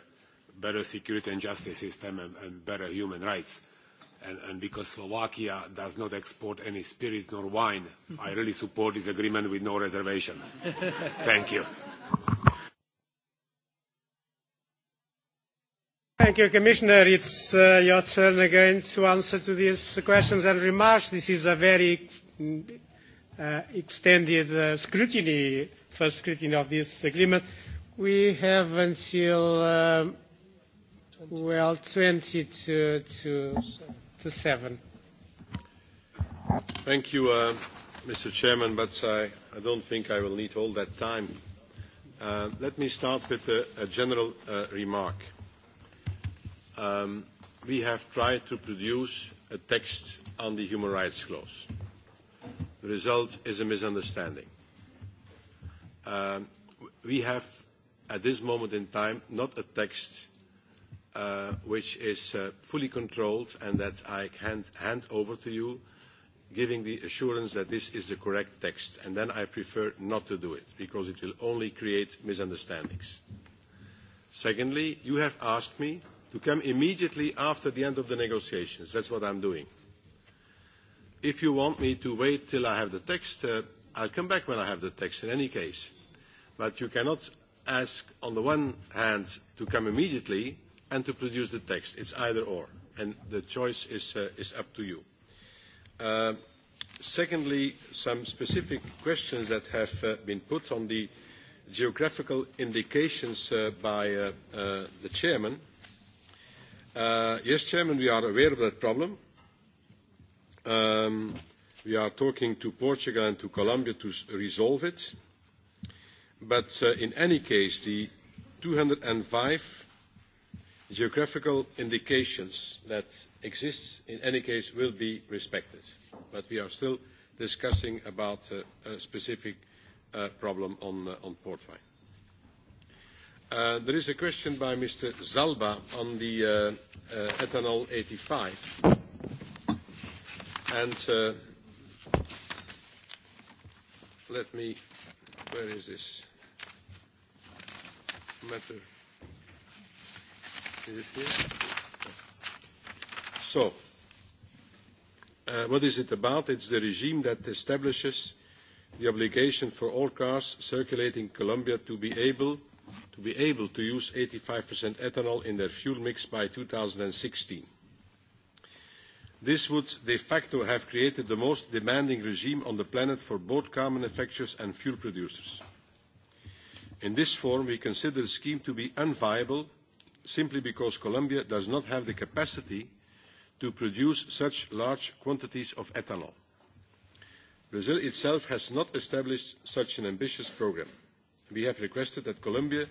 better security and justice system, and, and better human rights. And, and because Slovakia does not export any spirits nor wine, I really support this agreement with no reservation. [LAUGHS] Thank you. Thank you, Commissioner. It's uh, your turn again to answer to these questions and remarks. This is a very mm, uh, extended uh, scrutiny, first scrutiny of this agreement. We have until, um, well, 20 to, to, to 7. Thank you, uh, Mr. Chairman, but I, I don't think I will need all that time. Uh, let me start with a, a general uh, remark. Um, we have tried to produce a text on the human rights clause. The result is a misunderstanding. Um, we have, at this moment in time, not a text uh, which is uh, fully controlled and that I can hand over to you, giving the assurance that this is the correct text. And then I prefer not to do it, because it will only create misunderstandings. Secondly, you have asked me to come immediately after the end of the negotiations. That's what I'm doing. If you want me to wait till I have the text, uh, I'll come back when I have the text in any case. But you cannot ask, on the one hand, to come immediately and to produce the text. It's either or. And the choice is, uh, is up to you. Uh, secondly, some specific questions that have uh, been put on the geographical indications uh, by uh, uh, the chairman. Uh, yes, Chairman, we are aware of that problem. Um, we are talking to Portugal and to Colombia to resolve it. But uh, in any case, the 205 geographical indications that exist in any case will be respected. But we are still discussing about uh, a specific uh, problem on, uh, on port wine. Uh, there is a question by Mr. Zalba on the uh, uh, ethanol 85. And uh, let me, where is this matter? Is it here? So, uh, what is it about? It's the regime that establishes the obligation for all cars circulating Colombia to be able to be able to use 85% ethanol in their fuel mix by 2016. This would de facto have created the most demanding regime on the planet for both car manufacturers and fuel producers. In this form, we consider the scheme to be unviable simply because Colombia does not have the capacity to produce such large quantities of ethanol. Brazil itself has not established such an ambitious programme we have requested that Colombia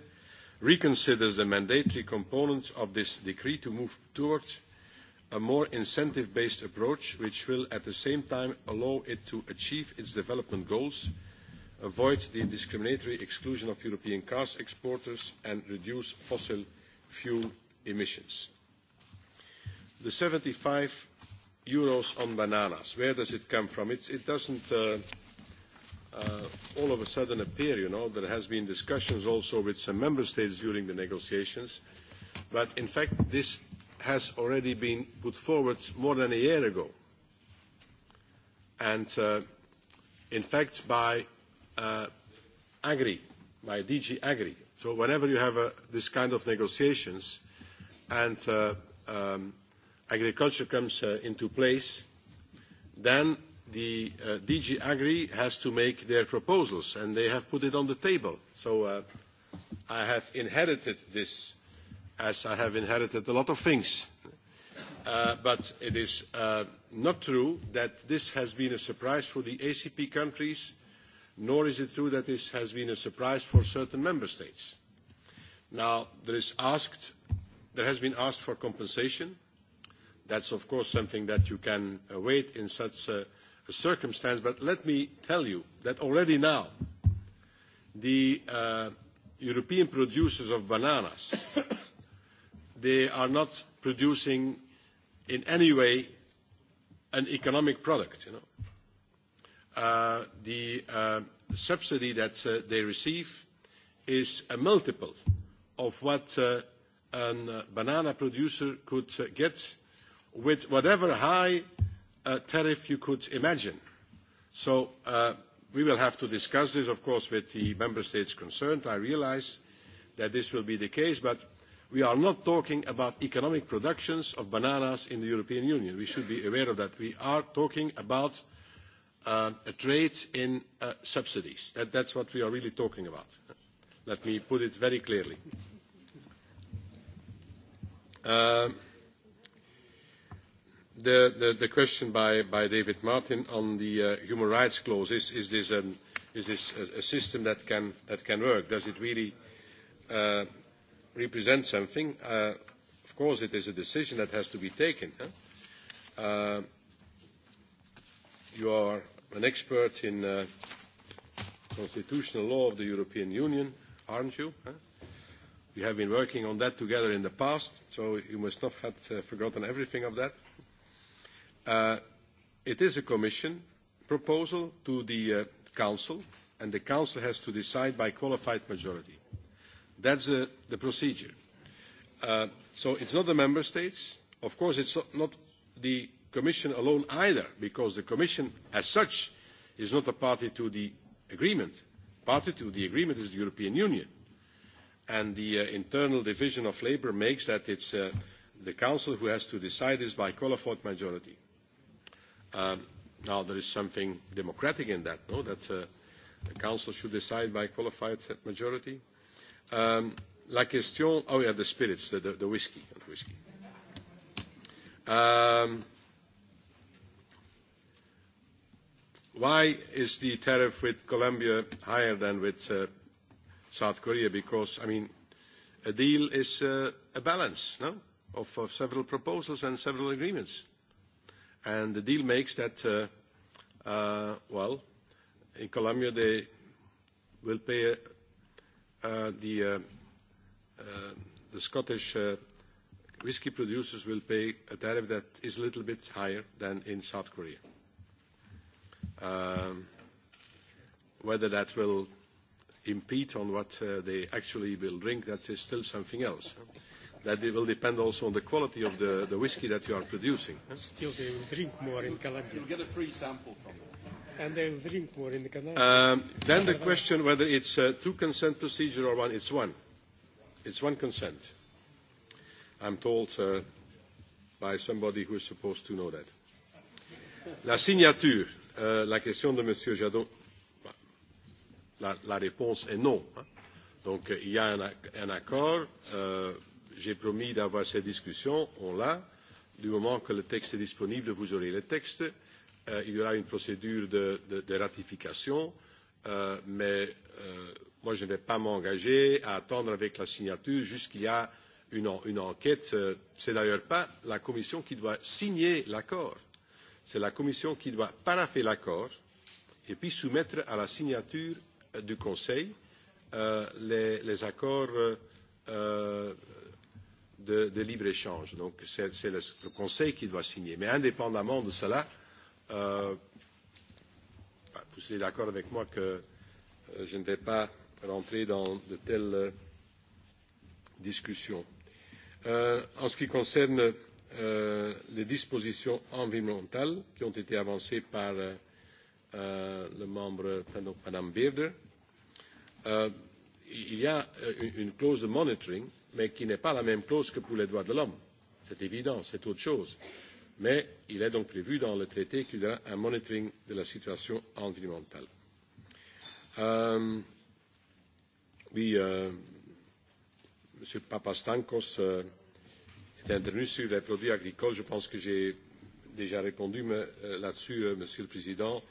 reconsider the mandatory components of this decree to move towards a more incentive-based approach, which will at the same time allow it to achieve its development goals, avoid the discriminatory exclusion of European car exporters, and reduce fossil fuel emissions. The eur seventy five on bananas, where does it come from? it does uh, uh, all of a sudden appear, you know. There has been discussions also with some member states during the negotiations. But in fact, this has already been put forward more than a year ago. And uh, in fact, by uh, Agri, by DG Agri. So whenever you have uh, this kind of negotiations and uh, um, agriculture comes uh, into place, then the uh, DG Agri has to make their proposals, and they have put it on the table. So uh, I have inherited this, as I have inherited a lot of things. Uh, but it is uh, not true that this has been a surprise for the ACP countries, nor is it true that this has been a surprise for certain member states. Now, there, is asked, there has been asked for compensation. That's, of course, something that you can await uh, in such a uh, circumstance, but let me tell you that already now the uh, European producers of bananas, [COUGHS] they are not producing in any way an economic product, you know. Uh, the uh, subsidy that uh, they receive is a multiple of what uh, a uh, banana producer could uh, get with whatever high tariff you could imagine. So uh, we will have to discuss this, of course, with the member states concerned. I realise that this will be the case, but we are not talking about economic productions of bananas in the European Union. We should be aware of that. We are talking about uh, a trade in uh, subsidies. That, that's what we are really talking about. Let me put it very clearly. Uh, The, the, the question by, by David Martin on the uh, human rights clause, is, is this, an, is this a, a system that can, that can work? Does it really uh, represent something? Uh, of course, it is a decision that has to be taken. Huh? Uh, you are an expert in uh, constitutional law of the European Union, aren't you? Huh? We have been working on that together in the past, so you must not have uh, forgotten everything of that. Uh, it is a Commission proposal to the uh, Council, and the Council has to decide by qualified majority. that is uh, the procedure. so it is not the Member States. Of course, it is not the Commission alone either, because the Commission as such is not a party to the agreement. Party to the agreement is the European Union. And the internal division of labour makes that it is the Council who has to decide this by qualified majority. Um, now, there is something democratic in that, no? That uh, the Council should decide by qualified majority. Um, la question... Oh, yeah, the spirits, the, the, the whiskey. The whiskey. Um, why is the tariff with Colombia higher than with uh, South Korea? Because, I mean, a deal is uh, a balance, no? Of, of several proposals and several agreements And the deal makes that, uh, uh, well, in Colombia they will pay uh, the, uh, uh, the Scottish uh, whiskey producers will pay a tariff that is a little bit higher than in South Korea. Um, whether that will impede on what they actually will drink, that is still something else. Okay that it will depend also on the quality of the, the whiskey that you are producing. And still, they will drink more in Calabria. You'll get a free sample from them. And they will drink more in the Calabria. Um, then the question whether it's a uh, two consent procedure or one, it's one. It's one consent. I'm told uh, by somebody who is supposed to know that. La signature, euh, la question de Monsieur Jadot, la, la réponse est non. Hein. Donc il y a un, un accord. Euh, j'ai promis d'avoir cette discussion. On l'a. Du moment que le texte est disponible, vous aurez le texte. Euh, il y aura une procédure de, de, de ratification, euh, mais euh, moi je ne vais pas m'engager à attendre avec la signature jusqu'il y a une, une enquête. Euh, Ce n'est d'ailleurs pas la Commission qui doit signer l'accord, c'est la Commission qui doit paraffer l'accord et puis soumettre à la signature euh, du Conseil euh, les, les accords euh, de, de libre-échange. Donc c'est, c'est le, le Conseil qui doit signer. Mais indépendamment de cela, euh, vous serez d'accord avec moi que euh, je ne vais pas rentrer dans de telles euh, discussions. Euh, en ce qui concerne euh, les dispositions environnementales qui ont été avancées par euh, euh le membre Mme Beerder, euh, il y a euh, une, une clause de monitoring mais qui n'est pas la même clause que pour les droits de l'homme. C'est évident, c'est autre chose. Mais il est donc prévu dans le traité qu'il y aura un monitoring de la situation environnementale. Euh, oui, euh, M. Papastankos euh, est intervenu sur les produits agricoles. Je pense que j'ai déjà répondu euh, là-dessus, euh, Monsieur le Président.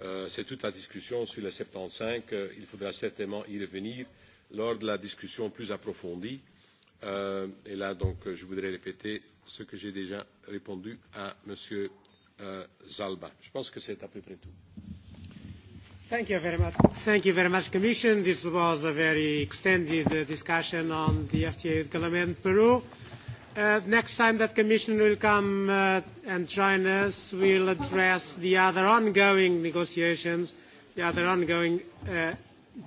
Euh, c'est toute la discussion sur les 75. Euh, il faudra certainement y revenir lors de la discussion plus approfondie. Euh, Euh, et là, donc, je voudrais répéter ce que j'ai déjà répondu à M. Euh, Zalba. Je pense que c'est à peu près tout. Thank you very much. Thank you very much, Commission. This was a very extended uh, discussion on the FTA with Peru. Uh, next time that Commission will come uh, and join us, we'll address the other ongoing negotiations, the other ongoing uh,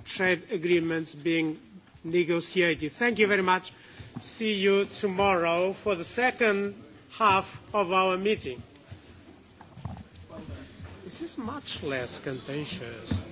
trade agreements being negotiated. Thank you very much see you tomorrow for the second half of our meeting. This is much less contentious.